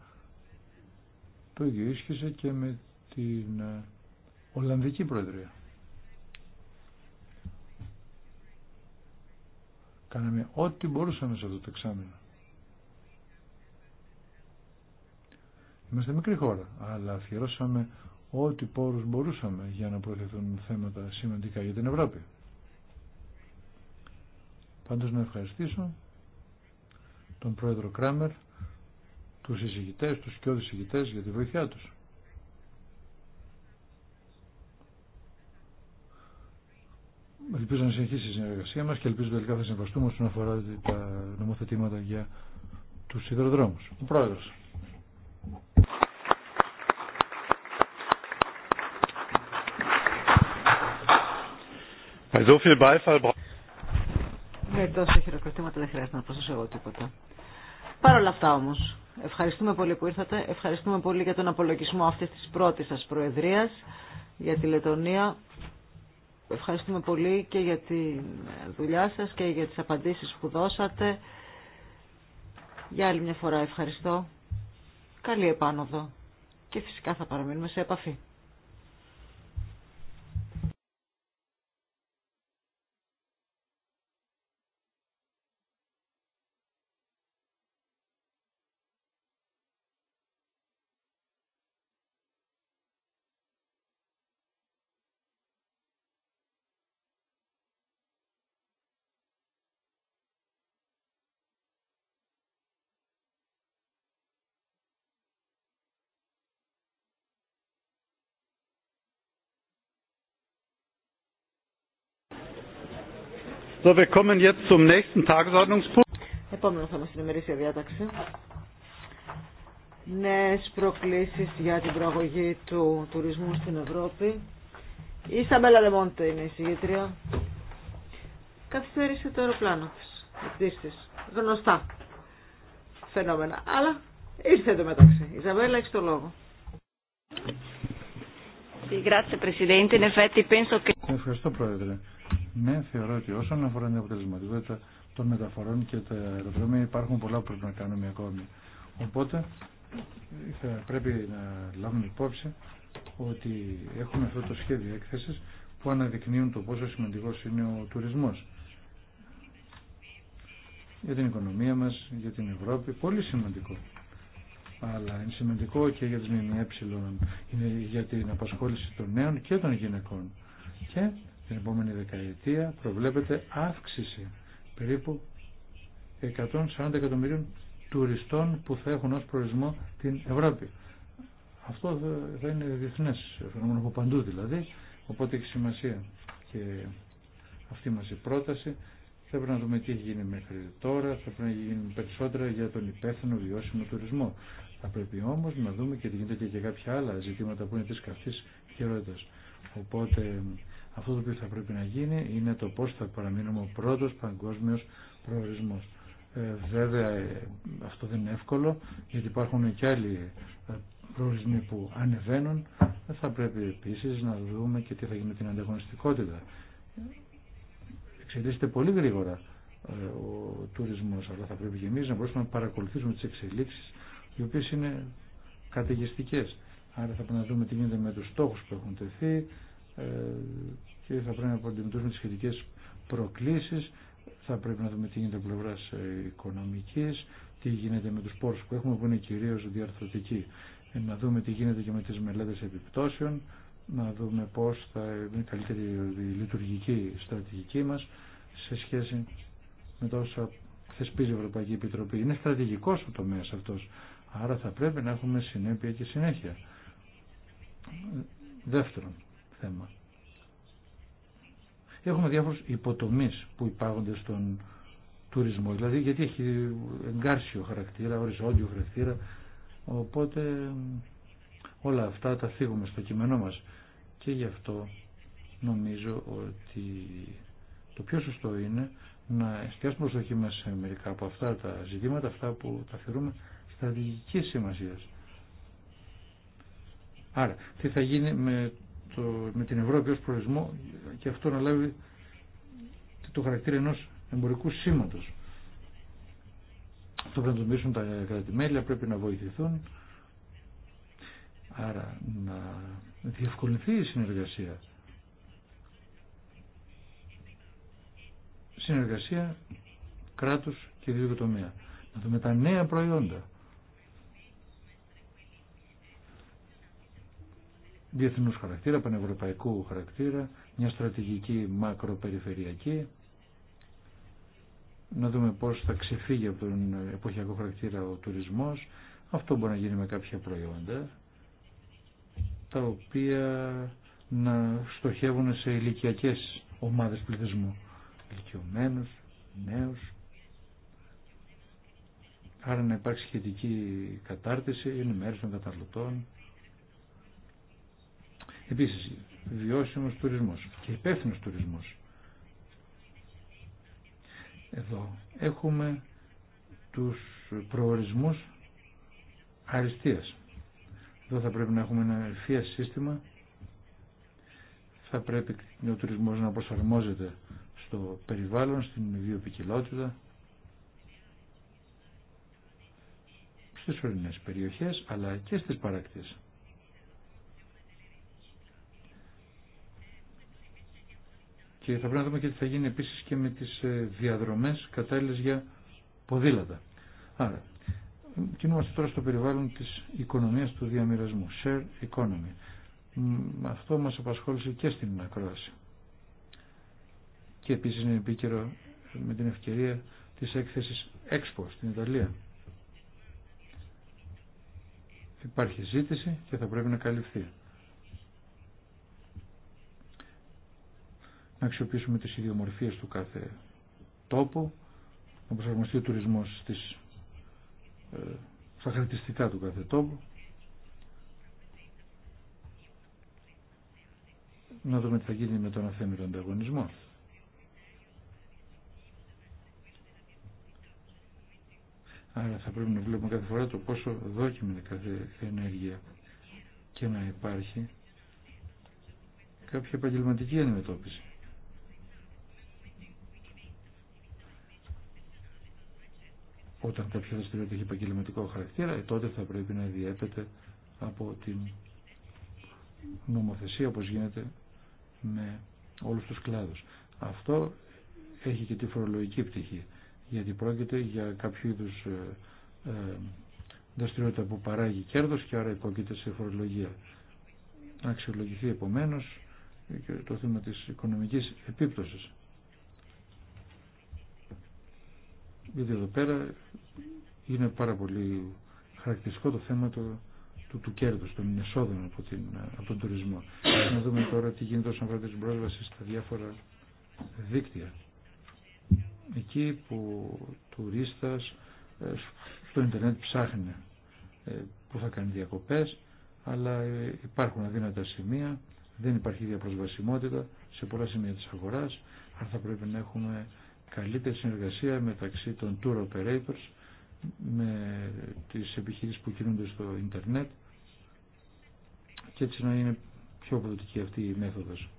A: Το ίδιο ίσχυσε και με την ε, Ολλανδική Προεδρία. Κάναμε ό,τι μπορούσαμε σε αυτό το εξάμεινο. Είμαστε μικρή χώρα, αλλά αφιερώσαμε ό,τι πόρους μπορούσαμε για να προωθηθούν θέματα σημαντικά για την Ευρώπη. Πάντως να ευχαριστήσω τον πρόεδρο Κράμερ, τους εισηγητές, τους και εισηγητές για τη βοήθειά τους. Ελπίζω να συνεχίσει η συνεργασία μας και ελπίζω τελικά θα συμβαστούμε όσον αφορά τα νομοθετήματα για τους υδροδρόμους. Ο πρόεδρος. Bei so viel Beifall
B: Περιπτώσει χειροκροτήματα δεν χρειάζεται να προσθέσω εγώ τίποτα. Παρ' όλα αυτά όμω, ευχαριστούμε πολύ που ήρθατε. Ευχαριστούμε πολύ για τον απολογισμό αυτή τη πρώτη σα Προεδρία για τη Λετωνία. Ευχαριστούμε πολύ και για τη δουλειά σα και για τι απαντήσει που δώσατε. Για άλλη μια φορά ευχαριστώ. Καλή επάνωδο. Και φυσικά θα παραμείνουμε σε επαφή.
A: So, wir kommen jetzt zum nächsten Tagesordnungspunkt.
B: Επόμενο θέμα στην ημερήσια διάταξη. Νέες προκλήσεις για την προαγωγή του τουρισμού στην Ευρώπη. Η Σαμπέλα Λεμόντε είναι η συγγετρία. Καθυστέρησε το αεροπλάνο της. Γνωστά φαινόμενα. Αλλά ήρθε το μεταξύ. Η Σαμπέλα έχει το λόγο.
A: Ευχαριστώ Πρόεδρε. Ναι, θεωρώ ότι όσον αφορά την αποτελεσματικότητα των μεταφορών και τα αεροδρόμια υπάρχουν πολλά που πρέπει να κάνουμε ακόμη. Οπότε θα πρέπει να λάβουμε υπόψη ότι έχουμε αυτό το σχέδιο έκθεσης που αναδεικνύουν το πόσο σημαντικός είναι ο τουρισμός για την οικονομία μας, για την Ευρώπη, πολύ σημαντικό. Αλλά είναι σημαντικό και για την ΜΜΕ, για την απασχόληση των νέων και των γυναικών. Και την επόμενη δεκαετία προβλέπεται αύξηση περίπου 140 εκατομμυρίων τουριστών που θα έχουν ως προορισμό την Ευρώπη. Αυτό θα είναι διεθνέ φαινόμενο από παντού δηλαδή, οπότε έχει σημασία και αυτή μας η πρόταση. Θα πρέπει να δούμε τι έχει γίνει μέχρι τώρα, θα πρέπει να γίνει περισσότερα για τον υπεύθυνο βιώσιμο τουρισμό. Θα πρέπει όμως να δούμε και τι γίνεται και για κάποια άλλα ζητήματα που είναι της καυτής χειρότητας. Οπότε αυτό το οποίο θα πρέπει να γίνει είναι το πώς θα παραμείνουμε ο πρώτος παγκόσμιος προορισμός. Ε, βέβαια ε, αυτό δεν είναι εύκολο γιατί υπάρχουν και άλλοι ε, προορισμοί που ανεβαίνουν. Θα πρέπει επίσης να δούμε και τι θα γίνει με την ανταγωνιστικότητα. Εξελίσσεται πολύ γρήγορα ο τουρισμός αλλά θα πρέπει και εμείς να μπορούμε να παρακολουθήσουμε τις εξελίξεις οι οποίες είναι καταιγιστικές. Άρα θα πρέπει να δούμε τι γίνεται με τους στόχους που έχουν τεθεί, ε, και θα πρέπει να αντιμετωπίσουμε τι σχετικέ προκλήσει. θα πρέπει να δούμε τι γίνεται από πλευρά ε, οικονομική, τι γίνεται με του πόρου που έχουμε που είναι κυρίω διαρθρωτικοί, ε, να δούμε τι γίνεται και με τι μελέτε επιπτώσεων, να δούμε πώ θα είναι καλύτερη η λειτουργική στρατηγική μα σε σχέση με τόσα όσα θεσπίζει η Ευρωπαϊκή Επιτροπή. Είναι στρατηγικό ο τομέα αυτό. άρα θα πρέπει να έχουμε συνέπεια και συνέχεια. Δεύτερον, θέμα. Έχουμε διάφορους υποτομείς που υπάγονται στον τουρισμό, δηλαδή γιατί έχει εγκάρσιο χαρακτήρα, οριζόντιο χαρακτήρα, οπότε όλα αυτά τα θίγουμε στο κείμενό μας και γι' αυτό νομίζω ότι το πιο σωστό είναι να εστιάσουμε προσοχή μας σε μερικά από αυτά τα ζητήματα, αυτά που τα θεωρούμε στρατηγική σημασία. Άρα, τι θα γίνει με με την Ευρώπη ως προορισμό και αυτό να λάβει το χαρακτήρα ενός εμπορικού σήματος. Αυτό πρέπει να το τα κρατημέλια, πρέπει να βοηθηθούν. Άρα να διευκολυνθεί η συνεργασία. Συνεργασία κράτους και ιδιωτικοτομία. Να δούμε τα νέα προϊόντα διεθνούς χαρακτήρα, πανευρωπαϊκού χαρακτήρα, μια στρατηγική μακροπεριφερειακή. Να δούμε πώς θα ξεφύγει από τον εποχιακό χαρακτήρα ο τουρισμός. Αυτό μπορεί να γίνει με κάποια προϊόντα, τα οποία να στοχεύουν σε ηλικιακές ομάδες πληθυσμού. Ηλικιωμένους, νέους. Άρα να υπάρξει σχετική κατάρτιση, ενημέρωση των καταναλωτών, Επίσης, βιώσιμος τουρισμός και υπεύθυνο τουρισμός. Εδώ έχουμε τους προορισμούς αριστείας. Εδώ θα πρέπει να έχουμε ένα ευφύα σύστημα. Θα πρέπει ο τουρισμός να προσαρμόζεται στο περιβάλλον, στην βιοπικιλότητα, στις ορεινές περιοχές, αλλά και στις παρακτήσεις. και θα πρέπει να δούμε και τι θα γίνει επίσης και με τις ε, διαδρομές κατάλληλες για ποδήλατα. Άρα, κινούμαστε τώρα στο περιβάλλον της οικονομίας του διαμοιρασμού, share economy. Αυτό μας απασχόλησε και στην ακρόαση. Και επίσης είναι επίκαιρο με την ευκαιρία της έκθεσης Expo στην Ιταλία. Υπάρχει ζήτηση και θα πρέπει να καλυφθεί. να αξιοποιήσουμε τις ιδιομορφίες του κάθε τόπου, να προσαρμοστεί ο τουρισμός στις, ε, στα χαρακτηριστικά του κάθε τόπου, να δούμε τι θα γίνει με τον αθέμητο ανταγωνισμό. Άρα θα πρέπει να βλέπουμε κάθε φορά το πόσο δόκιμη είναι κάθε ενέργεια και να υπάρχει κάποια επαγγελματική αντιμετώπιση. Όταν κάποια δραστηριότητα έχει επαγγελματικό χαρακτήρα, ε, τότε θα πρέπει να διέπεται από την νομοθεσία όπως γίνεται με όλους τους κλάδους. Αυτό έχει και τη φορολογική πτυχή, γιατί πρόκειται για κάποιο είδους ε, ε, δραστηριότητα που παράγει κέρδος και άρα υπόκειται σε φορολογία. Να αξιολογηθεί επομένως το θέμα της οικονομικής επίπτωσης. γιατί εδώ πέρα είναι πάρα πολύ χαρακτηριστικό το θέμα το, του, του κέρδους, των εσόδων από, την, από τον τουρισμό. Να δούμε τώρα τι γίνεται όσον αφορά την πρόσβαση στα διάφορα δίκτυα. Εκεί που τουρίστας ε, στο ίντερνετ ψάχνει ε, που θα κάνει διακοπές, αλλά ε, υπάρχουν αδύνατα σημεία, δεν υπάρχει διαπροσβασιμότητα σε πολλά σημεία της αγοράς, αν θα πρέπει να έχουμε καλύτερη συνεργασία μεταξύ των tour operators με τις επιχειρήσεις που κινούνται στο ίντερνετ και έτσι να είναι πιο αποδοτική αυτή η μέθοδος.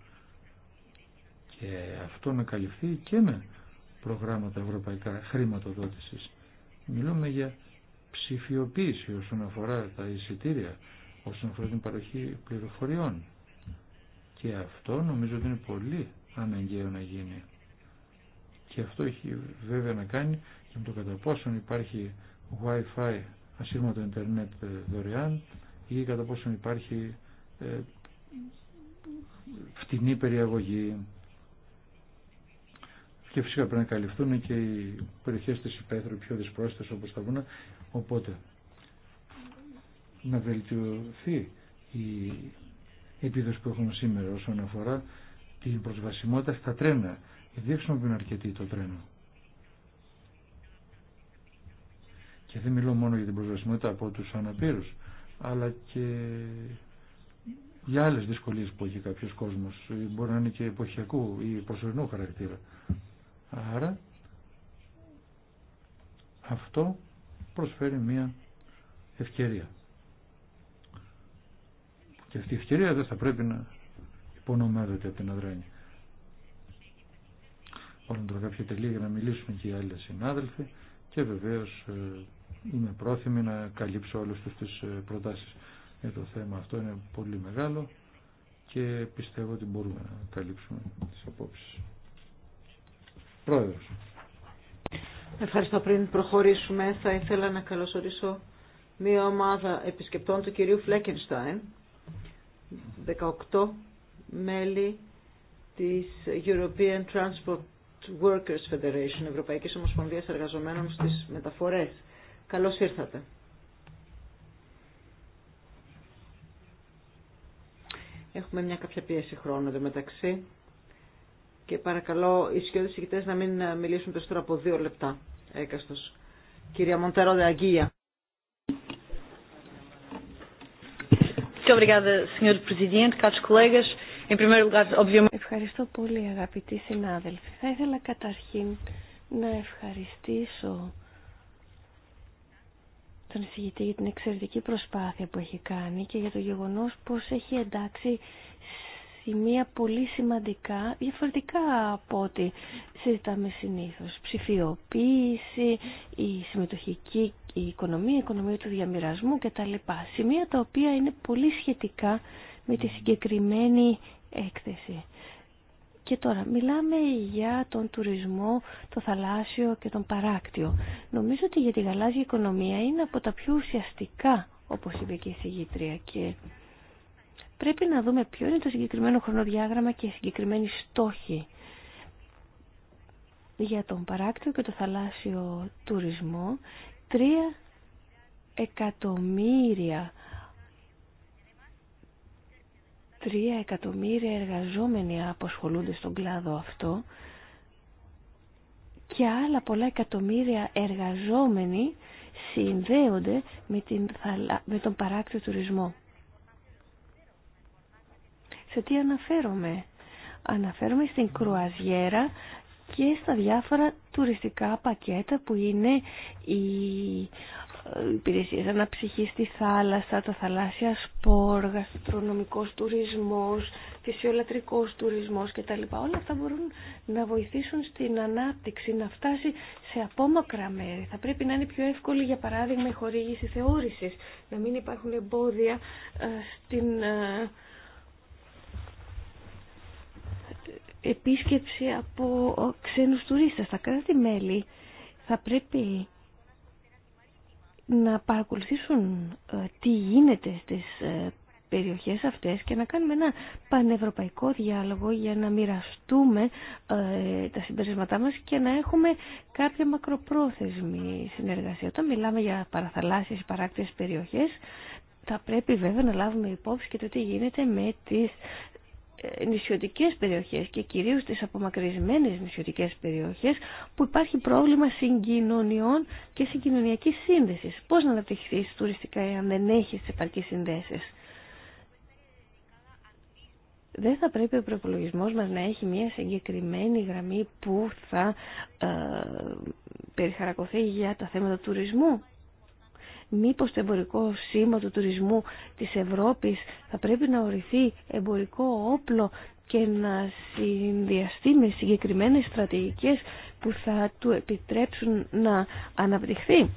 A: Και αυτό να καλυφθεί και με προγράμματα ευρωπαϊκά χρηματοδότησης. Μιλούμε για ψηφιοποίηση όσον αφορά τα εισιτήρια, όσον αφορά την παροχή πληροφοριών. Και αυτό νομίζω ότι είναι πολύ αναγκαίο να γίνει και αυτό έχει βέβαια να κάνει και με το κατά πόσον υπάρχει Wi-Fi ασύρματο Ιντερνετ ε, δωρεάν ή κατά πόσον υπάρχει ε, φτηνή περιαγωγή και φυσικά πρέπει να καλυφθούν και οι περιοχές της υπαίθρου πιο δυσπρόσθετε όπως τα βουνά οπότε να βελτιωθεί η επίδοση που έχουμε σήμερα όσον αφορά την προσβασιμότητα στα τρένα γιατί δεν είναι αρκετή το τρένο. Και δεν μιλώ μόνο για την προσβασιμότητα από τους αναπήρους, αλλά και για άλλε δυσκολίε που έχει κάποιο κόσμος. Μπορεί να είναι και εποχιακού ή προσωρινού χαρακτήρα. Άρα αυτό προσφέρει μία ευκαιρία. Και αυτή η ευκαιρία δεν θα πρέπει να υπονομεύεται από την Αδράνη. Όταν τώρα κάποια τελεία για να μιλήσουμε και οι άλλοι συνάδελφοι και βεβαίως ε, είμαι πρόθυμη να καλύψω όλες τις ε, προτάσεις για το θέμα αυτό είναι πολύ μεγάλο και πιστεύω ότι μπορούμε να καλύψουμε τις απόψεις. Πρόεδρος.
B: Ευχαριστώ πριν προχωρήσουμε. Θα ήθελα να καλωσορίσω μία ομάδα επισκεπτών του κυρίου Φλέκενστάιν, 18 μέλη της European Transport Workers Federation, Ευρωπαϊκής Ομοσπονδίας Εργαζομένων στις Μεταφορές. Καλώς ήρθατε. Έχουμε μια κάποια πίεση χρόνου εδώ μεταξύ και παρακαλώ οι σκιώδεις ηγητές να μην μιλήσουν τώρα από δύο λεπτά έκαστος. Κυρία Μοντερό Αγγία. Muito obrigada, Sr.
C: Presidente, caros colegas. Ευχαριστώ πολύ αγαπητοί συνάδελφοι. Θα ήθελα καταρχήν να ευχαριστήσω τον εισηγητή για την εξαιρετική προσπάθεια που έχει κάνει και για το γεγονός πως έχει εντάξει σημεία πολύ σημαντικά, διαφορετικά από ό,τι συζητάμε συνήθως. Ψηφιοποίηση, η συμμετοχική η οικονομία, η οικονομία του διαμοιρασμού κτλ. Σημεία τα οποία είναι πολύ σχετικά με τη συγκεκριμένη έκθεση. Και τώρα, μιλάμε για τον τουρισμό, το θαλάσσιο και τον παράκτιο. Νομίζω ότι για τη γαλάζια οικονομία είναι από τα πιο ουσιαστικά, όπως είπε και η συγγήτρια. Και πρέπει να δούμε ποιο είναι το συγκεκριμένο χρονοδιάγραμμα και οι συγκεκριμένοι στόχοι για τον παράκτιο και το θαλάσσιο τουρισμό. Τρία εκατομμύρια Τρία εκατομμύρια εργαζόμενοι αποσχολούνται στον κλάδο αυτό και άλλα πολλά εκατομμύρια εργαζόμενοι συνδέονται με, την, με τον παράκτη τουρισμό. Σε τι αναφέρομαι. Αναφέρομαι στην κρουαζιέρα και στα διάφορα τουριστικά πακέτα που είναι η υπηρεσίες αναψυχής στη θάλασσα, τα θαλάσσια σπορ, γαστρονομικός τουρισμός, φυσιολατρικός τουρισμός κτλ. Όλα αυτά μπορούν να βοηθήσουν στην ανάπτυξη, να φτάσει σε απόμακρα μέρη. Θα πρέπει να είναι πιο εύκολη, για παράδειγμα, η χορήγηση θεώρησης, να μην υπάρχουν εμπόδια ε, στην ε, επίσκεψη από ε, ξένους τουρίστες. Τα κράτη-μέλη θα πρέπει να παρακολουθήσουν ε, τι γίνεται στις ε, περιοχές αυτές και να κάνουμε ένα πανευρωπαϊκό διάλογο για να μοιραστούμε ε, τα συμπερίσματά μας και να έχουμε κάποια μακροπρόθεσμη συνεργασία. Όταν μιλάμε για παραθαλάσσιες παράκτιες περιοχές θα πρέπει βέβαια να λάβουμε υπόψη και το τι γίνεται με τις νησιωτικές περιοχές και κυρίως τις απομακρυσμένες νησιωτικές περιοχές που υπάρχει πρόβλημα συγκοινωνιών και συγκοινωνιακής σύνδεσης. Πώς να αναπτυχθείς τουριστικά αν δεν έχεις επαρκείς συνδέσεις. Δεν θα πρέπει ο προπολογισμό μας να έχει μια συγκεκριμένη γραμμή που θα ε, περιχαρακωθεί για τα θέματα τουρισμού μήπως το εμπορικό σήμα του τουρισμού της Ευρώπης θα πρέπει να οριθεί εμπορικό όπλο και να συνδυαστεί με συγκεκριμένες στρατηγικές που θα του επιτρέψουν να αναπτυχθεί.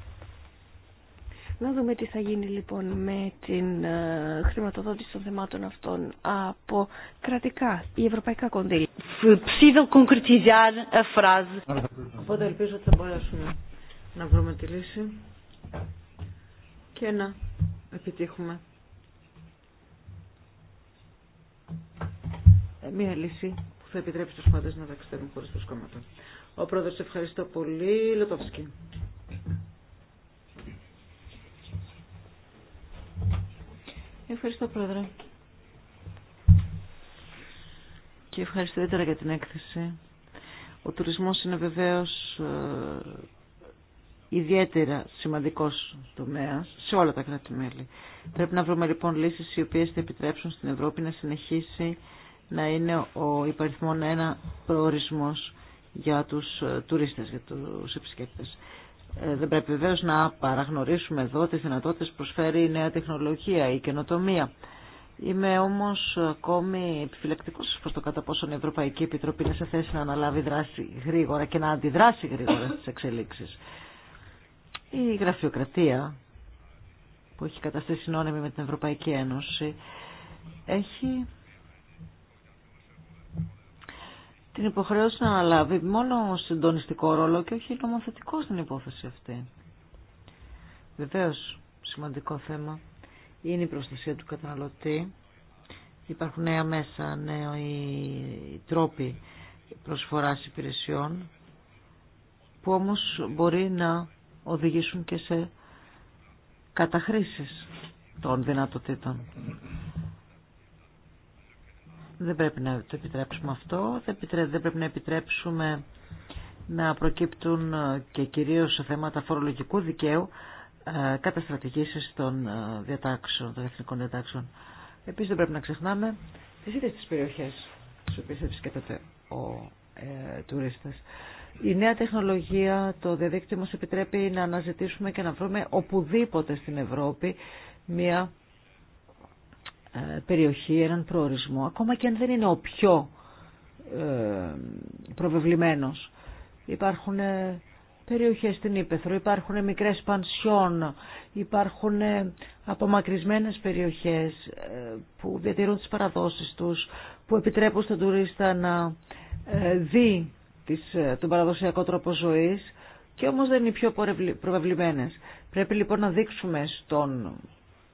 C: Να δούμε τι θα γίνει λοιπόν με την ε, χρηματοδότηση των θεμάτων αυτών από κρατικά ή ευρωπαϊκά κονδύλια. Ε,
B: Οπότε ελπίζω ότι θα μπορέσουμε να βρούμε τη λύση και να επιτύχουμε ε, μια λύση που θα επιτρέψει στους πάντες να ταξιδεύουν χωρίς το κόμματα. Ο πρόεδρος, ευχαριστώ πολύ. Λοτόφσκι. Ευχαριστώ, πρόεδρε. Και ευχαριστώ ιδιαίτερα για την έκθεση. Ο τουρισμός είναι βεβαίως ε, ιδιαίτερα σημαντικός τομέας σε όλα τα κράτη-μέλη. Πρέπει να βρούμε λοιπόν λύσεις οι οποίες θα επιτρέψουν στην Ευρώπη να συνεχίσει να είναι ο υπαριθμόν ένα προορισμός για τους ε, τουρίστες, για τους επισκέπτες. Ε, δεν πρέπει βεβαίως να παραγνωρίσουμε εδώ τις δυνατότητες που προσφέρει η νέα τεχνολογία, η καινοτομία. Είμαι όμως ακόμη επιφυλακτικο προς το κατά πόσο η Ευρωπαϊκή Επιτροπή είναι σε θέση να αναλάβει δράση γρήγορα και να αντιδράσει γρήγορα στις εξελίξεις. Η γραφειοκρατία που έχει καταστεί συνώνυμη με την Ευρωπαϊκή Ένωση έχει την υποχρέωση να αναλάβει μόνο συντονιστικό ρόλο και όχι νομοθετικό στην υπόθεση αυτή. Βεβαίως, σημαντικό θέμα είναι η προστασία του καταναλωτή. Υπάρχουν νέα μέσα, νέοι τρόποι προσφοράς υπηρεσιών που όμως μπορεί να οδηγήσουν και σε καταχρήσεις των δυνατοτήτων. Δεν πρέπει να το επιτρέψουμε αυτό, δεν πρέπει να επιτρέψουμε να προκύπτουν και κυρίως σε θέματα φορολογικού δικαίου ε, καταστρατηγήσεις των ε, διατάξεων, των εθνικών διατάξεων. Επίσης δεν πρέπει να ξεχνάμε τις ίδιες τις περιοχές στις οποίες επισκέπτεται ο ε, η νέα τεχνολογία, το διαδίκτυο μας επιτρέπει να αναζητήσουμε και να βρούμε οπουδήποτε στην Ευρώπη μια ε, περιοχή, έναν προορισμό, ακόμα και αν δεν είναι ο πιο ε, προβεβλημένος. Υπάρχουν ε, περιοχές στην Ήπεθρο, υπάρχουν μικρές πανσιόν, υπάρχουν απομακρυσμένες περιοχές που διατηρούν τις παραδόσεις τους, που επιτρέπουν στον τουρίστα να δει της, ε, τον παραδοσιακό τρόπο ζωής και όμως δεν είναι οι πιο προβεβλημένες. Πρέπει λοιπόν να δείξουμε στον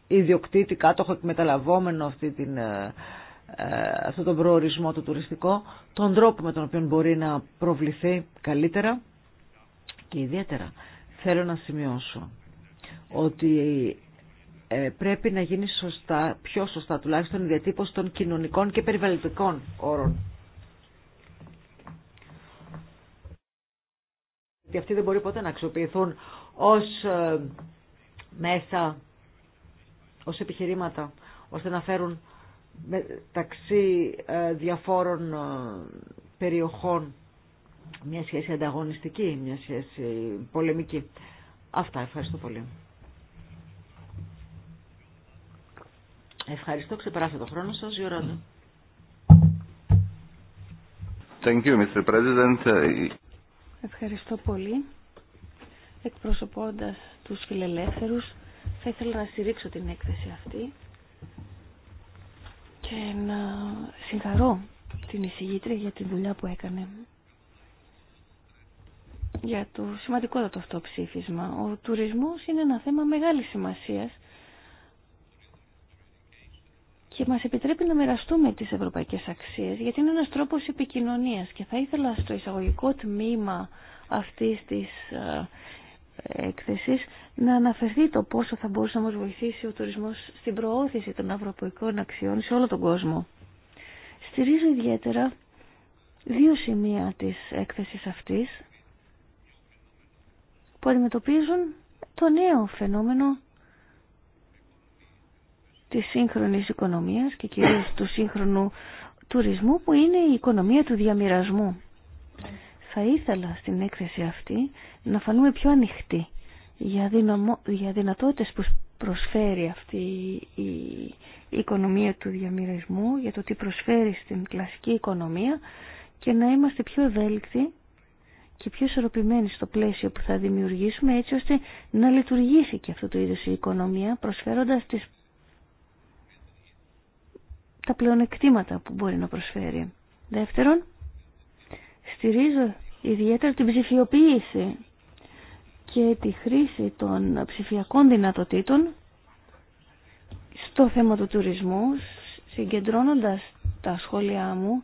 B: ιδιοκτήτη κάτοχο εκμεταλλευόμενο αυτή την, ε, ε αυτόν τον προορισμό του τουριστικό, τον τρόπο με τον οποίο μπορεί να προβληθεί καλύτερα και ιδιαίτερα θέλω να σημειώσω ότι ε, πρέπει να γίνει σωστά, πιο σωστά τουλάχιστον η διατύπωση των κοινωνικών και περιβαλλοντικών όρων ότι αυτοί δεν μπορεί ποτέ να αξιοποιηθούν ως ε, μέσα, ως επιχειρήματα, ώστε να φέρουν μεταξύ ε, διαφόρων ε, περιοχών μια σχέση ανταγωνιστική, μια σχέση πολεμική. Αυτά, ευχαριστώ πολύ. Ευχαριστώ, ξεπεράσατε το χρόνο σας, Γιώργο.
A: Thank you, Mr. President.
C: Ευχαριστώ πολύ. Εκπροσωπώντας τους φιλελεύθερους, θα ήθελα να στηρίξω την έκθεση αυτή και να συγχαρώ την εισηγήτρια για τη δουλειά που έκανε για το σημαντικότατο αυτό ψήφισμα. Ο τουρισμός είναι ένα θέμα μεγάλης σημασίας και μας επιτρέπει να μοιραστούμε τις ευρωπαϊκές αξίες γιατί είναι ένας τρόπος επικοινωνίας και θα ήθελα στο εισαγωγικό τμήμα αυτής της ε, έκθεσης να αναφερθεί το πόσο θα μπορούσε να μας βοηθήσει ο τουρισμός στην προώθηση των ευρωπαϊκών αξιών σε όλο τον κόσμο. Στηρίζω ιδιαίτερα δύο σημεία της έκθεσης αυτής που αντιμετωπίζουν το νέο φαινόμενο της σύγχρονης οικονομίας και κυρίως του σύγχρονου τουρισμού που είναι η οικονομία του διαμοιρασμού. Θα ήθελα στην έκθεση αυτή να φανούμε πιο ανοιχτοί για, δυναμο... δυνατότητες που προσφέρει αυτή η... οικονομία του διαμοιρασμού, για το τι προσφέρει στην κλασική οικονομία και να είμαστε πιο ευέλικτοι και πιο ισορροπημένοι στο πλαίσιο που θα δημιουργήσουμε έτσι ώστε να λειτουργήσει και αυτό το είδος η οικονομία προσφέροντας τις τα πλεονεκτήματα που μπορεί να προσφέρει. Δεύτερον, στηρίζω ιδιαίτερα την ψηφιοποίηση και τη χρήση των ψηφιακών δυνατοτήτων στο θέμα του τουρισμού, συγκεντρώνοντας τα σχόλιά μου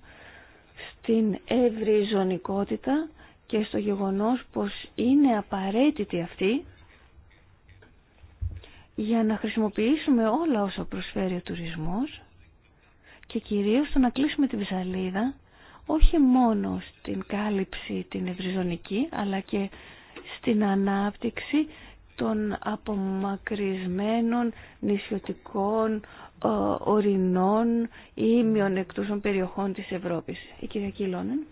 C: στην ευρυζωνικότητα και στο γεγονός πως είναι απαραίτητη αυτή για να χρησιμοποιήσουμε όλα όσα προσφέρει ο τουρισμός και κυρίως το να κλείσουμε την βυσαλίδα όχι μόνο στην κάλυψη την ευρυζωνική αλλά και στην ανάπτυξη των απομακρυσμένων νησιωτικών ε, ορεινών ή μειονεκτούσων περιοχών της Ευρώπης. Η κυρία Κιλόνεν.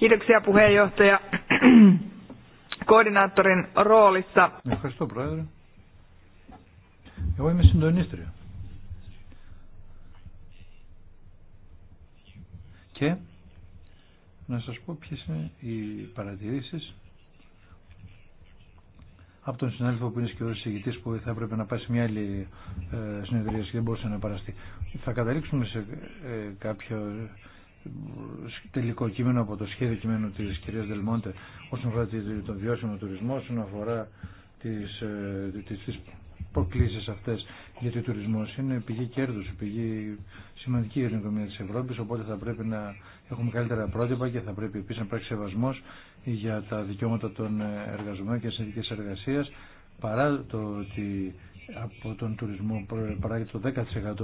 D: Ευχαριστώ, Πρόεδρε.
A: Εγώ είμαι συντονίστρια. Και να σας πω ποιες είναι οι παρατηρήσεις από τον συνάδελφο που είναι σχεδόν συγητής που θα έπρεπε να πάει σε μια άλλη ε, συνεδρία και δεν μπορούσε να παραστεί. Θα καταλήξουμε σε ε, κάποιο ε, τελικό κείμενο από το σχέδιο κειμένου της κυρίας Δελμόντε όσον αφορά τον βιώσιμο τουρισμό, όσον αφορά τις, τις, τις προκλήσει αυτέ γιατί ο τουρισμό είναι πηγή κέρδου, πηγή σημαντική για την οικονομία της οπότε θα πρέπει να έχουμε καλύτερα πρότυπα και θα πρέπει επίση να υπάρξει σεβασμό για τα δικαιώματα των εργαζομένων και συνθήκε εργασία, παρά το ότι από τον τουρισμό παράγεται το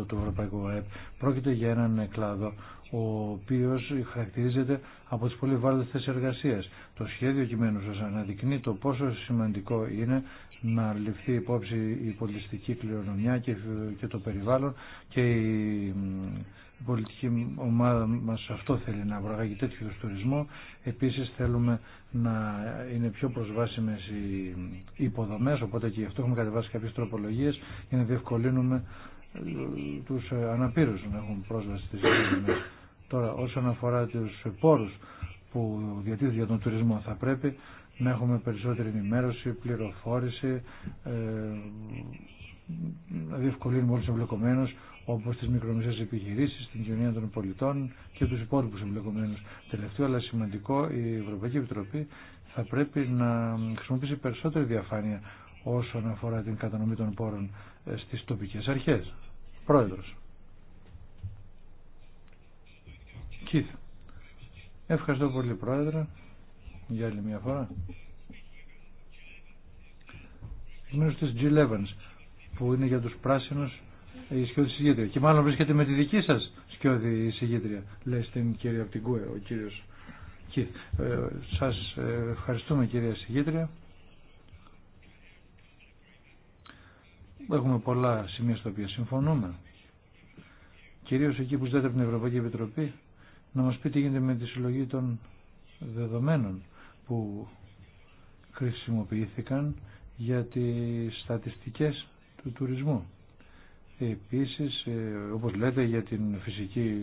A: 10% του ευρωπαϊκού ΑΕΠ. Πρόκειται για έναν κλάδο ο οποίο χαρακτηρίζεται από τι πολύ βάρδες θέσεις Το σχέδιο κειμένου σα, αναδεικνύει το πόσο σημαντικό είναι να ληφθεί υπόψη η πολιτιστική κληρονομιά και το περιβάλλον και η πολιτική ομάδα μα αυτό θέλει να προαγάγει τέτοιου τουρισμό. Επίση θέλουμε να είναι πιο προσβάσιμε οι υποδομές, οπότε και γι' αυτό έχουμε κατεβάσει κάποιε τροπολογίε για να διευκολύνουμε τους ε, αναπήρους να έχουν πρόσβαση στις ελληνικές. Τώρα όσον αφορά τους πόρους που διατίθεται για τον τουρισμό θα πρέπει να έχουμε περισσότερη ενημέρωση, πληροφόρηση, ε, να διευκολύνουμε όλους του εμπλεκομένους όπως τις μικρομεσαίες επιχειρήσεις, την κοινωνία των πολιτών και τους υπόλοιπους εμπλεκομένους. Τελευταίο αλλά σημαντικό η Ευρωπαϊκή Επιτροπή θα πρέπει να χρησιμοποιήσει περισσότερη διαφάνεια όσον αφορά την κατανομή των πόρων ε, στις τοπικές αρχές. Πρόεδρος. Κιθ. Ευχαριστώ πολύ Πρόεδρε για άλλη μια φορά. Μέρο της G 11 που είναι για τους πράσινους η σκιώδη συγγήτρια. Και μάλλον βρίσκεται με τη δική σας σκιώδη συγγήτρια, λέει στην κυρία Πτυγκούε, ο κύριος Κιθ. Ε, σας ε, ευχαριστούμε κυρία συγγήτρια. Έχουμε πολλά σημεία στα οποία συμφωνούμε. κυρίω εκεί που ζητάτε από την Ευρωπαϊκή Επιτροπή να μας πει τι γίνεται με τη συλλογή των δεδομένων που χρησιμοποιήθηκαν για τι στατιστικές του τουρισμού. Επίσης, ε, όπως λέτε, για την φυσική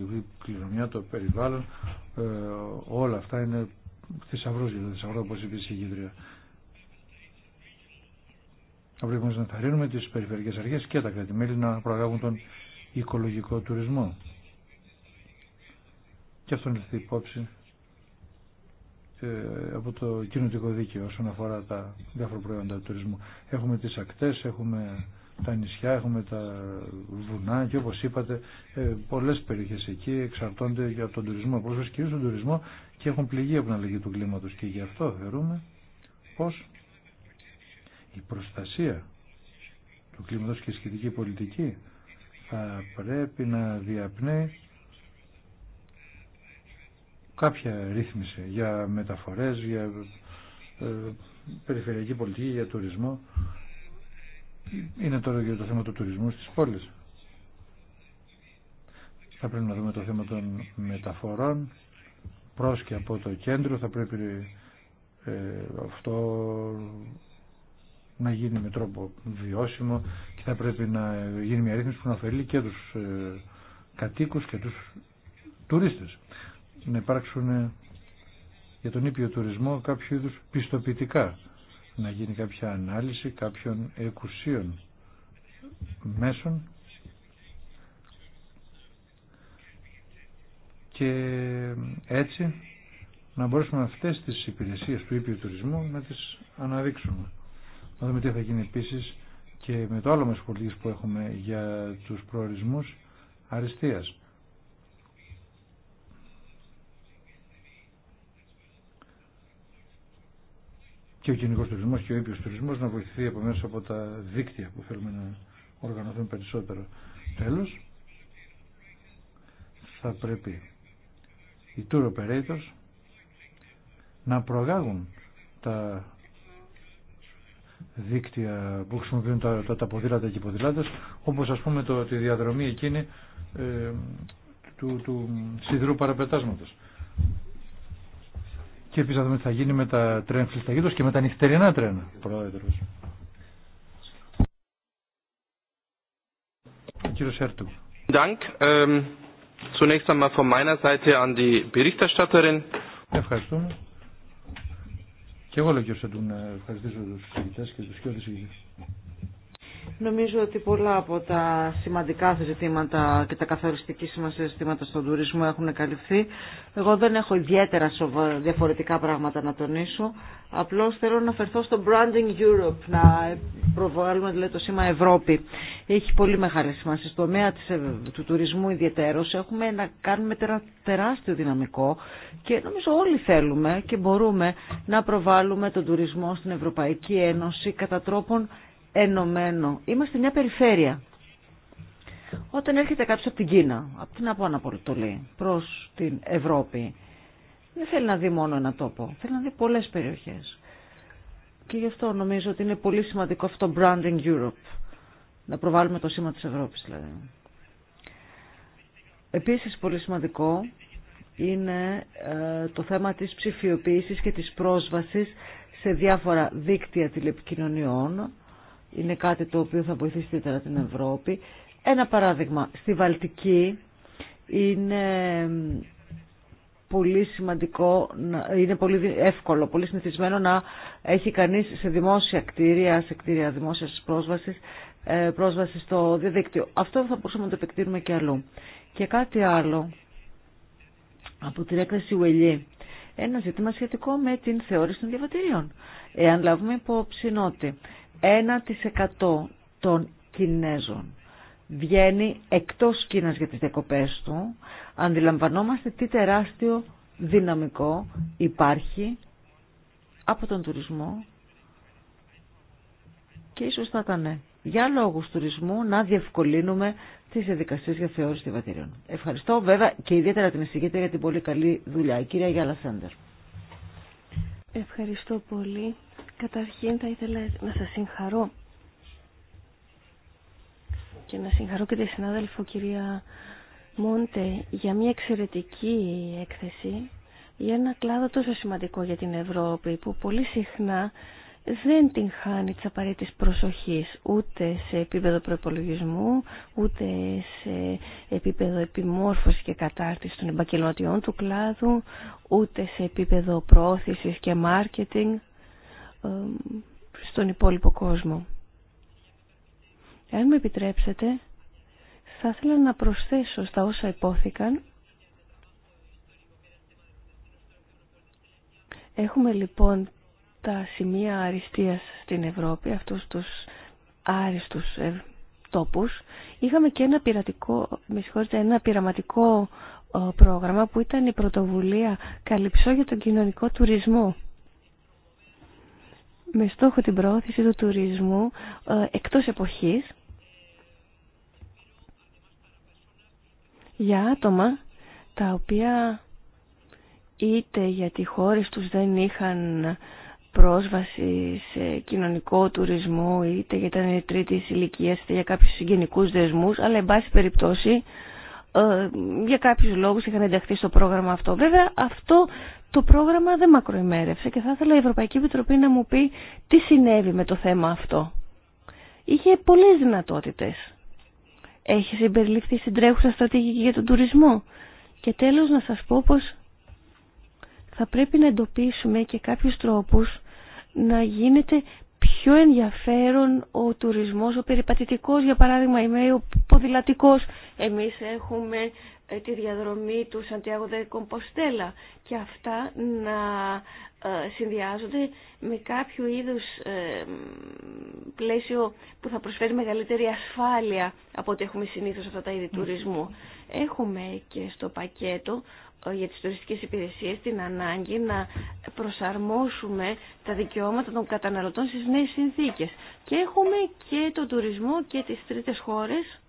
A: κληρονομιά, το περιβάλλον, ε, όλα αυτά είναι θησαυρός για δηλαδή το θησαυρό, όπω είπε η θα πρέπει να ενθαρρύνουμε τι περιφερειακέ αρχέ και τα κράτη-μέλη να προαγάγουν τον οικολογικό τουρισμό. Και αυτό είναι υπόψη ε, από το κοινωτικό δίκαιο όσον αφορά τα διάφορα προϊόντα του τουρισμού. Έχουμε τις ακτές, έχουμε τα νησιά, έχουμε τα βουνά και όπως είπατε ε, πολλές περιοχές εκεί εξαρτώνται για τον τουρισμό, πρόσφατα κυρίως τον τουρισμό και έχουν πληγεί από την αλλαγή του κλίματος και γι' αυτό θεωρούμε πως η προστασία του κλίματος και η σχετική πολιτική θα πρέπει να διαπνέει κάποια ρύθμιση για μεταφορές, για ε, περιφερειακή πολιτική, για τουρισμό. Είναι τώρα για το θέμα του τουρισμού στις πόλεις. Θα πρέπει να δούμε το θέμα των μεταφορών προς και από το κέντρο. Θα πρέπει ε, αυτό να γίνει με τρόπο βιώσιμο και θα πρέπει να γίνει μια ρύθμιση που να ωφελεί και τους ε, κατοίκους και τους τουρίστες. Να υπάρξουν ε, για τον ήπιο τουρισμό κάποιο είδους πιστοποιητικά. Να γίνει κάποια ανάλυση κάποιων εκουσίων μέσων και έτσι να μπορέσουμε αυτές τις υπηρεσίες του ήπιου τουρισμού να τις αναδείξουμε. Να δούμε τι θα γίνει επίση και με το άλλο μας που έχουμε για τους προορισμούς αριστείας. Και ο κοινικός τουρισμός και ο ήπιος τουρισμός να βοηθηθεί από μέσα από τα δίκτυα που θέλουμε να οργανωθούν περισσότερο. Τέλος, θα πρέπει οι tour operators να προαγάγουν τα δίκτυα που χρησιμοποιούν τα, τα, τα ποδήλατα και οι ποδηλάτες, όπως ας πούμε το, τη διαδρομή εκείνη ε, του, του σιδηρού παραπετάσματος. Και επίσης θα δούμε τι θα γίνει με τα τρένα φλισταγήτως και με τα νυχτερινά τρένα, πρόεδρος. Κύριος ähm, zunächst einmal von meiner Seite an die Berichterstatterin. Ευχαριστούμε. Και εγώ λέω και Σαντού να ε, ευχαριστήσω τους συζητητέ και τους κοιόδες συγκεκριτές.
B: Νομίζω ότι πολλά από τα σημαντικά ζητήματα και τα καθοριστική σημασία ζητήματα στον τουρισμό έχουν καλυφθεί. Εγώ δεν έχω ιδιαίτερα διαφορετικά πράγματα να τονίσω. Απλώς θέλω να αφαιρθώ στο Branding Europe, να προβάλλουμε δηλαδή το σήμα Ευρώπη. Έχει πολύ μεγάλη σημασία. Στο τομέα ε, του τουρισμού ιδιαίτερως έχουμε να κάνουμε τεράστιο δυναμικό και νομίζω όλοι θέλουμε και μπορούμε να προβάλλουμε τον τουρισμό στην Ευρωπαϊκή Ένωση κατά τρόπον ενωμένο. Είμαστε μια περιφέρεια. Όταν έρχεται κάποιο από την Κίνα, από την από προ προς την Ευρώπη, δεν θέλει να δει μόνο ένα τόπο, θέλει να δει πολλέ περιοχέ. Και γι' αυτό νομίζω ότι είναι πολύ σημαντικό αυτό το Branding Europe, να προβάλλουμε το σήμα τη Ευρώπη, δηλαδή. Επίσης πολύ σημαντικό είναι ε, το θέμα της ψηφιοποίησης και της πρόσβασης σε διάφορα δίκτυα τηλεπικοινωνιών είναι κάτι το οποίο θα βοηθήσει ιδιαίτερα την Ευρώπη. Ένα παράδειγμα, στη Βαλτική είναι πολύ σημαντικό, είναι πολύ εύκολο, πολύ συνηθισμένο να έχει κανείς σε δημόσια κτίρια, σε κτίρια δημόσιας πρόσβασης, ε, πρόσβαση στο διαδίκτυο. Αυτό θα μπορούσαμε να το επεκτείνουμε και αλλού. Και κάτι άλλο από την έκθεση Ουελή, Ένα ζήτημα σχετικό με την θεώρηση των διαβατηρίων. Εάν λάβουμε υπόψη ότι 1% των Κινέζων βγαίνει εκτός Κίνας για τις διακοπές του, αντιλαμβανόμαστε τι τεράστιο δυναμικό υπάρχει από τον τουρισμό και ίσως θα ήταν για λόγους τουρισμού να διευκολύνουμε τις διαδικασίες για θεώρηση βατήριων. Ευχαριστώ βέβαια και ιδιαίτερα την εισηγήτρια για την πολύ καλή δουλειά. Η κυρία Γιάλα Σέντερ.
C: Ευχαριστώ πολύ. Καταρχήν θα ήθελα να σας συγχαρώ και να συγχαρώ και τη συνάδελφο κυρία Μόντε για μια εξαιρετική έκθεση για ένα κλάδο τόσο σημαντικό για την Ευρώπη που πολύ συχνά δεν την χάνει της απαραίτητης προσοχής ούτε σε επίπεδο προπολογισμού, ούτε σε επίπεδο επιμόρφωση και κατάρτιση των επαγγελματιών του κλάδου, ούτε σε επίπεδο προώθησης και μάρκετινγκ στον υπόλοιπο κόσμο. Αν με επιτρέψετε, θα ήθελα να προσθέσω στα όσα υπόθηκαν. Έχουμε λοιπόν τα σημεία αριστείας στην Ευρώπη, αυτούς τους άριστους ε, τόπους. Είχαμε και ένα, πειρατικό, ένα πειραματικό πρόγραμμα που ήταν η πρωτοβουλία «Καλυψώ για τον κοινωνικό τουρισμό» με στόχο την προώθηση του τουρισμού ε, εκτός εποχής για άτομα τα οποία είτε γιατί οι χώρες τους δεν είχαν πρόσβαση σε κοινωνικό τουρισμό είτε γιατί ήταν τρίτη ηλικία είτε για κάποιους συγγενικούς δεσμούς αλλά εν πάση περιπτώσει ε, για κάποιους λόγους είχαν ενταχθεί στο πρόγραμμα αυτό. Βέβαια αυτό το πρόγραμμα δεν μακροημέρευσε και θα ήθελα η Ευρωπαϊκή Επιτροπή να μου πει τι συνέβη με το θέμα αυτό. Είχε πολλές δυνατότητες. Έχει συμπεριληφθεί στην τρέχουσα στρατηγική για τον τουρισμό. Και τέλος να σας πω πως θα πρέπει να εντοπίσουμε και κάποιους τρόπους να γίνεται πιο ενδιαφέρον ο τουρισμός, ο περιπατητικός για παράδειγμα είμαι ο ποδηλατικός. Εμείς έχουμε ε, τη διαδρομή του Σαντιάγο Δε Κομποστέλα και αυτά να ε, συνδυάζονται με κάποιο είδους ε, πλαίσιο που θα προσφέρει μεγαλύτερη ασφάλεια από ό,τι έχουμε συνήθως αυτά τα είδη τουρισμού. Έχουμε και στο πακέτο για τις τουριστικές υπηρεσίες την ανάγκη να προσαρμόσουμε τα δικαιώματα των καταναλωτών στις νέες συνθήκες. Και έχουμε και το τουρισμό και τις τρίτες χώρες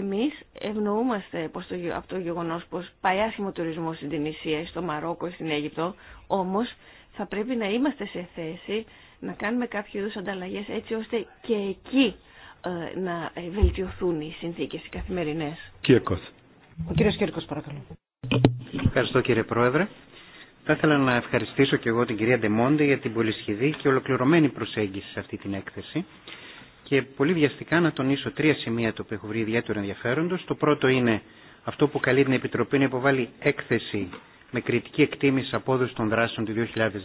C: εμείς ευνοούμαστε από το γεγονός πως άσχημο τουρισμό στην Τινησία, στο Μαρόκο, στην Αίγυπτο, όμως θα πρέπει να είμαστε σε θέση να κάνουμε κάποιο είδους ανταλλαγές έτσι ώστε και εκεί ε, να ε, βελτιωθούν οι συνθήκες οι καθημερινές. Κύρκος. Ο κύριος Κύρκος παρακαλώ.
E: Ευχαριστώ κύριε Πρόεδρε. Θα ήθελα να ευχαριστήσω και εγώ την κυρία Ντεμόντε για την πολυσχεδή και ολοκληρωμένη προσέγγιση σε αυτή την έκθεση και πολύ βιαστικά να τονίσω τρία σημεία το οποίο έχω βρει ιδιαίτερο ενδιαφέροντο. Το πρώτο είναι αυτό που καλεί την Επιτροπή να υποβάλει έκθεση με κριτική εκτίμηση απόδοση των δράσεων του 2010.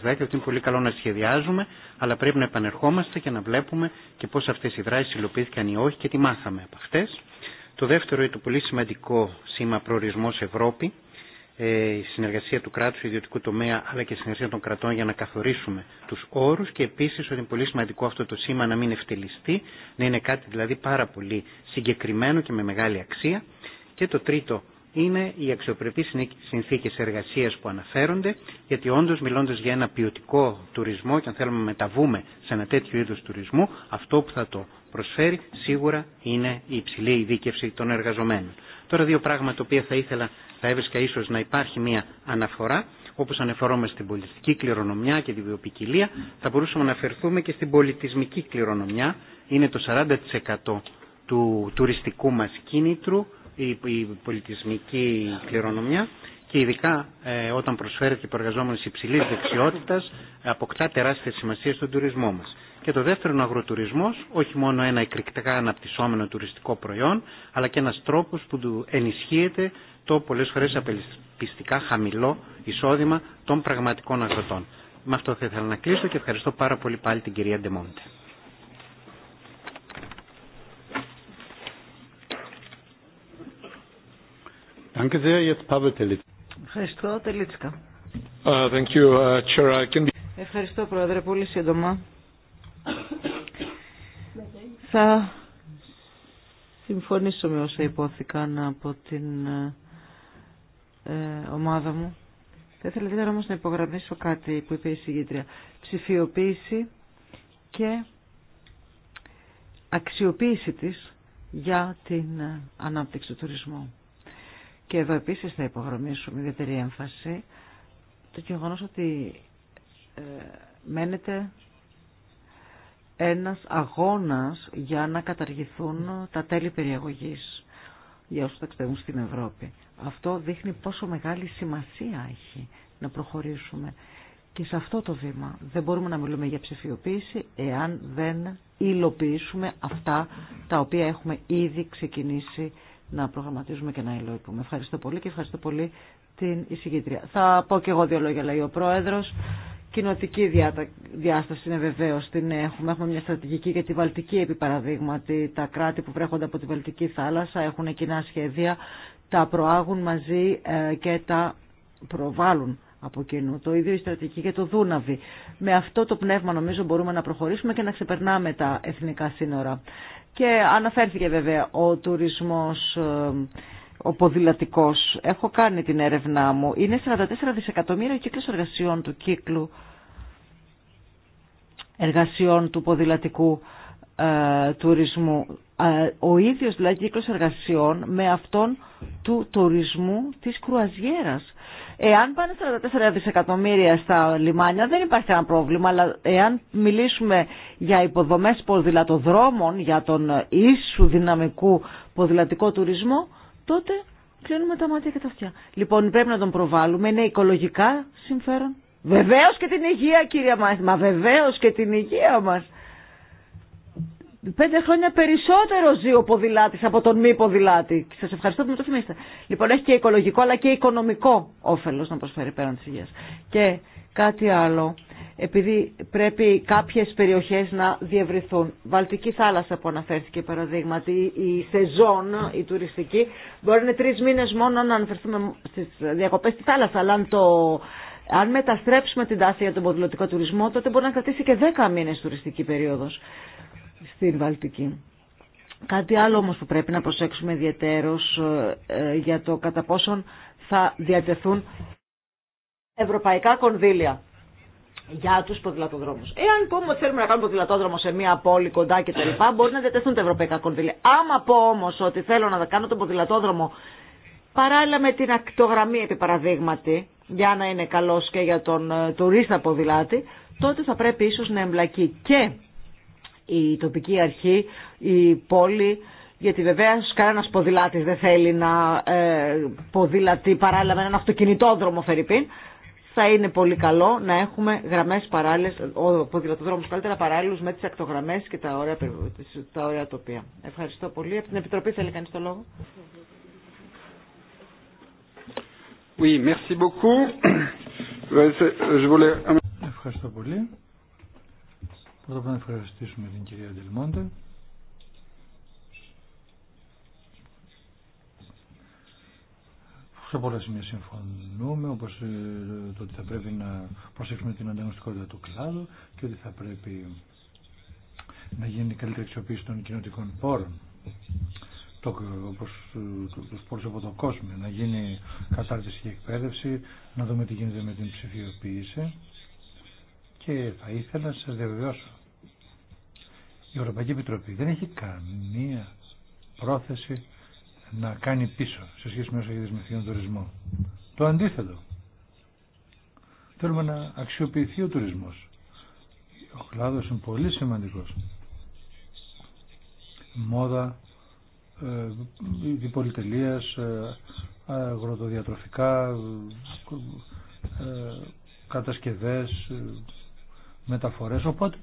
E: Αυτό είναι πολύ καλό να σχεδιάζουμε, αλλά πρέπει να επανερχόμαστε και να βλέπουμε και πώ αυτέ οι δράσει υλοποιήθηκαν ή όχι και τι μάθαμε από αυτέ. Το δεύτερο είναι το πολύ σημαντικό σήμα προορισμό Ευρώπη, ε, η συνεργασία του κράτους, ιδιωτικού τομέα, αλλά και η συνεργασία των κρατών για να καθορίσουμε τους όρους και επίσης ότι είναι πολύ σημαντικό αυτό το σήμα να μην ευτελιστεί, να είναι κάτι δηλαδή πάρα πολύ συγκεκριμένο και με μεγάλη αξία. Και το τρίτο είναι οι αξιοπρεπείς συνθήκες εργασίας που αναφέρονται, γιατί όντως μιλώντας για ένα ποιοτικό τουρισμό και αν θέλουμε να μεταβούμε σε ένα τέτοιο είδος τουρισμού, αυτό που θα το προσφέρει σίγουρα είναι η υψηλή ειδίκευση των εργαζομένων. Τώρα δύο πράγματα τα οποία θα ήθελα, θα έβρισκα ίσω να υπάρχει μια αναφορά, όπως αναφερόμαστε στην πολιτιστική κληρονομιά και την βιοπικιλία, θα μπορούσαμε να αναφερθούμε και στην πολιτισμική κληρονομιά, είναι το 40% του τουριστικού μας κίνητρου, η πολιτισμική κληρονομιά και ειδικά ε, όταν προσφέρεται υπεργαζόμενος υψηλής δεξιότητας αποκτά τεράστια σημασία στον τουρισμό μας και το δεύτερο είναι ο αγροτουρισμός, όχι μόνο ένα εκρηκτικά αναπτυσσόμενο τουριστικό προϊόν, αλλά και ένας τρόπος που του ενισχύεται το πολλές φορές απελπιστικά χαμηλό εισόδημα των πραγματικών αγροτών. Με αυτό θα ήθελα να κλείσω και ευχαριστώ πάρα πολύ πάλι την κυρία Ντεμόντε.
B: Ευχαριστώ, Τελίτσκα.
A: Uh, uh,
B: ευχαριστώ, Πρόεδρε. Πολύ σύντομα. Θα συμφωνήσω με όσα υπόθηκαν από την ε, ομάδα μου. Θα ήθελα τώρα όμως να υπογραμμίσω κάτι που είπε η συγγήτρια. Ψηφιοποίηση και αξιοποίηση της για την ε, ανάπτυξη του τουρισμού. Και εδώ επίσης θα με ιδιαίτερη έμφαση το γεγονό ότι ε, μένεται ένας αγώνας για να καταργηθούν τα τέλη περιαγωγής για όσους ταξιδεύουν στην Ευρώπη. Αυτό δείχνει πόσο μεγάλη σημασία έχει να προχωρήσουμε. Και σε αυτό το βήμα δεν μπορούμε να μιλούμε για ψηφιοποίηση εάν δεν υλοποιήσουμε αυτά τα οποία έχουμε ήδη ξεκινήσει να προγραμματίζουμε και να υλοποιούμε. Ευχαριστώ πολύ και ευχαριστώ πολύ την εισηγήτρια. Θα πω και εγώ δύο λόγια, λέει ο Πρόεδρος κοινοτική διάσταση είναι βεβαίω την έχουμε. Έχουμε μια στρατηγική για τη Βαλτική, επί παραδείγματι. Τα κράτη που βρέχονται από τη Βαλτική θάλασσα έχουν κοινά σχέδια, τα προάγουν μαζί ε, και τα προβάλλουν από κοινού. Το ίδιο η στρατηγική για το Δούναβι. Με αυτό το πνεύμα νομίζω μπορούμε να προχωρήσουμε και να ξεπερνάμε τα εθνικά σύνορα. Και αναφέρθηκε βέβαια ο τουρισμός ε, ο ποδηλατικός. Έχω κάνει την έρευνά μου. Είναι 44 δισεκατομμύρια ο κύκλος εργασιών του κύκλου εργασιών του ποδηλατικού ε, τουρισμού. Ε, ο ίδιος δηλαδή κύκλος εργασιών με αυτόν του τουρισμού της κρουαζιέρας. Εάν πάνε 44 δισεκατομμύρια στα λιμάνια δεν υπάρχει ένα πρόβλημα, αλλά εάν μιλήσουμε για υποδομές ποδηλατοδρόμων, για τον ίσου δυναμικού ποδηλατικό τουρισμό, τότε κλείνουμε τα μάτια και τα αυτιά. Λοιπόν, πρέπει να τον προβάλλουμε. Είναι οικολογικά συμφέρον. Βεβαίω και την υγεία, κυρία Μάθημα. Μα βεβαίω και την υγεία μα. Πέντε χρόνια περισσότερο ζει ο ποδηλάτη από τον μη ποδηλάτη. Σα ευχαριστώ που με το θυμήσετε. Λοιπόν, έχει και οικολογικό αλλά και οικονομικό όφελο να προσφέρει πέραν τη υγεία. Και Κάτι άλλο. Επειδή πρέπει κάποιες περιοχές να διευρυθούν. Βαλτική θάλασσα που αναφέρθηκε παραδείγματι, η σεζόν, η τουριστική, μπορεί να είναι τρεις μήνες μόνο να αναφερθούμε στις διακοπές στη θάλασσα, αλλά αν Αν μεταστρέψουμε την τάση για τον ποδηλωτικό τουρισμό, τότε μπορεί να κρατήσει και δέκα μήνε τουριστική περίοδο στην Βαλτική. Κάτι άλλο όμω που πρέπει να προσέξουμε ιδιαίτερως ε, για το κατά πόσον θα διατεθούν ευρωπαϊκά κονδύλια για του ποδηλατοδρόμου. Εάν πούμε ότι θέλουμε να κάνουμε ποδηλατόδρομο σε μια πόλη κοντά κτλ., μπορεί να διατεθούν τα ευρωπαϊκά κονδύλια. Άμα πω όμω ότι θέλω να κάνω τον ποδηλατόδρομο παράλληλα με την ακτογραμμή επί παραδείγματι, για να είναι καλό και για τον ε, τουρίστα ποδηλάτη, τότε θα πρέπει ίσω να εμπλακεί και η τοπική αρχή, η πόλη, γιατί βεβαίω κανένα ποδηλάτη δεν θέλει να ε, ποδηλατεί παράλληλα με έναν αυτοκινητόδρομο, Φερρυπίν θα είναι πολύ καλό να έχουμε γραμμέ παράλληλε, ο ποδηλατοδρόμο καλύτερα παράλληλους με τι ακτογραμμέ και τα ωραία, τα ωραία τοπία. Ευχαριστώ πολύ. Από την Επιτροπή θέλει κανεί το λόγο.
A: Euh, Ευχαριστώ πολύ. Πρώτα απ' να ευχαριστήσουμε την κυρία Ντελμόντε. σε πολλά σημεία συμφωνούμε, όπως ε, το ότι θα πρέπει να προσέξουμε την ανταγωνιστικότητα του κλάδου και ότι θα πρέπει να γίνει καλύτερη αξιοποίηση των κοινωτικών πόρων το, όπως, ε, τους πόρους από το κόσμο, να γίνει κατάρτιση και εκπαίδευση, να δούμε τι γίνεται με την ψηφιοποίηση και θα ήθελα να σας διαβεβαιώσω. Η Ευρωπαϊκή Επιτροπή δεν έχει καμία πρόθεση να κάνει πίσω σε σχέση με όσα έχει δεσμευτεί τον τουρισμό. Το αντίθετο. Θέλουμε να αξιοποιηθεί ο τουρισμό. Ο κλάδο είναι πολύ σημαντικό. Μόδα, ε, ε αγροτοδιατροφικά, ε, κατασκευές, ε, μεταφορές. Οπότε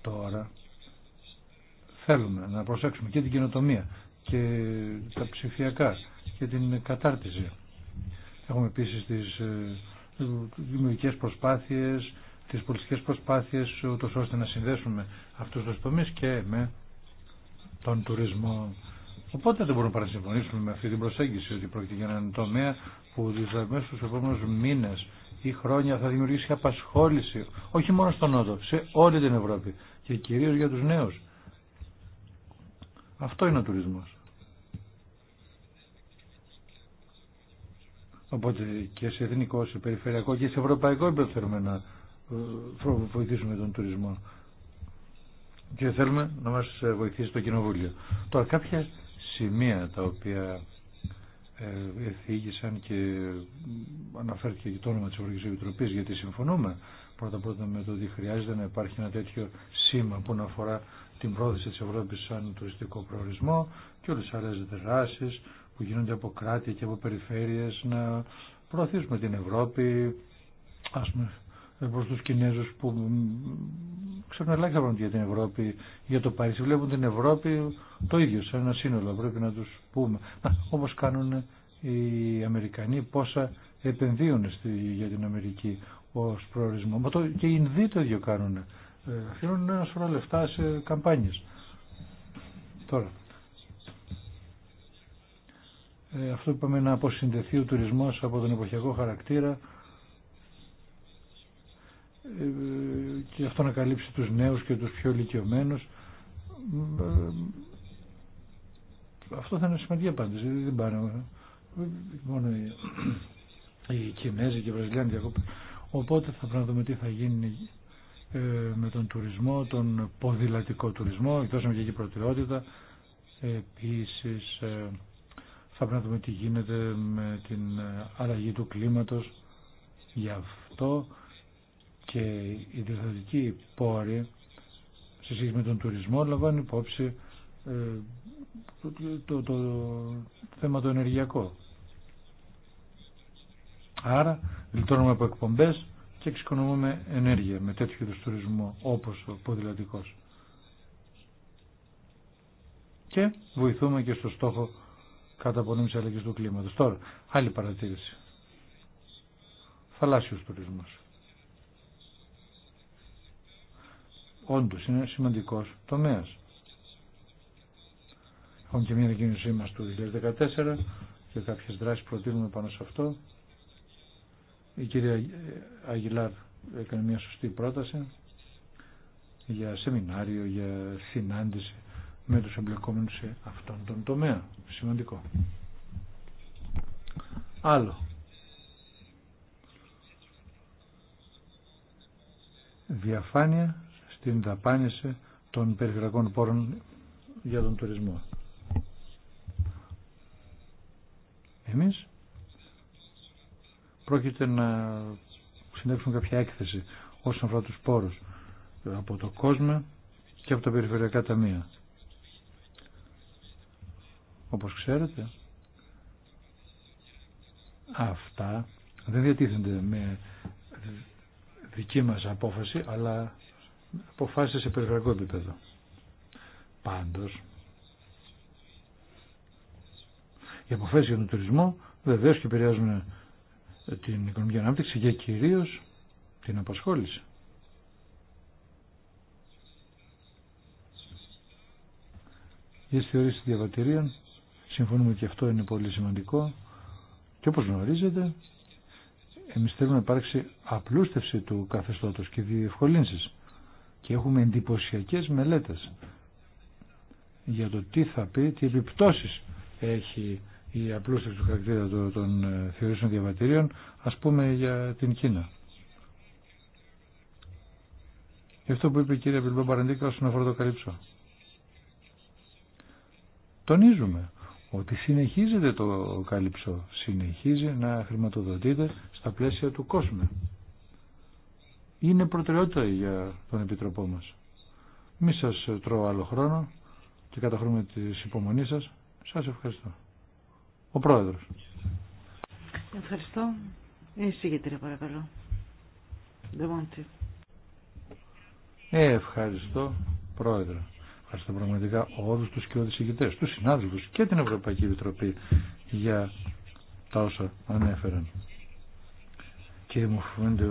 A: τώρα θέλουμε να προσέξουμε και την κοινοτομία και τα ψηφιακά και την κατάρτιση. Έχουμε επίσης τις ε, δημιουργικές προσπάθειες, τις πολιτικές προσπάθειες ούτως ώστε να συνδέσουμε αυτούς τους τομείς και με τον τουρισμό. Οπότε δεν μπορούμε να συμφωνήσουμε με αυτή την προσέγγιση ότι πρόκειται για έναν τομέα που μέσα στους επόμενους μήνες ή χρόνια θα δημιουργήσει απασχόληση όχι μόνο στον Νότο, σε όλη την Ευρώπη και κυρίως για τους νέους. Αυτό είναι ο τουρισμός. Οπότε και σε εθνικό, σε περιφερειακό και σε ευρωπαϊκό επίπεδο θέλουμε να ε, βοηθήσουμε τον τουρισμό. Και θέλουμε να μας βοηθήσει το Κοινοβούλιο. Τώρα κάποια σημεία τα οποία ε, εθίγησαν και αναφέρθηκε και το όνομα της Ευρωπαϊκής Επιτροπής γιατί συμφωνούμε πρώτα πρώτα με το ότι χρειάζεται να υπάρχει ένα τέτοιο σήμα που να αφορά την πρόθεση της Ευρώπης σαν τουριστικό προορισμό και όλες τι άλλες δράσεις που γίνονται από κράτη και από περιφέρειες να προωθήσουμε την Ευρώπη ας πούμε προ τους Κινέζους που ξέρουν ελάχιστα πράγματα για την Ευρώπη για το Παρίσι βλέπουν την Ευρώπη το ίδιο σαν ένα σύνολο πρέπει να του πούμε Όπω κάνουν οι Αμερικανοί πόσα επενδύουν στη, για την Αμερική ως προορισμό Μα το, και οι Ινδοί το ίδιο κάνουν ε, αφήνουν ένα σωρό λεφτά σε καμπάνιες τώρα ε, αυτό που είπαμε να αποσυνδεθεί ο τουρισμός από τον εποχιακό χαρακτήρα ε, και αυτό να καλύψει τους νέους και τους πιο ηλικιωμένους ε, αυτό θα είναι σημαντική απάντηση δεν πάνε μόνο οι, οι Κινέζοι και οι Βραζιλιάνοι οπότε θα πρέπει να δούμε τι θα γίνει με τον τουρισμό τον ποδηλατικό τουρισμό δώσαμε και εκεί προτεραιότητα επίσης θα πρέπει να δούμε τι γίνεται με την ε, αλλαγή του κλίματος. Γι' αυτό και οι διεθνωτικοί πόροι σε σχέση με τον τουρισμό λαμβάνουν υπόψη ε, το, θέμα το ενεργειακό. Άρα λιτώνουμε από εκπομπές και εξοικονομούμε ενέργεια με τέτοιου είδους τουρισμό όπως ο ποδηλατικός. Και βοηθούμε και στο στόχο Κατά καταπονήμηση αλλαγής του κλίματος. Τώρα, άλλη παρατήρηση. Θαλάσσιος τουρισμός. Όντως είναι σημαντικός τομέας. Έχουμε και μια ανακοίνωσή μας του 2014 και κάποιες δράσεις προτείνουμε πάνω σε αυτό. Η κυρία Αγιλάρ έκανε μια σωστή πρόταση για σεμινάριο, για συνάντηση με τους εμπλεκόμενους σε αυτόν τον τομέα. Σημαντικό. Άλλο. Διαφάνεια στην δαπάνηση των περιφερειακών πόρων για τον τουρισμό. Εμείς πρόκειται να συνέξουμε κάποια έκθεση όσον αφορά τους πόρους από το κόσμο και από τα περιφερειακά ταμεία όπως ξέρετε αυτά δεν διατίθενται με δική μας απόφαση αλλά αποφάσισε σε περιφερειακό επίπεδο πάντως οι αποφάσεις για τον τουρισμό βεβαίως και επηρεάζουν την οικονομική ανάπτυξη και κυρίως την απασχόληση για τις θεωρήσεις διαβατηρίων Συμφωνούμε και αυτό είναι πολύ σημαντικό. Και όπως γνωρίζετε, εμείς θέλουμε να υπάρξει απλούστευση του καθεστώτος και διευκολύνσεις. Και έχουμε εντυπωσιακέ μελέτες για το τι θα πει, τι επιπτώσεις έχει η απλούστευση του χαρακτήρα των ε, θεωρήσεων διαβατηρίων, ας πούμε για την Κίνα. Γι' αυτό που είπε η κυρία Πιλμπό όσον αφορά το καλύψω. Τονίζουμε ότι συνεχίζεται το κάλυψο, συνεχίζει να χρηματοδοτείται στα πλαίσια του κόσμου. Είναι προτεραιότητα για τον Επιτροπό μας. Μη σας τρώω άλλο χρόνο και καταχρούμε της υπομονή σας. Σας ευχαριστώ. Ο Πρόεδρος.
B: Ευχαριστώ. Ε, εσύ παρακαλώ.
A: Ε, ευχαριστώ Πρόεδρο Ευχαριστώ πραγματικά όλους τους και ηγητέ, τους συνάδελφους και την Ευρωπαϊκή Επιτροπή για τα όσα ανέφεραν. Και μου φαίνεται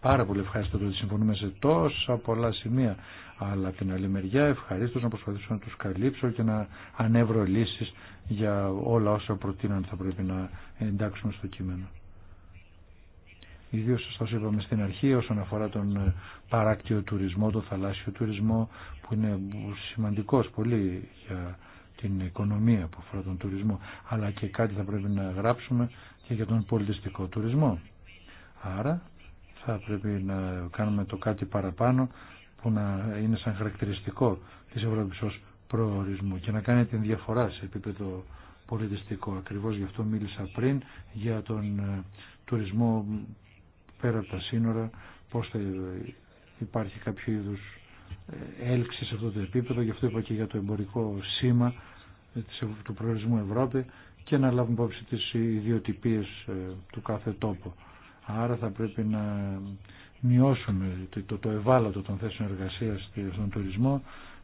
A: πάρα πολύ ευχαριστώ ότι συμφωνούμε σε τόσα πολλά σημεία. Αλλά την άλλη μεριά ευχαρίστως να προσπαθήσω να τους καλύψω και να ανέβρω λύσεις για όλα όσα προτείναν θα πρέπει να εντάξουμε στο κείμενο ιδίως σας είπαμε στην αρχή όσον αφορά τον ε, παράκτιο τουρισμό, τον θαλάσσιο τουρισμό που είναι σημαντικός πολύ για την οικονομία που αφορά τον τουρισμό αλλά και κάτι θα πρέπει να γράψουμε και για τον πολιτιστικό τουρισμό. Άρα θα πρέπει να κάνουμε το κάτι παραπάνω που να είναι σαν χαρακτηριστικό της Ευρώπης ως προορισμού και να κάνει την διαφορά σε επίπεδο πολιτιστικό. Ακριβώς γι' αυτό μίλησα πριν για τον ε, τουρισμό πέρα από τα σύνορα, πώς θα υπάρχει κάποιο είδους ε, έλξη σε αυτό το επίπεδο, γι' αυτό είπα και για το εμπορικό σήμα ε, του προορισμού Ευρώπη και να λάβουμε υπόψη τις ιδιοτυπίες ε, του κάθε τόπου. Άρα θα πρέπει να μειώσουμε το, το, ευάλωτο των θέσεων εργασίας στον τουρισμό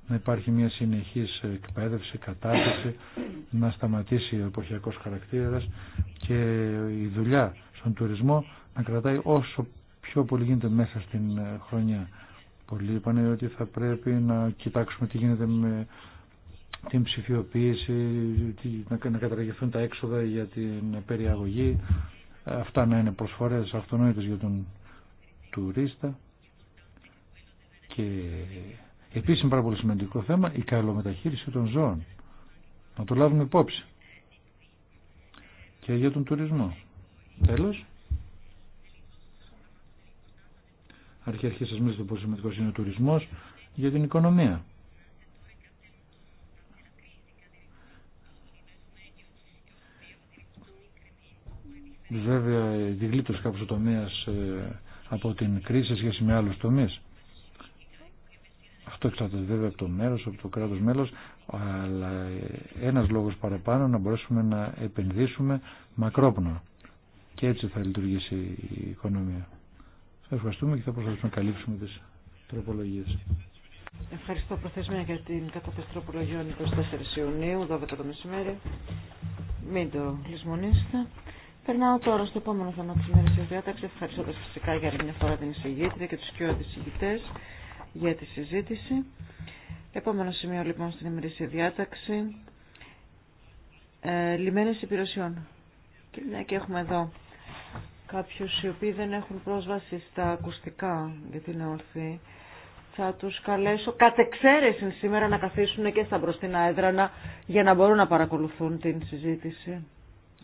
A: να υπάρχει μια συνεχής εκπαίδευση, κατάρτιση, να σταματήσει ο εποχιακός χαρακτήρας και η δουλειά στον τουρισμό να κρατάει όσο πιο πολύ γίνεται μέσα στην χρονιά. Πολλοί είπαν ότι θα πρέπει να κοιτάξουμε τι γίνεται με την ψηφιοποίηση, να καταργηθούν τα έξοδα για την περιαγωγή. Αυτά να είναι προσφορές αυτονόητες για τον τουρίστα και Επίσης είναι πάρα πολύ σημαντικό θέμα η καλομεταχείριση των ζώων. Να το λάβουμε υπόψη. Και για τον τουρισμό. Τέλος. Αρχή αρχή σας μίλησετε πόσο σημαντικός είναι ο τουρισμός για την οικονομία. Βέβαια, διγλύτως κάποιος ο τομέας ε, από την κρίση σε σχέση με άλλους τομείς. Το εξαρτάται βέβαια από το μέρο, από το κράτο μέλος, αλλά ένα λόγο παραπάνω να μπορέσουμε να επενδύσουμε μακρόπνο. Και έτσι θα λειτουργήσει η οικονομία. Σα ευχαριστούμε και θα προσπαθήσουμε να καλύψουμε τι τροπολογίε.
B: Ευχαριστώ προθεσμία για την κατάθεση τροπολογιών 24 Ιουνίου, 12 το μεσημέρι. Μην το λησμονήσετε. Περνάω τώρα στο επόμενο θέμα τη ημέρα τη διάταξη, ευχαριστώντα φυσικά για μια φορά την εισηγήτρια και του κοιόδη εισηγητέ για τη συζήτηση. Επόμενο σημείο λοιπόν στην ημερήσια διάταξη. Ε, λιμένες υπηρεσιών. Και μια και έχουμε εδώ κάποιους οι οποίοι δεν έχουν πρόσβαση στα ακουστικά γιατί είναι όρθιοι. Θα τους καλέσω κατ' εξαίρεση σήμερα να καθίσουν και στα μπροστινά έδρανα για να μπορούν να παρακολουθούν την συζήτηση.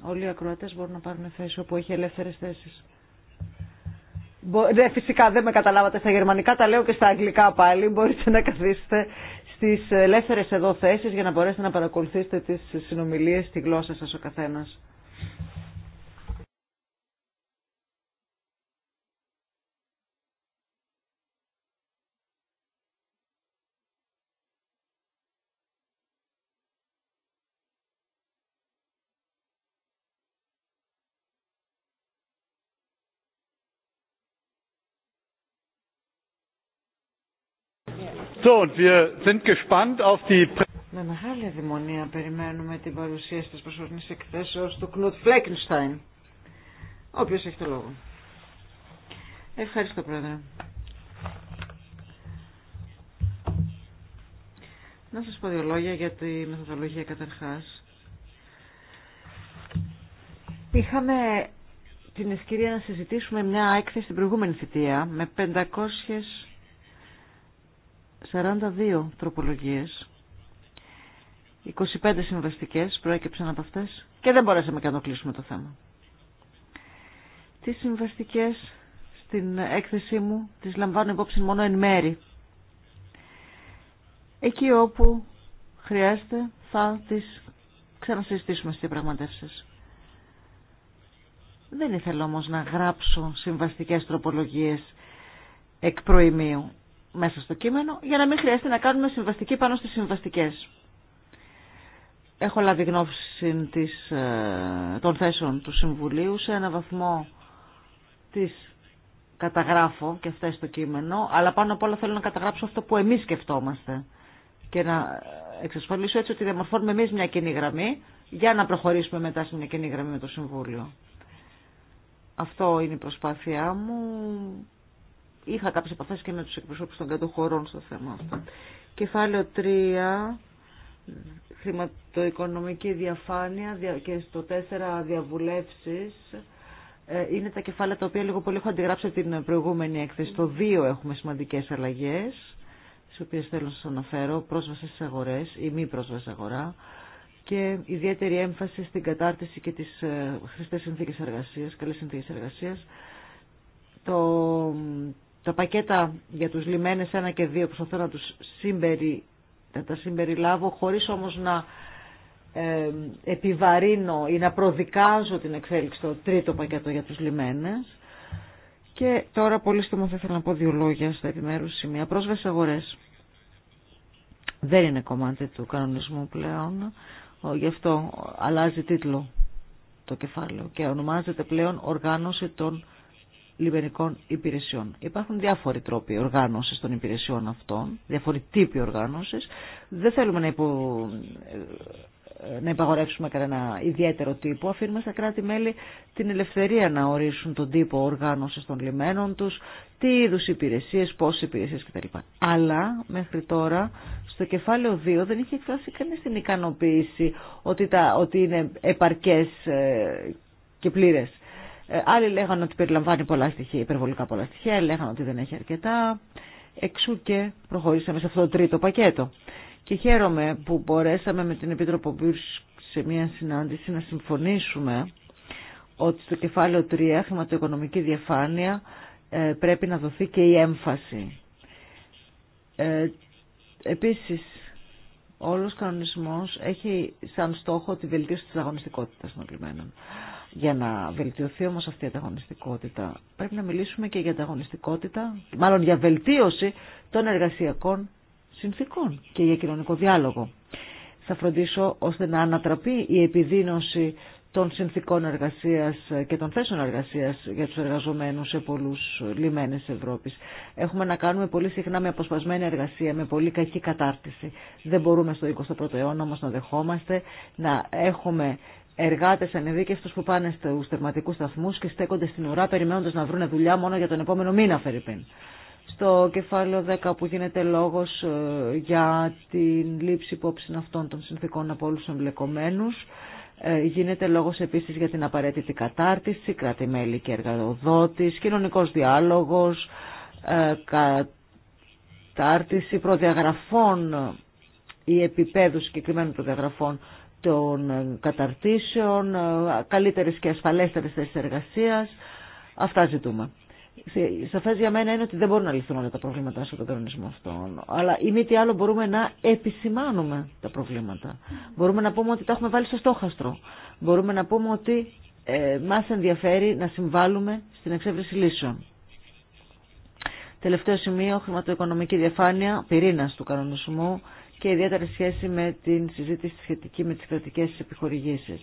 B: Όλοι οι ακροατές μπορούν να πάρουν θέση όπου έχει ελεύθερες θέσεις. Ναι, φυσικά δεν με καταλάβατε στα γερμανικά, τα λέω και στα αγγλικά πάλι. Μπορείτε να καθίσετε στις ελεύθερε εδώ θέσεις για να μπορέσετε να
D: παρακολουθήσετε τις συνομιλίες στη γλώσσα σας ο καθένας.
B: So, und
A: wir
B: Με μεγάλη αδημονία περιμένουμε την παρουσίαση στις προσωρινής εκθέσεως του Κνούτ Φλέκενστάιν. Όποιος έχει το λόγο. Ευχαριστώ, Πρόεδρε. Να σας πω δύο λόγια για τη μεθοδολογία καταρχάς. Είχαμε την ευκαιρία να συζητήσουμε μια έκθεση στην προηγούμενη θητεία με 500 42 τροπολογίες, 25 συμβαστικές προέκυψαν από αυτές και δεν μπορέσαμε καν να κλείσουμε το θέμα. Τις συμβαστικές στην έκθεσή μου τις λαμβάνω υπόψη μόνο εν μέρη. Εκεί όπου χρειάζεται θα τις ξανασυστήσουμε στις πραγματεύσεις. Δεν ήθελα όμως να γράψω συμβαστικές τροπολογίες εκ προημίου μέσα στο κείμενο για να μην χρειάζεται να κάνουμε συμβαστική πάνω στις συμβαστικές. Έχω λάβει γνώση της, ε, των θέσεων του Συμβουλίου σε ένα βαθμό της καταγράφω και αυτά στο κείμενο, αλλά πάνω απ' όλα θέλω να καταγράψω αυτό που εμείς σκεφτόμαστε και να εξασφαλίσω έτσι ότι διαμορφώνουμε εμείς μια κοινή γραμμή για να προχωρήσουμε μετά σε μια κοινή γραμμή με το Συμβούλιο. Αυτό είναι η προσπάθειά μου είχα κάποιες επαφές και με τους εκπροσώπους των κατοχωρών στο θέμα αυτό. Κεφάλαιο 3 χρηματοοικονομική διαφάνεια και στο 4 διαβουλεύσεις ε, είναι τα κεφάλαια τα οποία λίγο πολύ έχω αντιγράψει την προηγούμενη έκθεση. Στο 2 έχουμε σημαντικές αλλαγές τις οποίες θέλω να σας αναφέρω, πρόσβαση στις αγορές ή μη πρόσβαση αγορά και ιδιαίτερη έμφαση στην κατάρτιση και τις ε, χρηστές συνθήκες εργασίας, καλές συνθήκες εργασία. το τα πακέτα για τους λιμένες 1 και 2 προσπαθώ να, τους συμπερι, να τα συμπεριλάβω χωρίς όμως να ε, επιβαρύνω ή να προδικάζω την εξέλιξη το τρίτο πακέτο για τους λιμένες. Και τώρα πολύ στιγμό θα ήθελα να πω δύο λόγια στα επιμέρους σημεία. Πρόσβαση αγορές δεν είναι κομμάτι του κανονισμού πλέον, γι' αυτό αλλάζει τίτλο το κεφάλαιο και ονομάζεται πλέον οργάνωση των λιμενικών υπηρεσιών. Υπάρχουν διάφοροι τρόποι οργάνωσης των υπηρεσιών αυτών, διάφοροι τύποι οργάνωσης. Δεν θέλουμε να, υπο... Ε, να υπαγορεύσουμε κανένα ιδιαίτερο τύπο. Αφήνουμε στα κράτη-μέλη την ελευθερία να ορίσουν τον τύπο οργανωση των λιμένων του, τι είδου υπηρεσίε, πόσες υπηρεσίε κτλ. Αλλά μέχρι τώρα στο κεφάλαιο 2 δεν είχε εκφράσει κανείς την ικανοποίηση ότι, τα, ότι είναι επαρκές ε, και πλήρες ε, άλλοι λέγανε ότι περιλαμβάνει πολλά στοιχεία, υπερβολικά πολλά στοιχεία, άλλοι λέγανε ότι δεν έχει αρκετά. Εξού και προχωρήσαμε σε αυτό το τρίτο πακέτο. Και χαίρομαι που μπορέσαμε με την Επίτροπο Μπύρους σε μια συνάντηση να συμφωνήσουμε ότι στο κεφάλαιο 3, χρηματοοικονομική διαφάνεια, ε, πρέπει να δοθεί και η έμφαση. Ε, επίσης, όλος ο κανονισμός έχει σαν στόχο τη βελτίωση της αγωνιστικότητας των κλειμένων. Για να βελτιωθεί όμως αυτή η ανταγωνιστικότητα πρέπει να μιλήσουμε και για ανταγωνιστικότητα, μάλλον για βελτίωση των εργασιακών συνθήκων και για κοινωνικό διάλογο. Θα φροντίσω ώστε να ανατραπεί η επιδείνωση των συνθήκων εργασίας και των θέσεων εργασίας για τους εργαζομένους σε πολλούς λιμένες Ευρώπης. Έχουμε να κάνουμε πολύ συχνά με αποσπασμένη εργασία, με πολύ κακή κατάρτιση. Δεν μπορούμε στο 21ο αιώνα όμως να δεχόμαστε να έχουμε εργάτε του που πάνε στου τερματικού σταθμού και στέκονται στην ουρά περιμένοντα να βρουν δουλειά μόνο για τον επόμενο μήνα, Φερρυπίν. Στο κεφάλαιο 10 που γίνεται λόγο ε, για την λήψη υπόψη αυτών των συνθήκων από όλου του εμπλεκομένου. Ε, γίνεται λόγος επίση για την απαραίτητη κατάρτιση, κράτη-μέλη και εργαδοδότης, κοινωνικός διάλογος, ε, κατάρτιση προδιαγραφών ή επιπέδου συγκεκριμένων προδιαγραφών των ε, καταρτήσεων, ε, καλύτερες και ασφαλέστερες θέσεις εργασίας. Αυτά ζητούμε. Σαφές για μένα είναι ότι δεν μπορούν να λυθούν όλα τα προβλήματα στον κανονισμό αυτόν. Αλλά ή μη τι άλλο μπορούμε να επισημάνουμε τα προβλήματα. Μπορούμε να πούμε ότι τα έχουμε βάλει στο στόχαστρο. Μπορούμε να πούμε ότι ε, μα ενδιαφέρει να συμβάλλουμε στην εξέβριση λύσεων. Τελευταίο σημείο, χρηματοοικονομική διαφάνεια, πυρήνα του κανονισμού και ιδιαίτερα σχέση με την συζήτηση σχετική με τις κρατικές επιχορηγήσεις.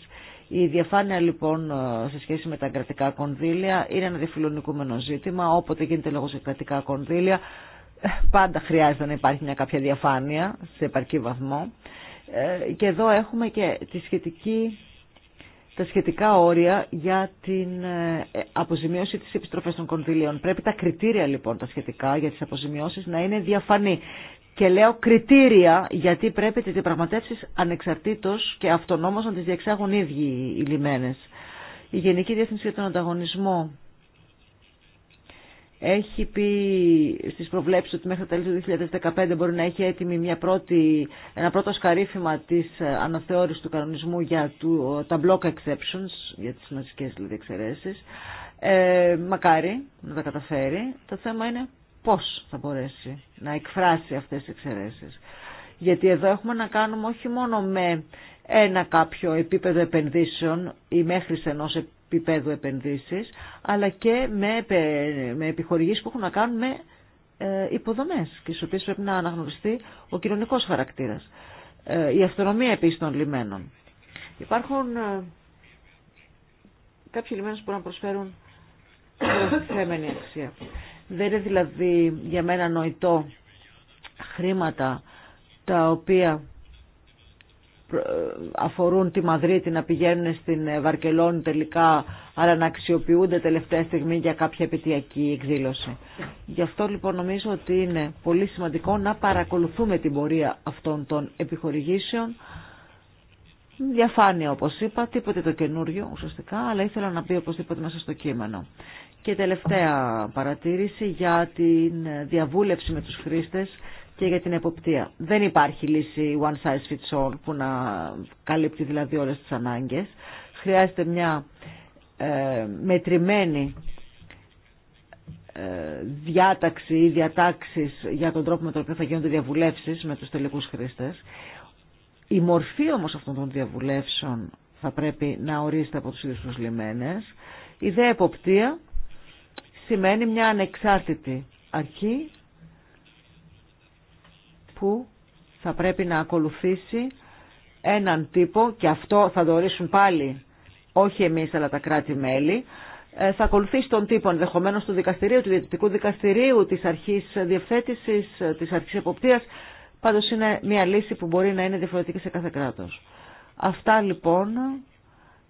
B: Η διαφάνεια λοιπόν ε, σε σχέση με τα κρατικά κονδύλια είναι ένα διαφιλονικούμενο ζήτημα. Όποτε γίνεται λόγος σε κρατικά κονδύλια ε, πάντα χρειάζεται να υπάρχει μια κάποια διαφάνεια σε επαρκή βαθμό. Ε, και εδώ έχουμε και τη σχετική τα σχετικά όρια για την αποζημίωση της επιστροφής των κονδυλίων. Πρέπει τα κριτήρια λοιπόν τα σχετικά για τις αποζημιώσεις να είναι διαφανή. Και λέω κριτήρια γιατί πρέπει τις διαπραγματεύσεις ανεξαρτήτως και αυτονόμως να τις διεξάγουν οι ίδιοι οι λιμένες. Η Γενική Διεύθυνση για τον Ανταγωνισμό έχει πει στις προβλέψεις ότι μέχρι τα τέλη του 2015 μπορεί να έχει έτοιμη μια πρώτη, ένα πρώτο σκαρίφημα της αναθεώρησης του κανονισμού για τα block exceptions, για τις μαζικές δηλαδή Ε, μακάρι να τα καταφέρει. Το θέμα είναι πώς θα μπορέσει να εκφράσει αυτές τις εξαιρέσεις. Γιατί εδώ έχουμε να κάνουμε όχι μόνο με ένα κάποιο επίπεδο επενδύσεων ή μέχρι ενός επίπεδου επενδύσεις, αλλά και με, με επιχορηγήσεις που έχουν να κάνουν με ε, υποδομές και στις οποίες πρέπει να αναγνωριστεί ο κοινωνικός χαρακτήρας. Ε, η αυτονομία επίσης των λιμένων. Υπάρχουν ε, κάποιοι λιμένες που μπορούν να προσφέρουν θέμενη αξία. Δεν είναι δηλαδή για μένα νοητό χρήματα τα οποία αφορούν τη Μαδρίτη να πηγαίνουν στην Βαρκελόνη τελικά αλλά να αξιοποιούνται τελευταία στιγμή για κάποια επαιτειακή εκδήλωση. Γι' αυτό λοιπόν νομίζω ότι είναι πολύ σημαντικό να παρακολουθούμε την πορεία αυτών των επιχορηγήσεων διαφάνεια όπως είπα, τίποτε το καινούριο ουσιαστικά αλλά ήθελα να πει οπωσδήποτε μέσα στο κείμενο. Και τελευταία παρατήρηση για την διαβούλευση με τους χρήστες και για την εποπτεία. Δεν υπάρχει λύση one size fits all που να καλύπτει δηλαδή όλες τις ανάγκες. Χρειάζεται μια ε, μετρημένη ε, διάταξη ή διατάξεις για τον τρόπο με τον οποίο θα γίνονται διαβουλεύσεις με τους τελικούς χρήστες. Η μορφή όμως αυτών των διαβουλεύσεων θα πρέπει να ορίζεται από τους ίδιους τους λιμένες. Η δε εποπτεία σημαίνει μια ανεξάρτητη αρχή που θα πρέπει να ακολουθήσει έναν τύπο και αυτό θα το ορίσουν πάλι όχι εμείς αλλά τα κράτη-μέλη ε, θα ακολουθήσει τον τύπο ενδεχομένω του δικαστηρίου, του διευθυντικού δικαστηρίου, της αρχής διευθέτησης, της αρχής εποπτείας. Πάντως είναι μια λύση που μπορεί να είναι διαφορετική σε κάθε κράτος. Αυτά λοιπόν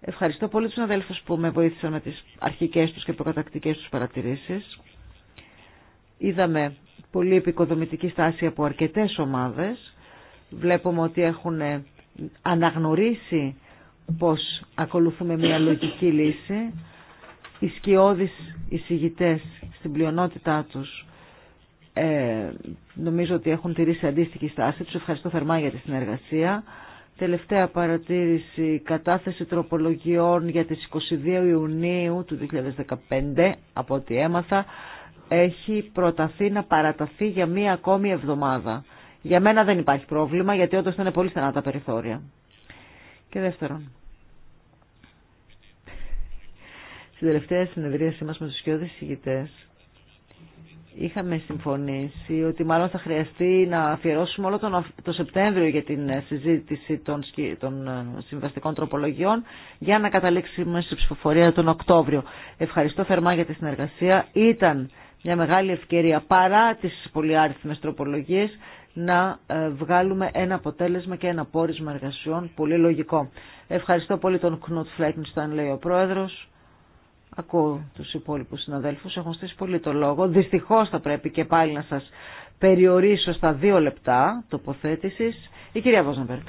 B: Ευχαριστώ πολύ τους αδέλφους που με βοήθησαν με τις αρχικές τους και προκατακτικές τους παρατηρήσεις. Είδαμε πολύ επικοδομητική στάση από αρκετές ομάδες. Βλέπουμε ότι έχουν αναγνωρίσει πως ακολουθούμε μια λογική λύση. Οι σκιώδεις εισηγητές στην πλειονότητά τους ε, νομίζω ότι έχουν τηρήσει αντίστοιχη στάση. Τους ευχαριστώ θερμά για τη συνεργασία. Τελευταία παρατήρηση, κατάθεση τροπολογιών για τις 22 Ιουνίου του 2015, από ό,τι έμαθα, έχει προταθεί να παραταθεί για μία ακόμη εβδομάδα. Για μένα δεν υπάρχει πρόβλημα, γιατί όντως ήταν πολύ στενά τα περιθώρια. Και δεύτερον, στην τελευταία συνεδρίασή μας με τους κοιόδης ηγητές, είχαμε συμφωνήσει ότι μάλλον θα χρειαστεί να αφιερώσουμε όλο τον, το Σεπτέμβριο για την ε, συζήτηση των, ε, συμβαστικών τροπολογιών για να καταλήξουμε στη ψηφοφορία τον Οκτώβριο. Ευχαριστώ θερμά για τη συνεργασία. Ήταν μια μεγάλη ευκαιρία παρά τις πολυάριθμες τροπολογίες να ε, βγάλουμε ένα αποτέλεσμα και ένα πόρισμα εργασιών πολύ λογικό. Ευχαριστώ πολύ τον Κνούτ Φλέκνιστον, λέει ο Πρόεδρος. Ακούω τους υπόλοιπους συναδέλφους, έχουν στήσει πολύ το λόγο. Δυστυχώς θα πρέπει και πάλι να σας περιορίσω στα δύο λεπτά τοποθέτησης. Η κυρία Βόζενμπερκ.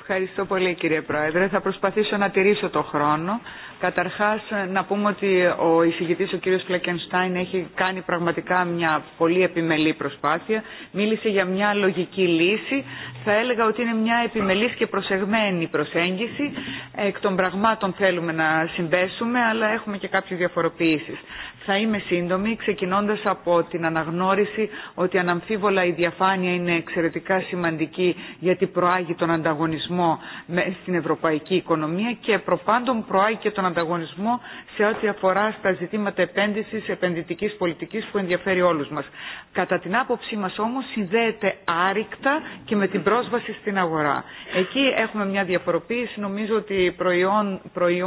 D: Ευχαριστώ πολύ κύριε Πρόεδρε. Θα προσπαθήσω να τηρήσω το χρόνο. Καταρχάς να πούμε ότι ο εισηγητής ο κύριος Φλεκενστάιν έχει κάνει πραγματικά μια πολύ επιμελή προσπάθεια. Μίλησε για μια λογική λύση. Θα έλεγα ότι είναι μια επιμελής και προσεγμένη προσέγγιση. Εκ των πραγμάτων θέλουμε να συμπέσουμε αλλά έχουμε και κάποιες διαφοροποιήσεις. Θα είμαι σύντομη ξεκινώντας από την αναγνώριση ότι αναμφίβολα η διαφάνεια είναι εξαιρετικά σημαντική γιατί προάγει τον ανταγωνισμό στην ευρωπαϊκή οικονομία και προπάντων προάγει και τον ανταγωνισμό σε ό,τι αφορά στα ζητήματα επένδυση, επενδυτική πολιτική που ενδιαφέρει όλου μα. Κατά την άποψή μα όμω συνδέεται άρρηκτα και με την πρόσβαση στην αγορά. Εκεί έχουμε μια διαφοροποίηση. Νομίζω ότι προϊόν, προϊόντων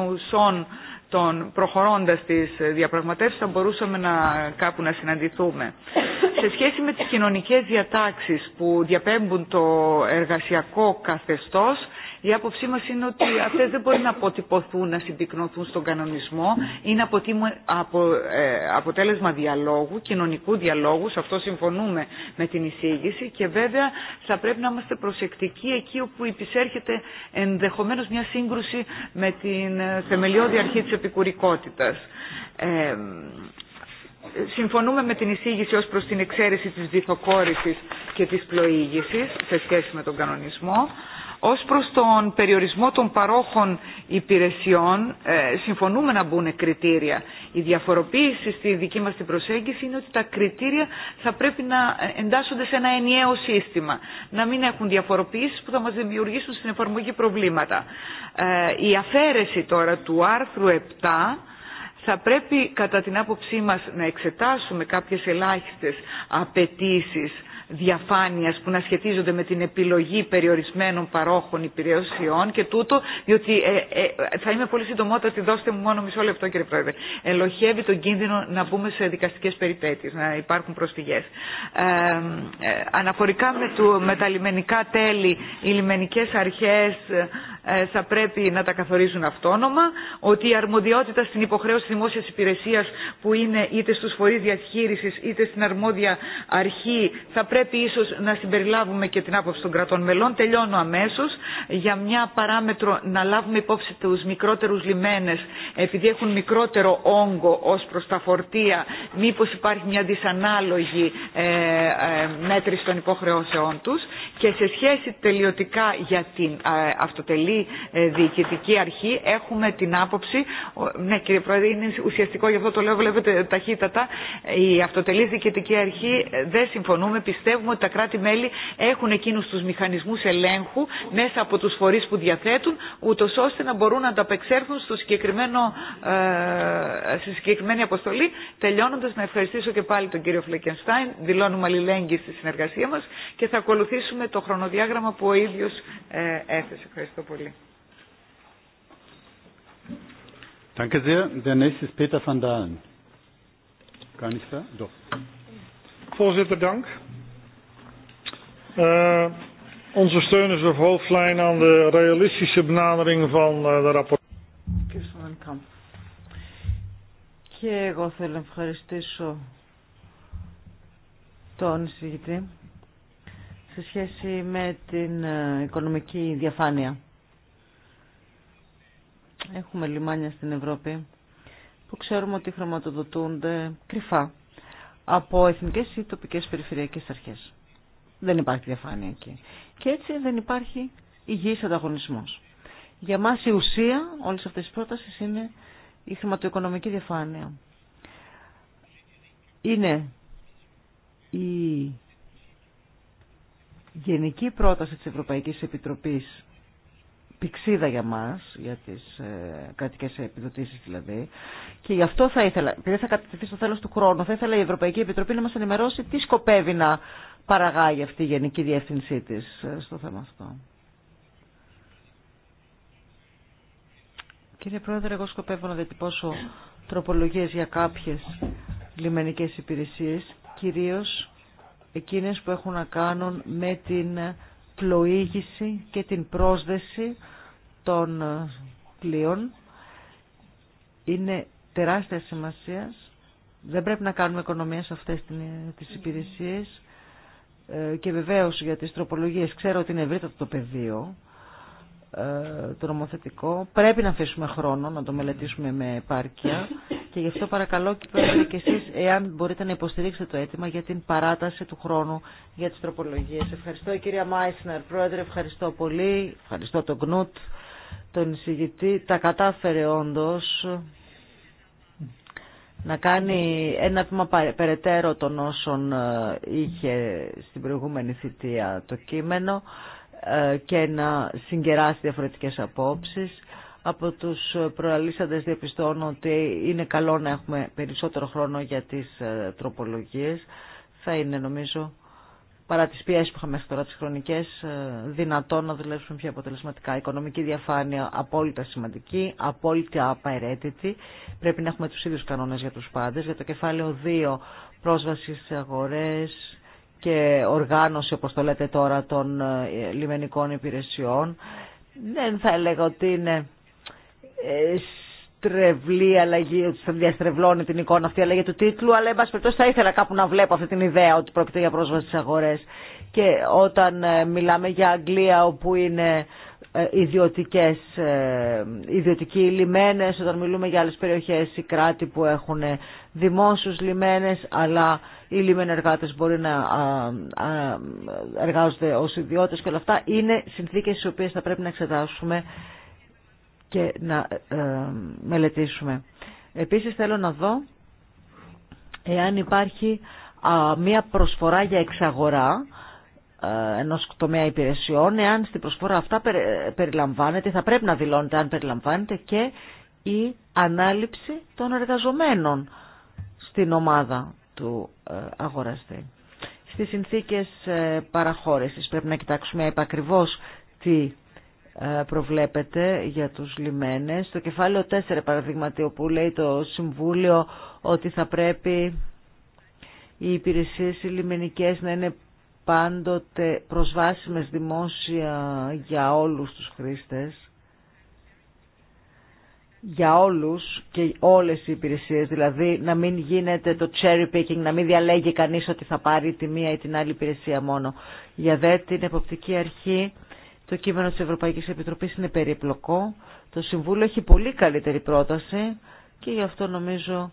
D: των προχωρώντας τις διαπραγματεύσεις θα μπορούσαμε να, κάπου να συναντηθούμε. Σε σχέση με τις κοινωνικές διατάξεις που διαπέμπουν το εργασιακό καθεστώς, η άποψή μα είναι ότι αυτέ δεν μπορεί να αποτυπωθούν, να συμπυκνωθούν στον κανονισμό. Είναι απο, ε, αποτέλεσμα διαλόγου, κοινωνικού διαλόγου, σε αυτό συμφωνούμε με την εισήγηση και βέβαια θα πρέπει να είμαστε προσεκτικοί εκεί όπου υπησέρχεται ενδεχομένω μια σύγκρουση με την ε, θεμελιώδη αρχή τη επικουρικότητα. Ε, συμφωνούμε με την εισήγηση ως προς την εξαίρεση της διθοκόρησης και της πλοήγησης σε σχέση με τον κανονισμό. Ως προς τον περιορισμό των παρόχων υπηρεσιών, ε, συμφωνούμε να μπουν κριτήρια. Η διαφοροποίηση στη δική μας την προσέγγιση είναι ότι τα κριτήρια θα πρέπει να εντάσσονται σε ένα ενιαίο σύστημα. Να μην έχουν διαφοροποιήσεις που θα μας δημιουργήσουν στην εφαρμογή προβλήματα. Ε, η αφαίρεση τώρα του άρθρου 7 θα πρέπει κατά την άποψή μας να εξετάσουμε κάποιες ελάχιστες απαιτήσεις διαφάνειας που να σχετίζονται με την επιλογή περιορισμένων παρόχων υπηρεσιών και τούτο, διότι ε, ε, θα είμαι πολύ συντομότατη, δώστε μου μόνο μισό λεπτό κύριε Πρόεδρε, ελοχεύει τον κίνδυνο να μπούμε σε δικαστικές περιπέτειες, να υπάρχουν προσφυγές. Ε, αναφορικά με, του, με τα λιμενικά τέλη, οι λιμενικές αρχές ε, θα πρέπει να τα καθορίζουν αυτόνομα, ότι η αρμοδιότητα στην υποχρέωση δημόσια υπηρεσία που είναι είτε στους φορείς διαχείρισης είτε στην αρμόδια αρχή θα πρέπει ίσως να συμπεριλάβουμε και την άποψη των κρατών μελών. Τελειώνω αμέσως για μια παράμετρο να λάβουμε υπόψη τους μικρότερους λιμένες επειδή έχουν μικρότερο όγκο ως προς τα φορτία μήπως υπάρχει μια δυσανάλογη ε, ε μέτρηση των υποχρεώσεών τους και σε σχέση τελειωτικά για την ε, αυτοτελή ε, διοικητική Αρχή έχουμε την άποψη, ναι κύριε Πρόεδρε είναι ουσιαστικό γι' αυτό το λέω βλέπετε ταχύτατα, η Αυτοτελής Διοικητική Αρχή ε, δεν συμφωνούμε, πιστεύουμε ότι τα κράτη-μέλη έχουν εκείνους τους μηχανισμούς ελέγχου μέσα από τους φορείς που διαθέτουν ούτω ώστε να μπορούν να ανταπεξέλθουν στο συγκεκριμένο, ε, στη συγκεκριμένη αποστολή τελειώνοντας να ευχαριστήσω και πάλι τον κύριο Φλεκενστάιν, δηλώνουμε αλληλέγγυη στη συνεργασία μας και θα ακολουθήσουμε το χρονοδιάγραμμα που ο ίδιος ε, έθεσε. Ευχαριστώ πολύ.
A: Danke sehr. Der nächste ist Peter van Dalen. Gar nicht da? Doch. Voorzitter, dank. Uh, onze steun is op hoofdlijn aan de realistische benadering van de rapport.
B: Και εγώ θέλω να ευχαριστήσω τον συζητή σε σχέση με την οικονομική διαφάνεια. Έχουμε λιμάνια στην Ευρώπη που ξέρουμε ότι χρηματοδοτούνται κρυφά από εθνικές ή τοπικές περιφερειακές αρχές. Δεν υπάρχει διαφάνεια εκεί. Και έτσι δεν υπάρχει υγιής ανταγωνισμός. Για μας η ουσία όλης αυτής της πρότασης είναι η χρηματοοικονομική διαφάνεια. Είναι η γενική πρόταση της Ευρωπαϊκής Επιτροπής πηξίδα για μας, για τις ε, κρατικές επιδοτήσεις δηλαδή. Και γι' αυτό θα ήθελα, επειδή θα κατευθυνθεί στο τέλος του χρόνου, θα ήθελα η Ευρωπαϊκή Επιτροπή να μας ενημερώσει τι σκοπεύει να παραγάγει αυτή η Γενική Διεύθυνσή της ε, στο θέμα αυτό. Κύριε Πρόεδρε, εγώ σκοπεύω να διατυπώσω τροπολογίες για κάποιες λιμενικές υπηρεσίες, κυρίως εκείνες που έχουν να κάνουν με την πλοήγηση και την πρόσδεση των πλοίων ε, είναι τεράστια σημασία. Δεν πρέπει να κάνουμε οικονομία σε αυτές ε, τις υπηρεσίες ε, και βεβαίως για τις τροπολογίες ξέρω ότι είναι ευρύτατο το πεδίο ε, το νομοθετικό. Πρέπει να αφήσουμε χρόνο να το μελετήσουμε με επάρκεια και γι' αυτό παρακαλώ και πρέπει και εσείς εάν μπορείτε να υποστηρίξετε το αίτημα για την παράταση του χρόνου για τις τροπολογίες. Ευχαριστώ η κυρία Μάισνερ, πρόεδρε, ευχαριστώ πολύ, ευχαριστώ τον Κνούτ, τον εισηγητή. Τα κατάφερε όντω να κάνει ένα βήμα περαιτέρω των όσων ε, είχε στην προηγούμενη θητεία το κείμενο. Ε, και να συγκεράσει διαφορετικές απόψεις. Από τους προαλήσαντες διαπιστώνω ότι είναι καλό να έχουμε περισσότερο χρόνο για τις ε, τροπολογίες. Θα είναι νομίζω, παρά τις πιέσεις που είχαμε μέχρι τώρα τις χρονικές, ε, δυνατόν να δουλέψουμε πιο αποτελεσματικά. Η οικονομική διαφάνεια απόλυτα σημαντική, απόλυτα απαραίτητη. Πρέπει να έχουμε τους ίδιους κανόνες για τους πάντες. Για το κεφάλαιο 2, πρόσβαση σε αγορές, και οργάνωση, όπως το λέτε τώρα, των ε, λιμενικών υπηρεσιών. Δεν θα έλεγα ότι είναι ε, στρεβλή αλλαγή, ότι θα διαστρεβλώνει την εικόνα αυτή η αλλαγή του τίτλου, αλλά εν περιπτώσει θα ήθελα κάπου να βλέπω αυτή την ιδέα ότι πρόκειται για πρόσβαση στις αγορές. Και όταν ε, μιλάμε για Αγγλία όπου είναι ιδιωτικές, ιδιωτικοί λιμένες, όταν μιλούμε για άλλες περιοχές ή κράτη που έχουν δημόσιους λιμένες, αλλά οι λίμενοι εργάτε μπορεί να εργάζονται ως ιδιώτες και όλα αυτά είναι συνθήκε τι οποίε θα πρέπει να εξετάσουμε και να ε, ε, μελετήσουμε. Επίσης θέλω να δω εάν υπάρχει μία προσφορά για εξαγορά ε, ενό τομέα υπηρεσιών, εάν στην προσφορά αυτά περιλαμβάνεται, θα πρέπει να δηλώνεται αν περιλαμβάνεται και η ανάληψη των εργαζομένων στην ομάδα του ε, αγοραστή. Στις συνθήκες ε, παραχώρησης πρέπει να κοιτάξουμε επακριβώς τι ε, προβλέπεται για τους λιμένες. Στο κεφάλαιο 4 παραδείγματι όπου λέει το Συμβούλιο ότι θα πρέπει οι υπηρεσίες οι λιμενικές να είναι πάντοτε προσβάσιμες δημόσια για όλους τους χρήστες για όλους και όλες οι υπηρεσίες, δηλαδή να μην γίνεται το cherry picking, να μην διαλέγει κανείς ότι θα πάρει τη μία ή την άλλη υπηρεσία μόνο. Για δε την εποπτική αρχή, το κείμενο της Ευρωπαϊκής Επιτροπής είναι περιπλοκό, το Συμβούλιο έχει πολύ καλύτερη πρόταση και γι' αυτό νομίζω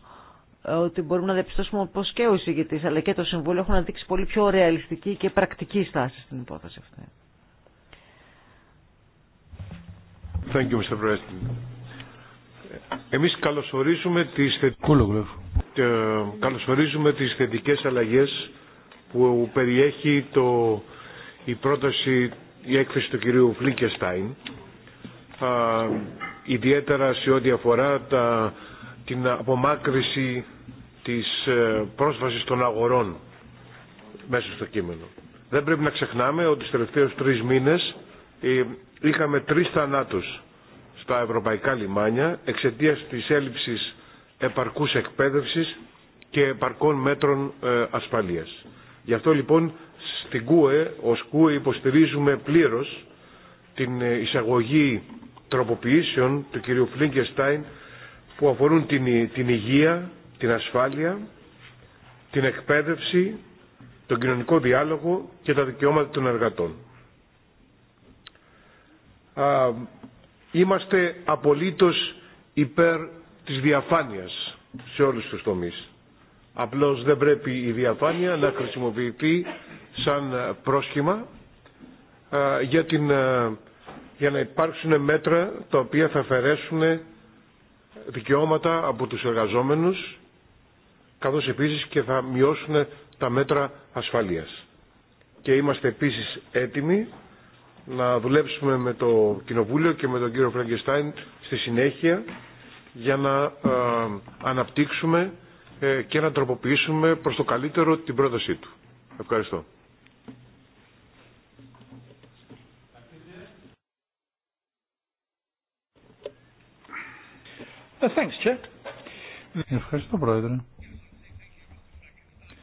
B: ε, ότι μπορούμε να διαπιστώσουμε πως και ο εισηγητής αλλά και το Συμβούλιο έχουν δείξει πολύ πιο ρεαλιστική και πρακτική στάση στην υπόθεση αυτή.
F: Thank you, Mr. President. Εμείς καλωσορίζουμε τις, ε, καλωσορίζουμε θετικές αλλαγές που περιέχει το... η πρόταση, η έκθεση του κυρίου Φλίκεστάιν. ιδιαίτερα σε ό,τι αφορά τα... την απομάκρυση της ε, πρόσβασης των αγορών μέσα στο κείμενο. Δεν πρέπει να ξεχνάμε ότι στους τελευταίους τρεις μήνες ε, είχαμε τρεις θανάτους στα ευρωπαϊκά λιμάνια εξαιτίας της έλλειψης επαρκούς εκπαίδευση και επαρκών μέτρων ε, ασφαλείας. Γι' αυτό λοιπόν στην ΚΟΕ, ως ΚΟΕ υποστηρίζουμε πλήρως την ε, εισαγωγή τροποποιήσεων του κυρίου Φλίνκεσταϊν που αφορούν την, ε, την υγεία, την ασφάλεια, την εκπαίδευση, τον κοινωνικό διάλογο και τα δικαιώματα των εργατών. Είμαστε απολύτως υπέρ της διαφάνειας σε όλους τους τομείς. Απλώς δεν πρέπει η διαφάνεια να χρησιμοποιηθεί σαν πρόσχημα ε, για, την, ε, για να υπάρξουν μέτρα τα οποία θα αφαιρέσουν δικαιώματα από τους εργαζόμενους καθώς επίσης και θα μειώσουν τα μέτρα ασφαλείας. Και είμαστε επίσης έτοιμοι να δουλέψουμε με το Κοινοβούλιο και με τον κύριο Φραγκεστάιν στη συνέχεια για να ε, αναπτύξουμε ε, και να τροποποιήσουμε προς το καλύτερο την πρότασή του. Ευχαριστώ.
A: Ε, Ευχαριστώ, Πρόεδρε.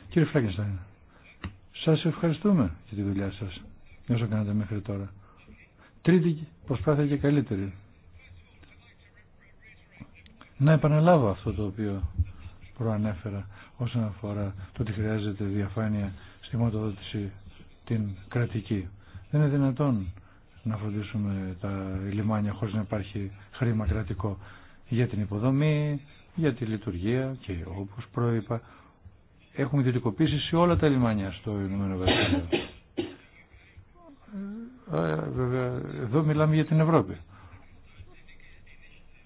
A: Κύριε Φράγκενστάιν, σας ευχαριστούμε για τη δουλειά σας όσο κάνατε μέχρι τώρα. Τρίτη προσπάθεια και καλύτερη. Να επαναλάβω αυτό το οποίο προανέφερα όσον αφορά το ότι χρειάζεται διαφάνεια στη μοτοδότηση την κρατική. Δεν είναι δυνατόν να φροντίσουμε τα λιμάνια χωρίς να υπάρχει χρήμα κρατικό για την υποδομή, για τη λειτουργία και όπως προείπα έχουμε ιδιωτικοποίηση σε όλα τα λιμάνια στο Ηνωμένο Βασίλειο. Ε, βέβαια εδώ μιλάμε για την Ευρώπη.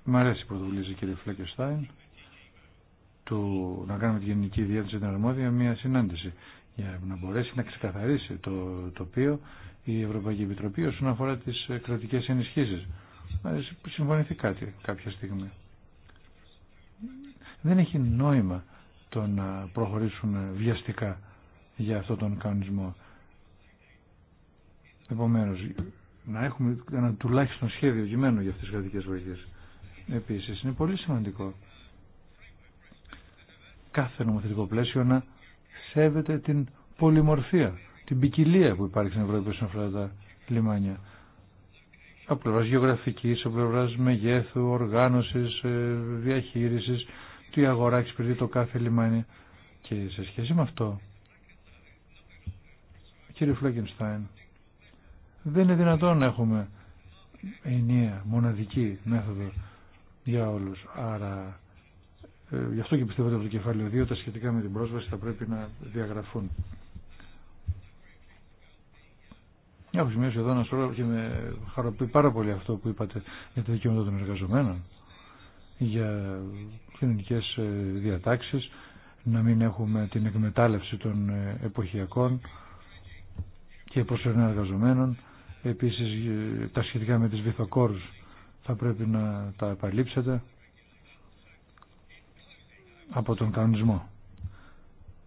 A: Μ' αρέσει η πρωτοβουλία κύριε Φλέκεστάιν του να κάνουμε τη Γενική Διεύθυνση την Αρμόδια μια συνάντηση για να μπορέσει να ξεκαθαρίσει το τοπίο η Ευρωπαϊκή Επιτροπή όσον αφορά τι ε, κρατικέ ενισχύσει. Ε, συμφωνηθεί κάτι κάποια στιγμή. Δεν έχει νόημα το να προχωρήσουμε βιαστικά για αυτόν τον κανονισμό. Επομένω, να έχουμε ένα τουλάχιστον σχέδιο κειμένου για αυτέ τι κρατικέ βοήθειε. Επίση, είναι πολύ σημαντικό κάθε νομοθετικό πλαίσιο να σέβεται την πολυμορφία, την ποικιλία που υπάρχει στην Ευρώπη όσον αφορά τα λιμάνια. Από πλευρά γεωγραφική, από πλευρά μεγέθου, οργάνωση, ε, διαχείριση, τι αγορά εξυπηρετεί το κάθε λιμάνι. Και σε σχέση με αυτό, κύριε Φλέγκενστάιν, δεν είναι δυνατόν να έχουμε ενιαία, μοναδική μέθοδο για όλους. Άρα ε, γι' αυτό και πιστεύω ότι από το κεφάλαιο 2 τα σχετικά με την πρόσβαση θα πρέπει να διαγραφούν. Έχω σημειώσει εδώ ένα σώρο και με χαροποιεί πάρα πολύ αυτό που είπατε για τα δικαιώματα των εργαζομένων, για κοινωνικέ ε, διατάξεις, να μην έχουμε την εκμετάλλευση των ε, εποχιακών και προσωρινών εργαζομένων, Επίσης ε, τα σχετικά με τις βυθοκόρους θα πρέπει να τα επαλείψετε από τον κανονισμό.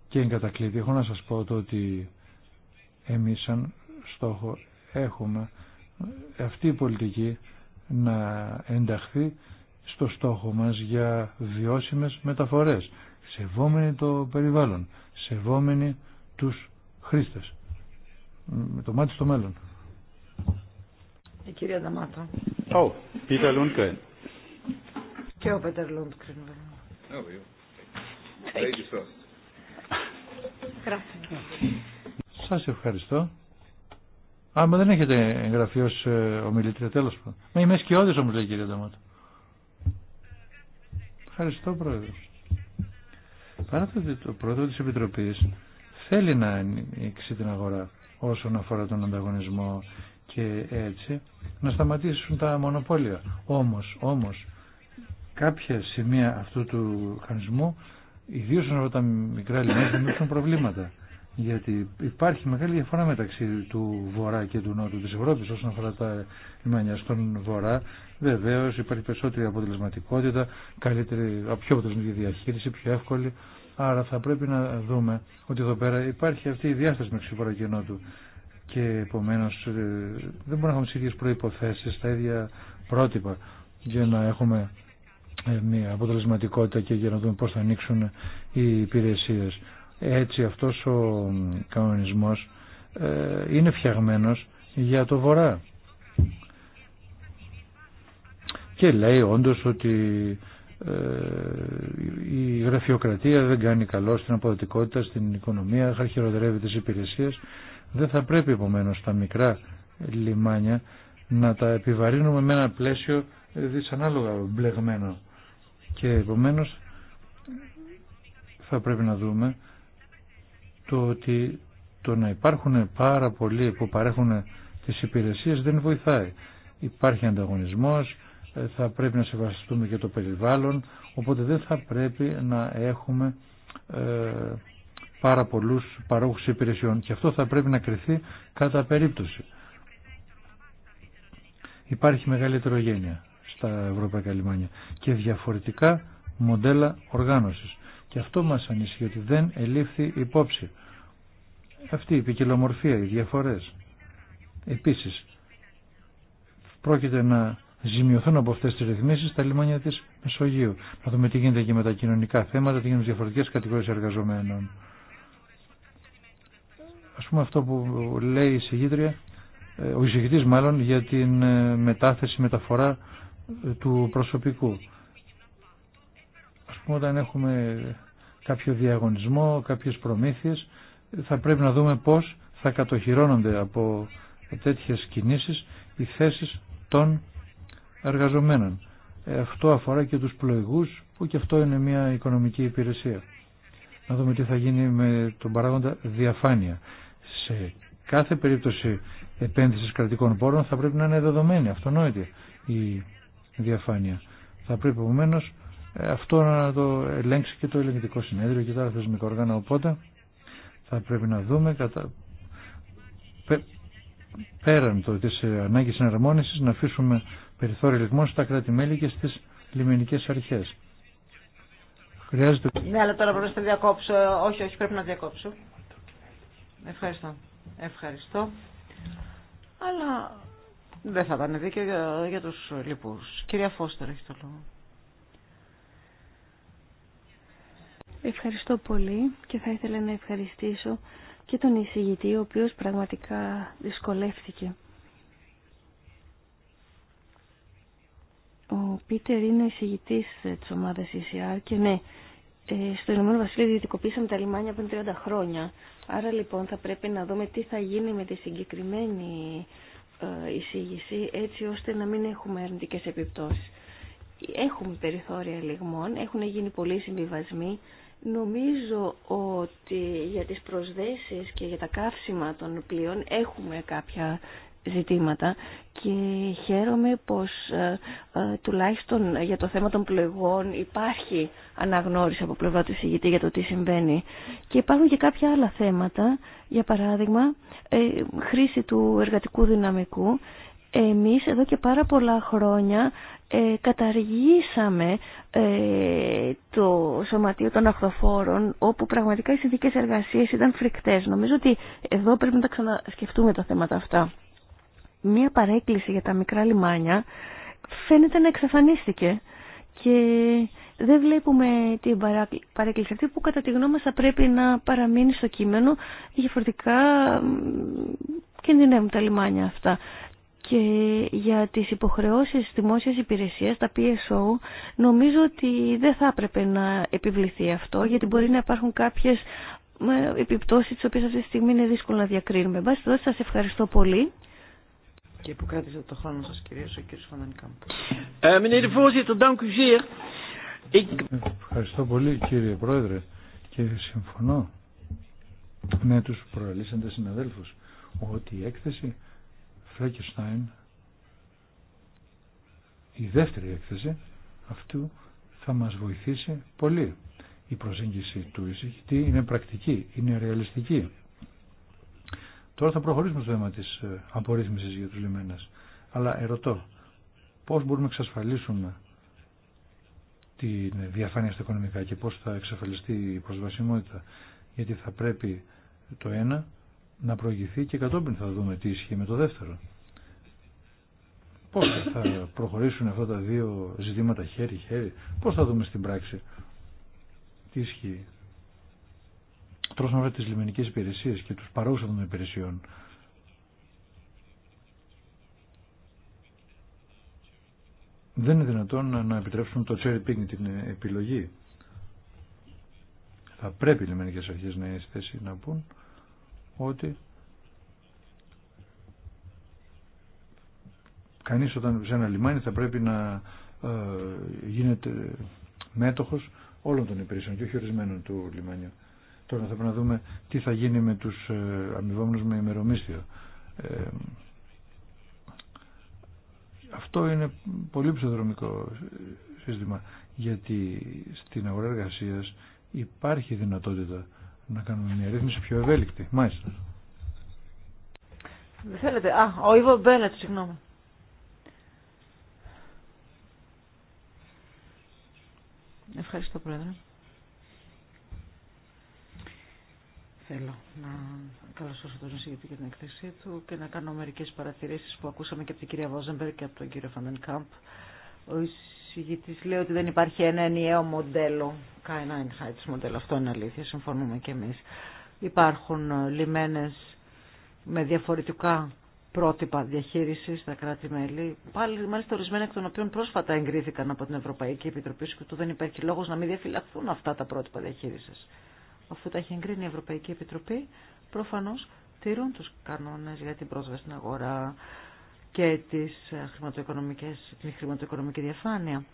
A: Και εγκατακλείδη έχω να σας πω το ότι εμείς σαν στόχο έχουμε αυτή η πολιτική να ενταχθεί στο στόχο μας για βιώσιμες μεταφορές, σεβόμενοι το περιβάλλον, σεβόμενοι τους χρήστες, με το μάτι στο μέλλον.
B: Η κυρία Δαμάτα.
A: Oh, Πίτερ Lundgren.
B: Και ο Πέτερ Λούντκριν.
A: Σας ευχαριστώ. Α, μα δεν έχετε εγγραφεί ως ε, ομιλήτρια, τέλος πάντων. Μα είμαι σκιώδης όμως, λέει η κυρία Δαμάτα. Ευχαριστώ, πρόεδρο. Παρά το ότι το Πρόεδρο της Επιτροπής θέλει να ανοίξει την αγορά όσον αφορά τον ανταγωνισμό και έτσι να σταματήσουν τα μονοπόλια. Όμως, όμως, κάποια σημεία αυτού του χανισμού, ιδίως όταν τα μικρά λιμάνια δημιουργούν προβλήματα. Γιατί υπάρχει μεγάλη διαφορά μεταξύ του Βορρά και του Νότου της Ευρώπης όσον αφορά τα λιμάνια στον Βορρά. Βεβαίως υπάρχει περισσότερη αποτελεσματικότητα, καλύτερη, πιο αποτελεσματική διαχείριση, πιο εύκολη. Άρα θα πρέπει να δούμε ότι εδώ πέρα υπάρχει αυτή η διάσταση μεταξύ Βορρά και Νότου και επομένως ε, δεν μπορούμε να έχουμε τι ίδιε προϋποθέσεις, τα ίδια πρότυπα για να έχουμε ε, μια αποτελεσματικότητα και για να δούμε πώς θα ανοίξουν οι υπηρεσίες. Έτσι αυτός ο κανονισμός ε, είναι φτιαγμένος για το βορρά. Και λέει όντω ότι η γραφειοκρατία δεν κάνει καλό στην αποδοτικότητα, στην οικονομία, χαχυροτερεύει τι υπηρεσίε. Δεν θα πρέπει επομένως τα μικρά λιμάνια να τα επιβαρύνουμε με ένα πλαίσιο δυσανάλογα μπλεγμένο. Και επομένως θα πρέπει να δούμε το ότι το να υπάρχουν πάρα πολλοί που παρέχουν τις υπηρεσίες δεν βοηθάει. Υπάρχει ανταγωνισμός, ε, θα πρέπει να σεβαστούμε και το περιβάλλον, οπότε δεν θα πρέπει να έχουμε ε, πάρα πολλούς παρόχους υπηρεσιών και αυτό θα πρέπει να κρυθεί κατά περίπτωση. Υπάρχει μεγάλη ετερογένεια στα ευρωπαϊκά λιμάνια και διαφορετικά μοντέλα οργάνωσης. Και αυτό μας ανησυχεί ότι δεν ελήφθη υπόψη. Αυτή η ποικιλομορφία, οι διαφορές. Επίσης, πρόκειται να ζημιωθούν από αυτές τις ρυθμίσεις τα λιμάνια της Μεσογείου. Να δούμε τι γίνεται και με τα κοινωνικά θέματα, τι γίνονται με διαφορετικές κατηγορίες εργαζομένων ας πούμε αυτό που λέει η συγγήτρια, ε, ο εισηγητής μάλλον για την ε, μετάθεση, μεταφορά ε, του προσωπικού. Ας πούμε όταν έχουμε κάποιο διαγωνισμό, κάποιες προμήθειες, θα πρέπει να δούμε πώς θα κατοχυρώνονται από τέτοιες κινήσεις οι θέσεις των εργαζομένων. Αυτό αφορά και τους πλοηγούς που και αυτό είναι μια οικονομική υπηρεσία. Να δούμε τι θα γίνει με τον παράγοντα διαφάνεια σε κάθε περίπτωση επένδυσης κρατικών πόρων θα πρέπει να είναι δεδομένη, αυτονόητη η διαφάνεια. Θα πρέπει επομένω ε, αυτό να το ελέγξει και το ελεγκτικό συνέδριο και τα άλλα θεσμικά όργανα. Οπότε θα πρέπει να δούμε κατά... πέραν το τη ε, ανάγκη εναρμόνιση να αφήσουμε περιθώριο ελεγμό στα κράτη-μέλη και στι λιμενικές αρχέ.
B: Χρειάζεται... Ναι, αλλά τώρα πρέπει να διακόψω. Ε, όχι, όχι, πρέπει να διακόψω. Ευχαριστώ. Ευχαριστώ. Αλλά δεν θα ήταν δίκαιο για, για τους λοιπούς. Κυρία Φώστερ έχει το λόγο.
C: Ευχαριστώ πολύ και θα ήθελα να ευχαριστήσω και τον εισηγητή ο οποίος πραγματικά δυσκολεύτηκε. Ο Πίτερ είναι εισηγητής της ομάδας ECR και ναι, ε, στο Ηνωμένο Βασίλειο ιδιωτικοποίησαμε τα λιμάνια πριν 30 χρόνια. Άρα λοιπόν θα πρέπει να δούμε τι θα γίνει με τη συγκεκριμένη ε, εισήγηση έτσι ώστε να μην έχουμε αρνητικέ επιπτώσεις. Έχουμε περιθώρια λιγμών, έχουν γίνει πολλοί συμβιβασμοί. Νομίζω ότι για τις προσδέσεις και για τα καύσιμα των πλοίων έχουμε κάποια ζητήματα και χαίρομαι πως ε, ε, τουλάχιστον για το θέμα των πλοηγών υπάρχει αναγνώριση από πλευρά του εισηγητή για το τι συμβαίνει. Και υπάρχουν και κάποια άλλα θέματα, για παράδειγμα ε, χρήση του εργατικού δυναμικού. Εμείς εδώ και πάρα πολλά χρόνια ε, καταργήσαμε ε, το Σωματείο των Αχθοφόρων όπου πραγματικά οι συνθήκες εργασίες ήταν φρικτές. Νομίζω ότι εδώ πρέπει να τα ξανασκεφτούμε τα θέματα αυτά μία παρέκκληση για τα μικρά λιμάνια φαίνεται να εξαφανίστηκε και δεν βλέπουμε την παρέκκληση αυτή που κατά τη γνώμη μας θα πρέπει να παραμείνει στο κείμενο διαφορετικά κινδυνεύουν τα λιμάνια αυτά και για τις υποχρεώσεις δημόσιας υπηρεσίας, τα PSO, νομίζω ότι δεν θα έπρεπε να επιβληθεί αυτό, γιατί μπορεί να υπάρχουν κάποιες επιπτώσεις τις οποίες αυτή τη στιγμή είναι δύσκολο να διακρίνουμε. σας ευχαριστώ πολύ.
B: Και που το χρόνο ε,
A: Ευχαριστώ πολύ κύριε Πρόεδρε και συμφωνώ με του προελίσσαντες συναδέλφου, ότι η έκθεση Φλέκεστάιν η δεύτερη έκθεση αυτού θα μας βοηθήσει πολύ. Η προσέγγιση του εισηγητή είναι πρακτική, είναι ρεαλιστική Τώρα θα προχωρήσουμε στο θέμα της ε, απορρίθμιση για του λιμένε. Αλλά ερωτώ, πώς μπορούμε να εξασφαλίσουμε τη διαφάνεια στα οικονομικά και πώς θα εξασφαλιστεί η προσβασιμότητα. Γιατί θα πρέπει το ένα να προηγηθεί και κατόπιν θα δούμε τι ισχύει με το δεύτερο. Πώς θα προχωρήσουν αυτά τα δύο ζητήματα χέρι-χέρι, πώς θα δούμε στην πράξη τι ισχύει. Τώρα όσον αφορά τις λιμενικές υπηρεσίες και τους αυτών των υπηρεσιών, δεν είναι δυνατόν να επιτρέψουν το cherry picking την επιλογή. Θα πρέπει οι λιμενικές αρχές να είναι θέση να πούν ότι κανείς όταν σε ένα λιμάνι θα πρέπει να ε, γίνεται μέτοχος όλων των υπηρεσιών και όχι ορισμένων του λιμάνιου. Τώρα θα πρέπει να δούμε τι θα γίνει με τους ε, αμοιβόμενους με ημερομίσθιο. Ε, αυτό είναι πολύ ψευδρομικό σύστημα γιατί στην αγορά εργασία υπάρχει δυνατότητα να κάνουμε μια ρύθμιση πιο ευέλικτη. Μάλιστα.
B: θέλετε. Α, ο Ιβο συγγνώμη. Ευχαριστώ, Πρόεδρε. Θέλω να καλωσορίσω τον εισηγητή για την εκθέσή του και να κάνω μερικέ παρατηρήσει που ακούσαμε και από την κυρία Βόζεμπερ και από τον κύριο Φαντεν Κάμπ. Ο εισηγητή λέει ότι δεν υπάρχει ένα ενιαίο μοντέλο, κανένα insights μοντέλο. Αυτό είναι αλήθεια, συμφωνούμε κι εμεί. Υπάρχουν λιμένε με διαφορετικά πρότυπα διαχείριση στα κράτη-μέλη, πάλι μάλιστα ορισμένα εκ των οποίων πρόσφατα εγκρίθηκαν από την Ευρωπαϊκή Επιτροπή, και του δεν υπάρχει λόγο να μην διαφυλαχθούν αυτά τα πρότυπα διαχείριση αφού τα έχει εγκρίνει η Ευρωπαϊκή Επιτροπή, προφανώς τηρούν τους κανόνες για την πρόσβαση στην αγορά και τις ε, χρηματοοικονομικές, την χρηματοοικονομική διαφάνεια.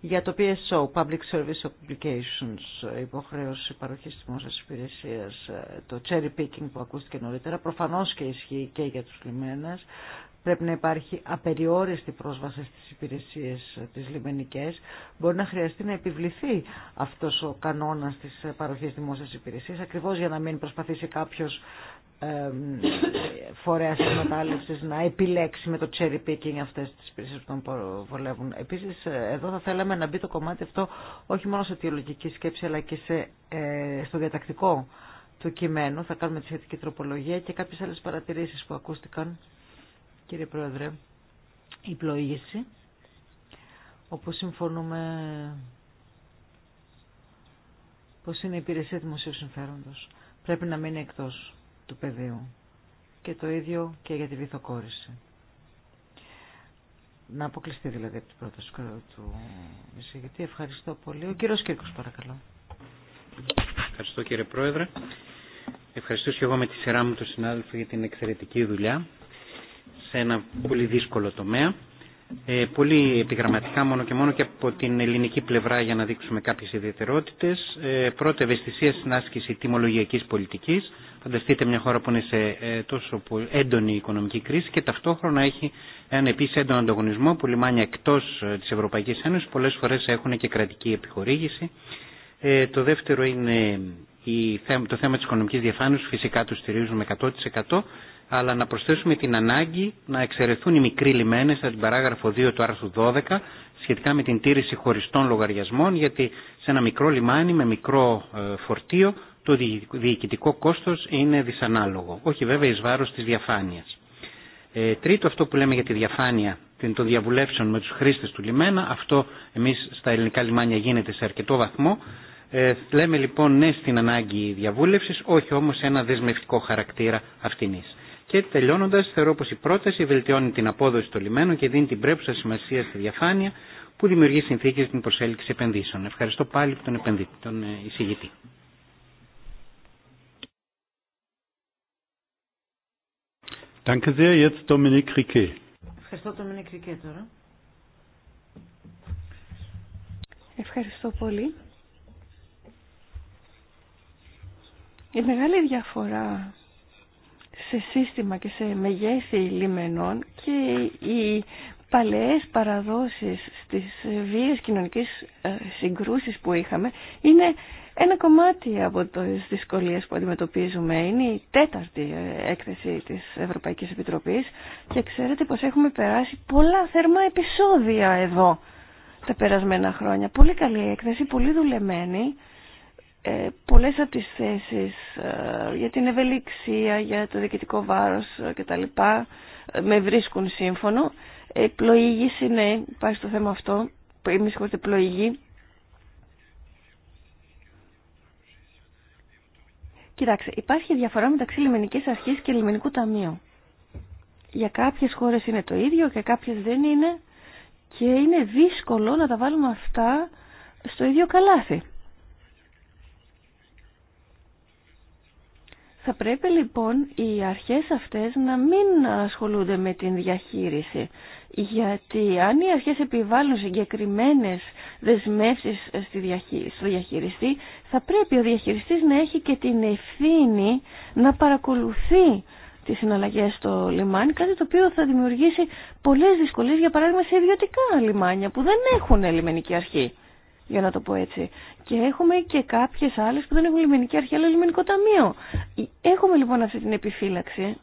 B: Για το PSO, Public Service Obligations, υποχρέωση παροχής δημόσιας υπηρεσίας, ε, το cherry picking που ακούστηκε νωρίτερα, προφανώς και ισχύει και για τους λιμένες, Πρέπει να υπάρχει απεριόριστη πρόσβαση στις υπηρεσίες ε, της λιμενικές. Μπορεί να χρειαστεί να επιβληθεί αυτός ο κανόνας της ε, παροχής δημόσιας υπηρεσίας, ακριβώς για να μην προσπαθήσει κάποιος φορέας εκμετάλλευσης να επιλέξει με το cherry picking αυτές τις υπηρεσίες που τον βολεύουν. Επίσης ε, εδώ θα θέλαμε να μπει το κομμάτι αυτό όχι μόνο σε θεολογική σκέψη αλλά και σε, στο διατακτικό του κειμένου. Θα κάνουμε τη σχετική τροπολογία και κάποιες άλλες παρατηρήσεις που ακούστηκαν κύριε Πρόεδρε, η πλοήγηση, όπου συμφωνούμε πως είναι η υπηρεσία δημοσίου συμφέροντος, πρέπει να μείνει εκτός του πεδίου και το ίδιο και για τη βυθοκόρηση. Να αποκλειστεί δηλαδή από την πρόταση του εισηγητή. Ευχαριστώ πολύ. Ο κύριος Κύρκος
E: παρακαλώ. Ευχαριστώ κύριε Πρόεδρε. Ευχαριστώ και εγώ με τη σειρά μου τον συνάδελφο για την εξαιρετική δουλειά σε ένα πολύ δύσκολο τομέα. Ε, πολύ επιγραμματικά μόνο και μόνο και από την ελληνική πλευρά για να δείξουμε κάποιες ιδιαιτερότητες. Ε, πρώτο, ευαισθησία στην άσκηση τιμολογιακής πολιτικής. Φανταστείτε μια χώρα που είναι σε ε, τόσο έντονη οικονομική κρίση και ταυτόχρονα έχει έναν επίσης έντονο ανταγωνισμό που λιμάνια εκτός ε, της Ευρωπαϊκής Ένωσης πολλές φορές έχουν και κρατική επιχορήγηση. Ε, το δεύτερο είναι το θέμα της οικονομικής διαφάνειας, φυσικά το στηρίζουμε 100% αλλά να προσθέσουμε την ανάγκη να εξαιρεθούν οι μικροί λιμένες από την παράγραφο 2 του άρθρου 12 σχετικά με την τήρηση χωριστών λογαριασμών γιατί σε ένα μικρό λιμάνι με μικρό ε, φορτίο το διοικητικό κόστος είναι δυσανάλογο, όχι βέβαια εις βάρος της διαφάνειας. Ε, τρίτο αυτό που λέμε για τη διαφάνεια των διαβουλεύσεων με τους χρήστες του λιμένα, αυτό εμείς στα ελληνικά λιμάνια γίνεται σε αρκετό βαθμό, ε, λέμε λοιπόν ναι στην ανάγκη διαβούλευσης, όχι όμως σε ένα δεσμευτικό χαρακτήρα αυτήν. Και τελειώνοντα, θεωρώ πω η πρόταση βελτιώνει την απόδοση του λιμένου και δίνει την πρέπουσα σημασία στη διαφάνεια που δημιουργεί συνθήκε την προσέλκυση επενδύσεων. Ευχαριστώ πάλι τον, επενδύτη, τον ε, εισηγητή. Danke sehr, jetzt
B: τώρα. Ευχαριστώ πολύ.
C: Η μεγάλη διαφορά σε σύστημα και σε μεγέθη λιμενών και οι παλαιές παραδόσεις στις βίες κοινωνικής ε, συγκρούσεις που είχαμε είναι ένα κομμάτι από τις δυσκολίες που αντιμετωπίζουμε. Είναι η τέταρτη ε, έκθεση της Ευρωπαϊκής Επιτροπής και ξέρετε πως έχουμε περάσει πολλά θερμά επεισόδια εδώ τα περασμένα χρόνια. Πολύ καλή έκθεση, πολύ δουλεμένη ε, πολλές από τις θέσεις ε, για την ευελιξία, για το διοικητικό βάρος ε, τα κτλ. Ε, με βρίσκουν σύμφωνο. Ε, πλοήγηση, ναι, πάει στο θέμα αυτό. Είμαι συγχωρείτε πλοήγη. Κοιτάξτε, υπάρχει διαφορά μεταξύ λιμενικής αρχής και λιμενικού ταμείου. Για κάποιες χώρες είναι το ίδιο, και κάποιες δεν είναι και είναι δύσκολο να τα βάλουμε αυτά στο ίδιο καλάθι. Θα πρέπει λοιπόν οι αρχές αυτές να μην ασχολούνται με την διαχείριση. Γιατί αν οι αρχές επιβάλλουν συγκεκριμένες δεσμεύσεις στο διαχειριστή, θα πρέπει ο διαχειριστής να έχει και την ευθύνη να παρακολουθεί τις συναλλαγές στο λιμάνι, κάτι το οποίο θα δημιουργήσει πολλές δυσκολίες, για παράδειγμα σε ιδιωτικά λιμάνια που δεν έχουν λιμενική αρχή για να το πω έτσι. Και έχουμε και κάποιε άλλε που δεν έχουν λιμενική αρχή, αλλά λιμενικό ταμείο. Έχουμε λοιπόν αυτή την επιφύλαξη.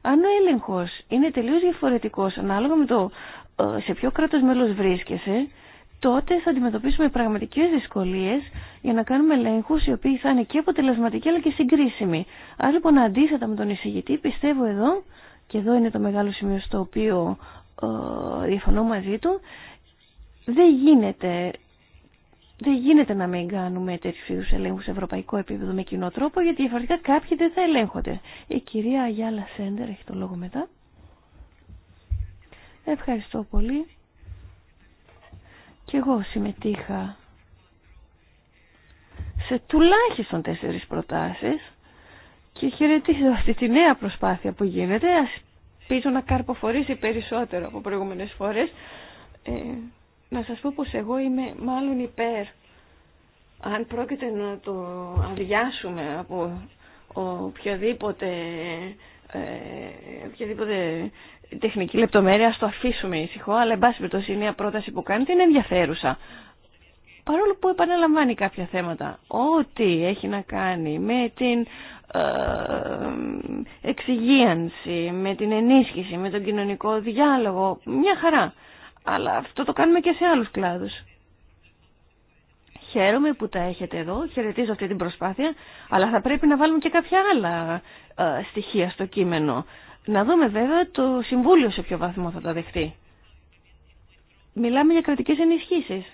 C: Αν ο έλεγχο είναι τελείω διαφορετικό, ανάλογα με το ε, σε ποιο κράτο μέλο βρίσκεσαι, τότε θα αντιμετωπίσουμε πραγματικέ δυσκολίε για να κάνουμε ελέγχου οι οποίοι θα είναι και αποτελεσματικοί αλλά και συγκρίσιμοι. Άρα λοιπόν αντίθετα με τον εισηγητή πιστεύω εδώ, και εδώ είναι το μεγάλο σημείο στο οποίο ε, διαφωνώ μαζί του, δεν γίνεται δεν γίνεται να μην κάνουμε τέτοιου ελέγχου σε ευρωπαϊκό επίπεδο με κοινό τρόπο, γιατί διαφορετικά κάποιοι δεν θα ελέγχονται. Η κυρία Αγιάλα Σέντερ έχει το λόγο μετά. Ευχαριστώ πολύ. Και εγώ συμμετείχα σε τουλάχιστον τέσσερις προτάσεις και χαιρετίζω αυτή τη νέα προσπάθεια που γίνεται. Ας πίσω να καρποφορήσει περισσότερο από προηγούμενες φορές. Ε, να σας πω πως εγώ είμαι μάλλον υπέρ. Αν πρόκειται να το αδειάσουμε από οποιαδήποτε ε, τεχνική λεπτομέρεια, ας το αφήσουμε ησυχό, αλλά εν πάση περιπτώσει η νέα πρόταση που κάνετε είναι ενδιαφέρουσα. Παρόλο που επαναλαμβάνει κάποια θέματα, ό,τι έχει να κάνει με την ε, εξυγίανση, με την ενίσχυση, με τον κοινωνικό διάλογο, μια χαρά αλλά αυτό το κάνουμε και σε άλλους κλάδους. Χαίρομαι που τα έχετε εδώ, χαιρετίζω αυτή την προσπάθεια, αλλά θα πρέπει να βάλουμε και κάποια άλλα ε, στοιχεία στο κείμενο. Να δούμε βέβαια το Συμβούλιο σε ποιο βαθμό θα τα δεχτεί. Μιλάμε για κρατικές ενισχύσεις.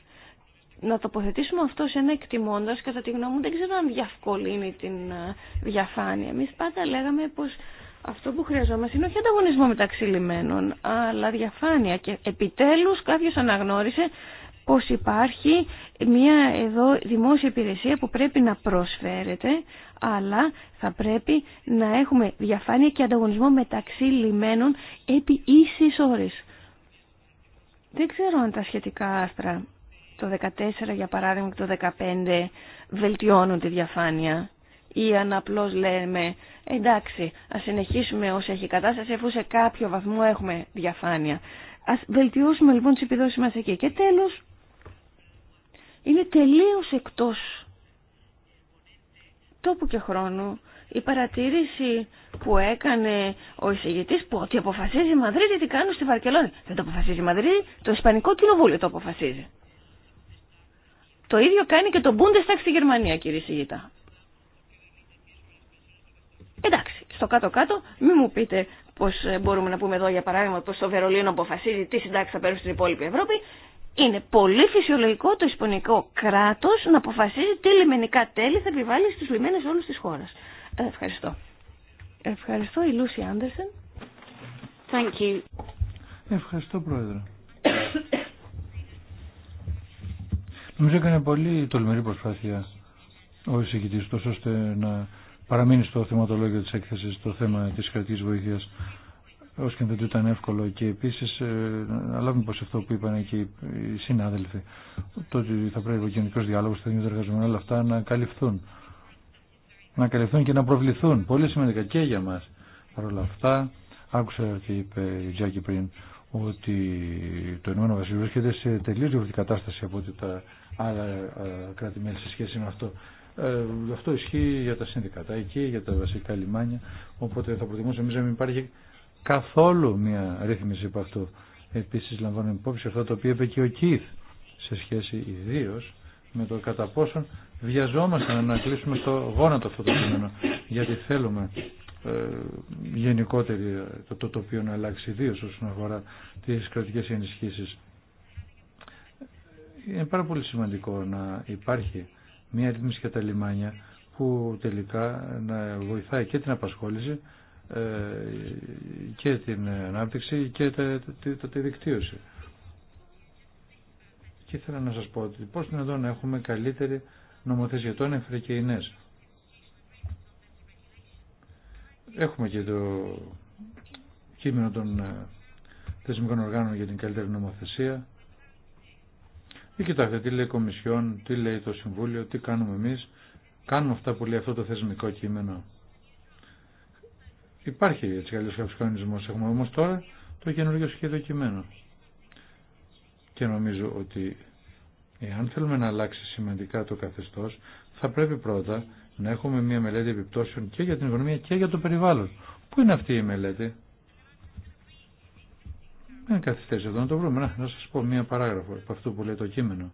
C: Να τοποθετήσουμε αυτό σε ένα εκτιμώντας, κατά τη γνώμη μου δεν ξέρω αν διαυκολύνει την ε, διαφάνεια. Εμεί πάντα λέγαμε πως αυτό που χρειαζόμαστε είναι όχι ανταγωνισμό μεταξύ λιμένων, αλλά διαφάνεια. Και επιτέλους κάποιος αναγνώρισε πως υπάρχει μια εδώ δημόσια υπηρεσία που πρέπει να προσφέρεται, αλλά θα πρέπει να έχουμε διαφάνεια και ανταγωνισμό μεταξύ λιμένων επί ίσης ώρες. Δεν ξέρω αν τα σχετικά άστρα, το 14 για παράδειγμα και το 2015 βελτιώνουν τη διαφάνεια ή αν απλώς λέμε εντάξει ας συνεχίσουμε όσο έχει κατάσταση αφού σε κάποιο βαθμό έχουμε διαφάνεια. Ας βελτιώσουμε λοιπόν τις επιδόσεις μας εκεί. Και τέλος είναι τελείως εκτός τόπου και χρόνου η αν απλω λεμε ενταξει που έκανε ο ας βελτιωσουμε λοιπον τι επιδοσει μας εκει και ότι αποφασίζει η Μαδρίτη τι κάνουν στη Βαρκελόνη. Δεν το αποφασίζει η Μαδρίτη, το Ισπανικό Κοινοβούλιο το αποφασίζει. Το ίδιο κάνει και το Bundestag στη Γερμανία, κύριε Σιγητά. Εντάξει, στο κάτω-κάτω μην μου πείτε πως ε, μπορούμε να πούμε εδώ για παράδειγμα πω το Βερολίνο αποφασίζει τι συντάξει θα παίρνουν στην υπόλοιπη Ευρώπη. Είναι πολύ φυσιολογικό το Ισπανικό κράτος να αποφασίζει τι λιμενικά τέλη θα επιβάλλει στους λιμένες όλους τη χώρα. Ε, ευχαριστώ. Ευχαριστώ η Λούση Άντερσεν. Thank you.
A: Ευχαριστώ Πρόεδρε. Νομίζω έκανε πολύ τολμηρή προσπάθεια ο εισηγητή, τόσο ώστε να παραμείνει στο θεματολόγιο της έκθεσης το θέμα της κρατικής βοήθειας ως και αν δεν του ήταν εύκολο και επίσης ε, λάβουμε πως αυτό που είπαν και οι συνάδελφοι το ότι θα πρέπει ο κοινωνικός διάλογος θα δημιουργεί εργαζόμενο όλα αυτά να καλυφθούν να καλυφθούν και να προβληθούν πολύ σημαντικά και για μας παρ' όλα αυτά άκουσα και είπε η Τζάκη πριν ότι το Ηνωμένο Βασίλειο βρίσκεται σε τελείω διαφορετική κατάσταση από ότι τα άλλα ε, κράτη-μέλη σε σχέση με αυτό ε, αυτό ισχύει για τα συνδικάτα εκεί, για τα βασικά λιμάνια. Οπότε θα προτιμούσαμε εμεί να μην υπάρχει καθόλου μια ρύθμιση από αυτού. Επίση, λαμβάνω υπόψη αυτό το οποίο είπε και ο Κίθ σε σχέση ιδίω με το κατά πόσον βιαζόμαστε να κλείσουμε στο γόνατο αυτό το κείμενο. Γιατί θέλουμε ε, γενικότερη το, το τοπίο να αλλάξει ιδίω όσον αφορά τι κρατικέ ενισχύσει. Είναι πάρα πολύ σημαντικό να υπάρχει μια ρύθμιση για τα λιμάνια που τελικά να βοηθάει και την απασχόληση ε, και την ανάπτυξη και τη δικτύωση. Και ήθελα να σας πω ότι πώς είναι εδώ να έχουμε καλύτερη νομοθεσία για οι Έχουμε και το κείμενο των ε, θεσμικών οργάνων για την καλύτερη νομοθεσία ή κοιτάξτε τι λέει η κοιτάξτε τι λέει η Κομισιόν, τι λέει το Συμβούλιο, τι κάνουμε εμείς. Κάνουμε αυτά που λέει αυτό το θεσμικό κείμενο. Υπάρχει έτσι νομίζω ότι κανονισμός. Έχουμε όμως τώρα το καινούργιο σχέδιο κειμένο. Και νομίζω ότι εάν θέλουμε να αλλάξει σημαντικά το καθεστώς, θα πρέπει πρώτα να έχουμε μια μελέτη επιπτώσεων και για την οικονομία και για το περιβάλλον. Πού είναι αυτή η μελέτη? Δεν ναι, καθυστέρησε εδώ να το βρούμε. Να, να σα πω μία παράγραφο από αυτό που λέει το κείμενο.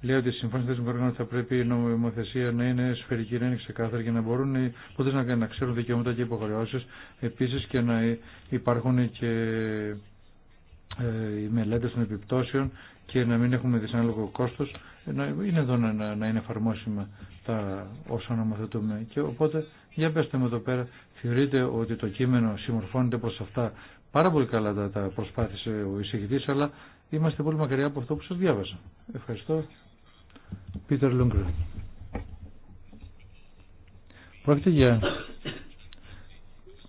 A: Λέει ότι η συμφωνία θέσεων οργάνων θα πρέπει η νομοθεσία να είναι σφαιρική, να είναι ξεκάθαρη και να μπορούν πολίτε να, να ξέρουν δικαιώματα και υποχρεώσει. Επίση και να υπάρχουν και ε, οι μελέτε των επιπτώσεων και να μην έχουμε δυσανάλογο κόστο. Ε, είναι εδώ να, να είναι εφαρμόσιμα τα όσα νομοθετούμε. Και οπότε, για πέστε με εδώ πέρα, θεωρείτε ότι το κείμενο συμμορφώνεται προ αυτά Πάρα πολύ καλά τα, τα προσπάθησε ο εισηγητής, αλλά είμαστε πολύ μακριά από αυτό που σας διάβασα. Ευχαριστώ. Πίτερ Λούγκρεν. Πρόκειται για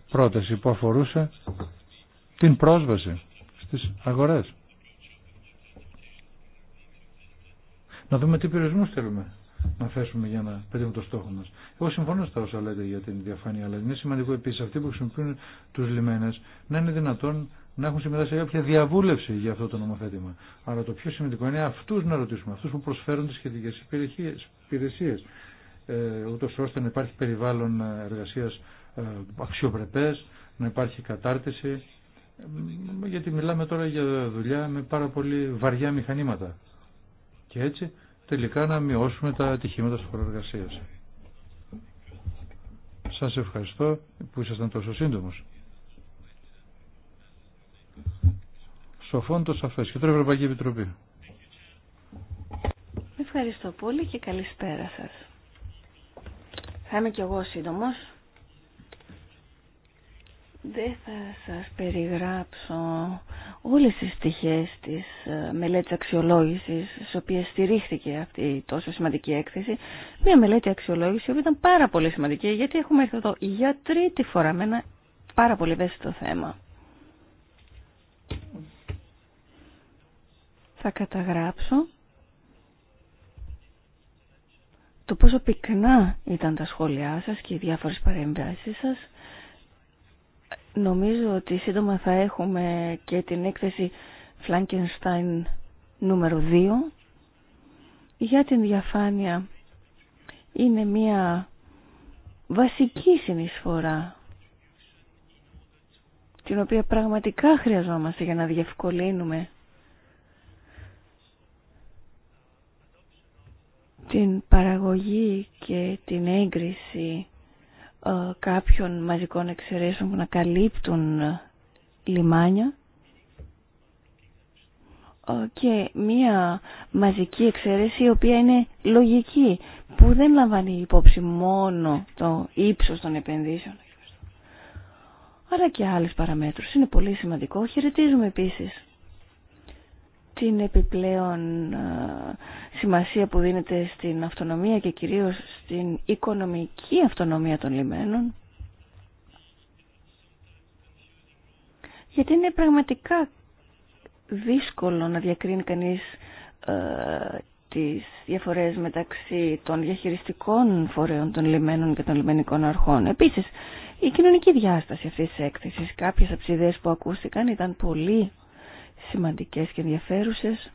A: πρόταση που αφορούσε την πρόσβαση στις αγορές. Να δούμε τι περιορισμού θέλουμε να θέσουμε για να πετύχουμε το στόχο μα. Εγώ συμφωνώ στα όσα λέτε για την διαφάνεια, αλλά είναι σημαντικό επίση αυτοί που χρησιμοποιούν του λιμένε να είναι δυνατόν να έχουν συμμετάσχει σε κάποια διαβούλευση για αυτό το νομοθέτημα. Αλλά το πιο σημαντικό είναι αυτού να ρωτήσουμε, αυτού που προσφέρουν τι σχετικέ υπηρεσίε, ε, ούτω ώστε να υπάρχει περιβάλλον εργασίας ε, αξιοπρεπέ, να υπάρχει κατάρτιση, ε, γιατί μιλάμε τώρα για δουλειά με πάρα πολύ βαριά μηχανήματα. Και έτσι τελικά να μειώσουμε τα ατυχήματα στο χώρο εργασία. Σας ευχαριστώ που ήσασταν τόσο σύντομο. Σοφόντο, το και τώρα Ευρωπαϊκή Επιτροπή.
C: Ευχαριστώ πολύ και καλησπέρα σα. Θα είμαι κι εγώ σύντομο. Δεν θα σας περιγράψω όλες τις στοιχείες της ε, μελέτης αξιολόγησης στις οποίες στηρίχθηκε αυτή η τόσο σημαντική έκθεση μια μελέτη αξιολόγηση που ήταν πάρα πολύ σημαντική γιατί έχουμε έρθει εδώ για τρίτη φορά με ένα πάρα πολύ ευαίσθητο θέμα θα καταγράψω το πόσο πυκνά ήταν τα σχόλιά σας και οι διάφορες παρεμβάσεις σας Νομίζω ότι σύντομα θα έχουμε και την έκθεση Φλάνκενστάιν νούμερο 2. Για την διαφάνεια είναι μια βασική συνεισφορά την οποία πραγματικά χρειαζόμαστε για να διευκολύνουμε την παραγωγή και την έγκριση ε, κάποιων μαζικών εξαιρέσεων που να καλύπτουν ε, λιμάνια ε, και μία μαζική εξαίρεση η οποία είναι λογική που δεν λαμβάνει υπόψη μόνο το ύψος των επενδύσεων Άρα και άλλες παραμέτρους. Είναι πολύ σημαντικό. Χαιρετίζουμε επίσης την επιπλέον σημασία που δίνεται στην αυτονομία και κυρίως στην οικονομική αυτονομία των λιμένων. Γιατί είναι πραγματικά δύσκολο να διακρίνει κανείς ε, τις διαφορές μεταξύ των διαχειριστικών φορέων των λιμένων και των λιμενικών αρχών. Επίσης, η κοινωνική διάσταση αυτής της έκθεσης, κάποιες από που ακούστηκαν ήταν πολύ σημαντικές και ενδιαφέρουσες.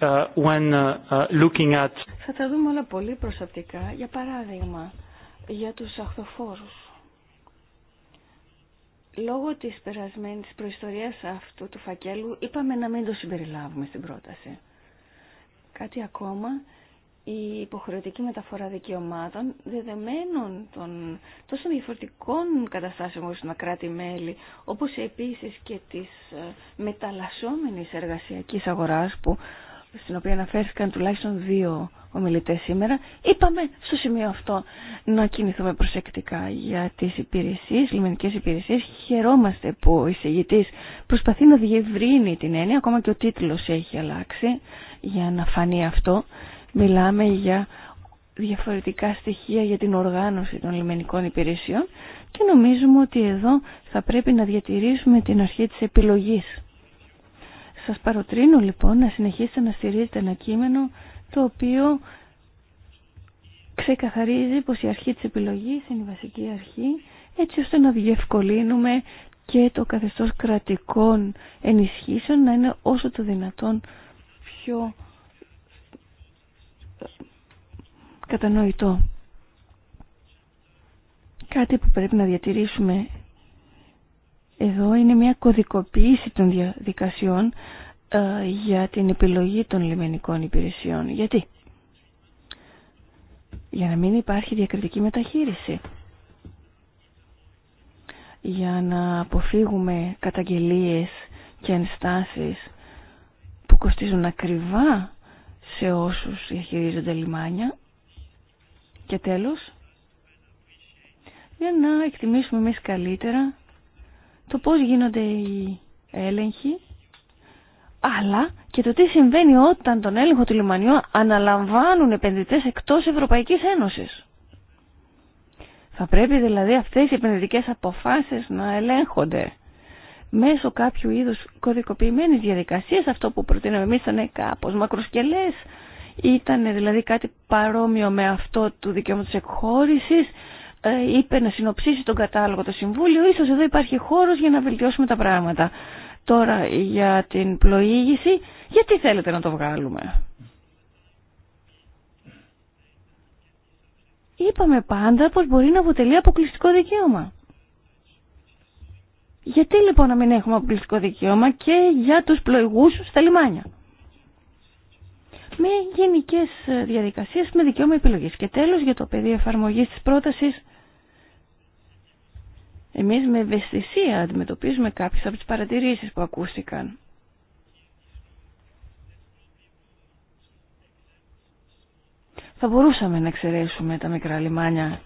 E: Uh, when uh, uh, at...
C: Θα τα δούμε όλα πολύ προσωπικά. Για παράδειγμα, για τους αχθοφόρους. Λόγω της περασμένης προϊστορίας αυτού του φακέλου είπαμε να μην το συμπεριλάβουμε στην πρόταση. Κάτι ακόμα η υποχρεωτική μεταφορά δικαιωμάτων δεδομένων των τόσο διαφορετικών καταστάσεων όπως να κράτη-μέλη, όπως επίσης και της ε, μεταλλασσόμενης εργασιακής αγοράς που στην οποία αναφέρθηκαν τουλάχιστον δύο ομιλητές σήμερα, είπαμε στο σημείο αυτό να κινηθούμε προσεκτικά για τις υπηρεσίες, λιμενικές υπηρεσίες. Χαιρόμαστε που ο εισηγητής προσπαθεί να διευρύνει την έννοια, ακόμα και ο τίτλος έχει αλλάξει για να φανεί αυτό μιλάμε για διαφορετικά στοιχεία για την οργάνωση των λιμενικών υπηρεσιών και νομίζουμε ότι εδώ θα πρέπει να διατηρήσουμε την αρχή της επιλογής. Σας παροτρύνω λοιπόν να συνεχίσετε να στηρίζετε ένα κείμενο το οποίο ξεκαθαρίζει πως η αρχή της επιλογής είναι η βασική αρχή έτσι ώστε να διευκολύνουμε και το καθεστώς κρατικών ενισχύσεων να είναι όσο το δυνατόν πιο κατανοητό. Κάτι που πρέπει να διατηρήσουμε εδώ είναι μια κωδικοποίηση των διαδικασιών ε, για την επιλογή των λιμενικών υπηρεσιών. Γιατί? Για να μην υπάρχει διακριτική μεταχείριση. Για να αποφύγουμε καταγγελίες και ενστάσεις που κοστίζουν ακριβά σε όσους διαχειρίζονται λιμάνια. Και τέλος, για να εκτιμήσουμε εμείς καλύτερα το πώς γίνονται οι έλεγχοι, αλλά και το τι συμβαίνει όταν τον έλεγχο του λιμανιού αναλαμβάνουν επενδυτές εκτός Ευρωπαϊκής Ένωσης. Θα πρέπει δηλαδή αυτές οι επενδυτικές αποφάσεις να ελέγχονται μέσω κάποιου είδους κωδικοποιημένης διαδικασίας αυτό που προτείναμε εμείς ήταν κάπως μακροσκελές ήταν δηλαδή κάτι παρόμοιο με αυτό του δικαιώματος εκχώρησης ε, είπε να συνοψίσει τον κατάλογο το Συμβούλιο ίσως εδώ υπάρχει χώρος για να βελτιώσουμε τα πράγματα τώρα για την πλοήγηση γιατί θέλετε να το βγάλουμε Είπαμε πάντα πως μπορεί να αποτελεί αποκλειστικό δικαίωμα γιατί λοιπόν να μην έχουμε αποκλειστικό δικαίωμα και για τους πλοηγούς στα λιμάνια. Με γενικές διαδικασίες με δικαίωμα επιλογής. Και τέλος για το πεδίο εφαρμογής της πρότασης. Εμείς με ευαισθησία αντιμετωπίζουμε κάποιες από τις παρατηρήσεις που ακούστηκαν. Θα μπορούσαμε να εξαιρέσουμε τα μικρά λιμάνια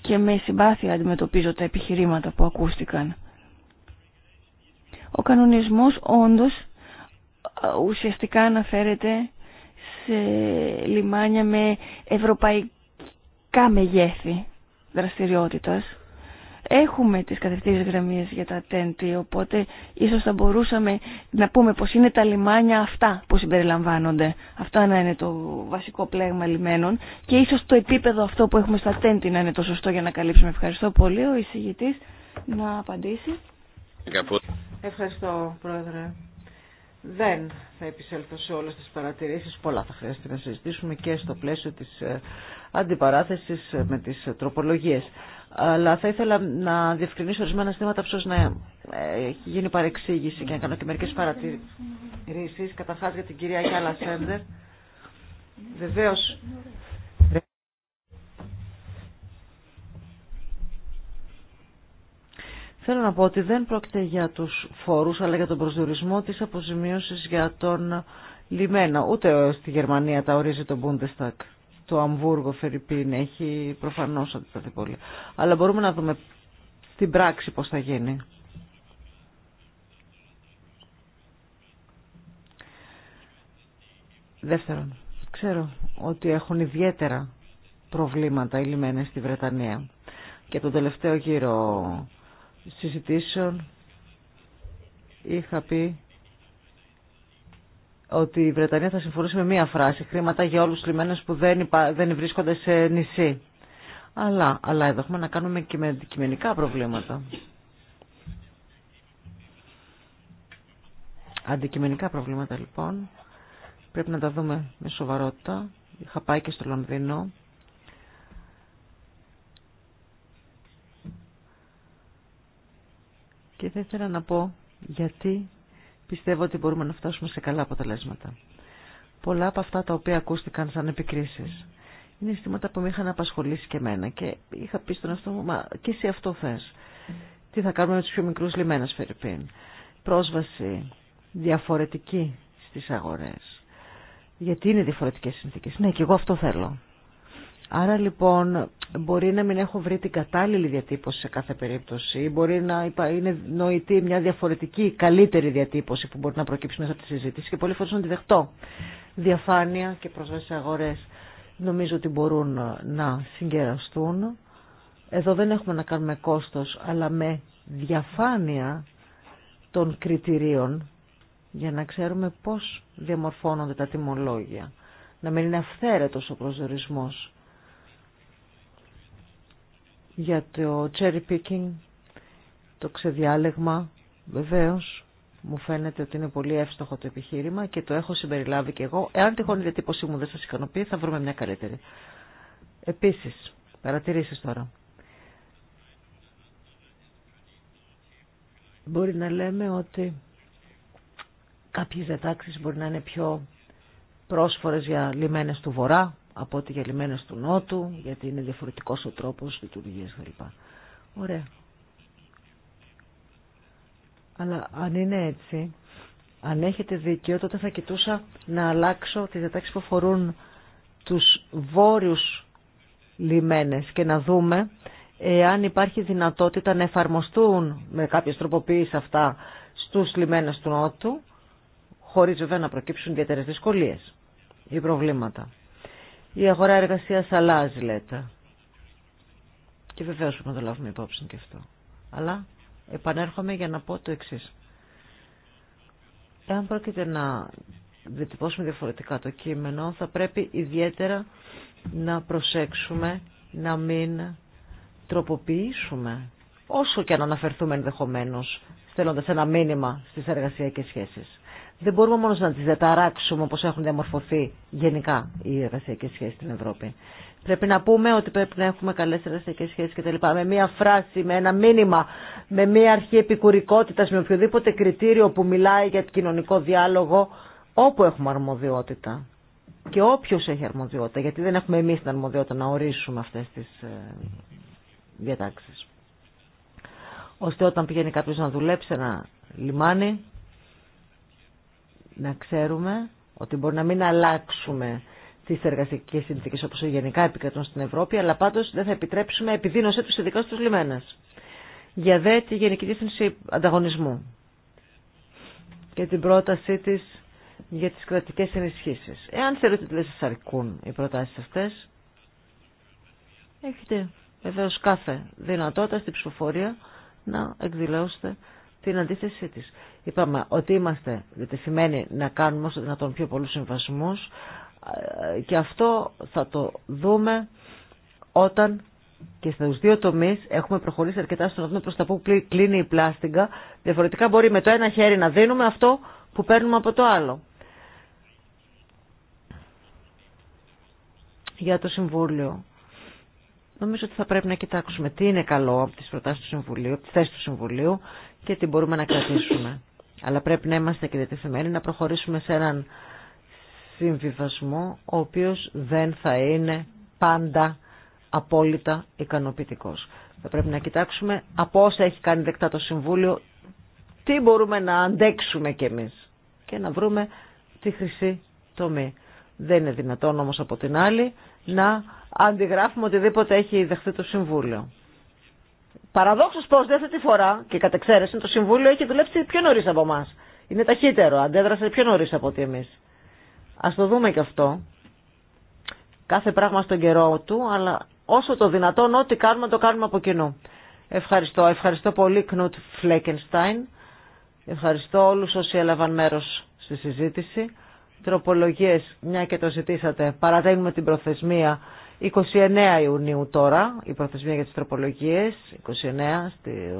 C: και με συμπάθεια αντιμετωπίζω τα επιχειρήματα που ακούστηκαν. Ο κανονισμός όντως ουσιαστικά αναφέρεται σε λιμάνια με ευρωπαϊκά μεγέθη δραστηριότητας. Έχουμε τις κατευθύνσεις γραμμίες για τα τέντη, οπότε ίσως θα μπορούσαμε να πούμε πως είναι τα λιμάνια αυτά που συμπεριλαμβάνονται. Αυτό να είναι το βασικό πλέγμα λιμένων και ίσως το επίπεδο αυτό που έχουμε στα τέντη να είναι το σωστό για να καλύψουμε. Ευχαριστώ πολύ ο εισηγητής να απαντήσει.
D: Ευχαριστώ,
B: Πρόεδρε. Δεν θα επισέλθω σε όλες τις παρατηρήσεις. Πολλά θα χρειαστεί να συζητήσουμε και στο πλαίσιο της ε, αντιπαράθεσης ε, με τις ε, τροπολογίες. Αλλά θα ήθελα να διευκρινίσω ορισμένα στήματα ώστε να έχει γίνει παρεξήγηση και να κάνω και μερικές
D: παρατηρήσεις.
B: Καταρχάς για την κυρία Γιάλα Σέντερ. Θέλω να πω ότι δεν πρόκειται για τους φόρους, αλλά για τον προσδιορισμό της αποζημίωσης για τον λιμένα. Ούτε στη Γερμανία τα ορίζει το Bundestag. Το Αμβούργο, Φερρυπίν, έχει προφανώς αντισταθεί πολύ. Αλλά μπορούμε να δούμε στην πράξη πώς θα γίνει. Δεύτερον, ξέρω ότι έχουν ιδιαίτερα προβλήματα οι λιμένες στη Βρετανία. Και τον τελευταίο γύρο συζητήσεων είχα πει ότι η Βρετανία θα συμφωνούσε με μία φράση «Χρήματα για όλους τους λιμένους που δεν, δεν βρίσκονται σε νησί». Αλλά, αλλά εδώ έχουμε να κάνουμε και με αντικειμενικά προβλήματα. Αντικειμενικά προβλήματα λοιπόν πρέπει να τα δούμε με σοβαρότητα. Είχα πάει και στο Λονδίνο και θα ήθελα να πω γιατί πιστεύω ότι μπορούμε να φτάσουμε σε καλά αποτελέσματα. Πολλά από αυτά τα οποία ακούστηκαν σαν επικρίσεις είναι αισθήματα που με είχαν απασχολήσει και εμένα και είχα πει στον εαυτό μου, μα και εσύ αυτό θες. Τι θα κάνουμε με τους πιο μικρούς λιμένες Φερρυπίν. Πρόσβαση διαφορετική στις αγορές. Γιατί είναι διαφορετικές συνθήκες. Ναι, και εγώ αυτό θέλω. Άρα λοιπόν μπορεί να μην έχω βρει την κατάλληλη διατύπωση σε κάθε περίπτωση, μπορεί να είναι νοητή μια διαφορετική, καλύτερη διατύπωση που μπορεί να προκύψει μέσα από τη συζήτηση και πολλές φορές να τη δεχτώ. Διαφάνεια και προσβάσεις αγορές νομίζω ότι μπορούν να συγκεραστούν. Εδώ δεν έχουμε να κάνουμε κόστος, αλλά με διαφάνεια των κριτηρίων για να ξέρουμε πώς διαμορφώνονται τα τιμολόγια. Να μην είναι αυθαίρετος ο προσδορισμός για το cherry picking, το ξεδιάλεγμα βεβαίως. Μου φαίνεται ότι είναι πολύ εύστοχο το επιχείρημα και το έχω συμπεριλάβει και εγώ. Εάν τυχόν η διατύπωσή μου δεν σας ικανοποιεί θα βρούμε μια καλύτερη. Επίσης, παρατηρήσεις τώρα. Μπορεί να λέμε ότι κάποιες διατάξει μπορεί να είναι πιο πρόσφορες για λιμένες του βορρά, από ό,τι για του Νότου, γιατί είναι διαφορετικός ο τρόπος λειτουργίας κλπ. Ωραία. Αλλά αν είναι έτσι, αν έχετε δίκιο, τότε θα κοιτούσα να αλλάξω τις διατάξεις που αφορούν τους βόρειους λιμένες και να δούμε αν υπάρχει δυνατότητα να εφαρμοστούν με κάποιες τροποποιήσεις αυτά στους λιμένες του Νότου, χωρίς βέβαια να προκύψουν ιδιαίτερε δυσκολίες ή προβλήματα. Η αγορά εργασίας αλλάζει, λέτε. Και βεβαίω πρέπει να το λάβουμε υπόψη και αυτό. Αλλά επανέρχομαι για να πω το εξή. Εάν πρόκειται να διατυπώσουμε διαφορετικά το κείμενο, θα πρέπει ιδιαίτερα να προσέξουμε να μην τροποποιήσουμε όσο και αν αναφερθούμε ενδεχομένω στέλνοντα ένα μήνυμα στι εργασιακέ σχέσει δεν μπορούμε μόνο να τι διαταράξουμε όπω έχουν διαμορφωθεί γενικά οι εργασιακέ σχέσει στην Ευρώπη. Πρέπει να πούμε ότι πρέπει να έχουμε καλέ εργασιακέ σχέσει κτλ. Με μία φράση, με ένα μήνυμα, με μία αρχή επικουρικότητα, με οποιοδήποτε κριτήριο που μιλάει για κοινωνικό διάλογο, όπου έχουμε αρμοδιότητα. Και όποιο έχει αρμοδιότητα, γιατί δεν έχουμε εμεί την αρμοδιότητα να ορίσουμε αυτέ τι ε, διατάξει. Ώστε όταν πηγαίνει κάποιο να δουλέψει ένα λιμάνι, να ξέρουμε ότι μπορεί να μην αλλάξουμε τις εργασιακές συνθήκες όπως γενικά επικρατούν στην Ευρώπη, αλλά πάντως δεν θα επιτρέψουμε επιδείνωσή τους ειδικά στους λιμένες. Για δε τη Γενική Διεύθυνση Ανταγωνισμού και την πρότασή της για τις κρατικές ενισχύσεις. Εάν θεωρείτε ότι δεν σας αρκούν οι προτάσεις αυτές, έχετε βεβαίω κάθε δυνατότητα στην ψηφοφορία να εκδηλώσετε την αντίθεσή της. Είπαμε ότι είμαστε, γιατί σημαίνει να κάνουμε όσο δυνατόν πιο πολλούς συμβασμούς ε, και αυτό θα το δούμε όταν και στους δύο τομείς έχουμε προχωρήσει αρκετά στο να δούμε προς τα που κλείνει η πλάστιγκα. Διαφορετικά μπορεί με το ένα χέρι να δίνουμε αυτό που παίρνουμε από το άλλο. Για το Συμβούλιο. Νομίζω ότι θα πρέπει να κοιτάξουμε τι είναι καλό από τις προτάσεις του Συμβουλίου, από τις θέσεις του Συμβουλίου και τι μπορούμε να κρατήσουμε. Αλλά πρέπει να είμαστε και διατεθειμένοι να προχωρήσουμε σε έναν συμβιβασμό ο οποίος δεν θα είναι πάντα απόλυτα ικανοποιητικός. Θα πρέπει να κοιτάξουμε από όσα έχει κάνει δεκτά το Συμβούλιο τι μπορούμε να αντέξουμε κι εμείς και να βρούμε τη χρυσή τομή. Δεν είναι δυνατόν όμως από την άλλη να αντιγράφουμε οτιδήποτε έχει δεχθεί το Συμβούλιο. Παραδόξω πω δεύτερη φορά και κατ' το Συμβούλιο έχει δουλέψει πιο νωρί από εμά. Είναι ταχύτερο, αντέδρασε πιο νωρί από ότι εμείς. Ας το δούμε και αυτό. Κάθε πράγμα στον καιρό του, αλλά όσο το δυνατόν ό,τι κάνουμε το κάνουμε από κοινού. Ευχαριστώ. Ευχαριστώ πολύ Κνούτ Φλέκενστάιν. Ευχαριστώ όλου όσοι έλαβαν μέρος στη συζήτηση. Τροπολογίε μια και το ζητήσατε, παραδένουμε την προθεσμία 29 Ιουνίου τώρα, η προθεσμία για τις τροπολογίες, 29 στη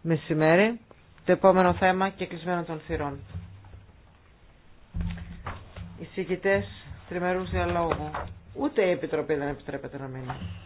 B: μεσημέρι. Το επόμενο θέμα και κλεισμένο των θυρών. Οι συγκητές
D: τριμερούς διαλόγου. Ούτε η Επιτροπή δεν επιτρέπεται να μείνει.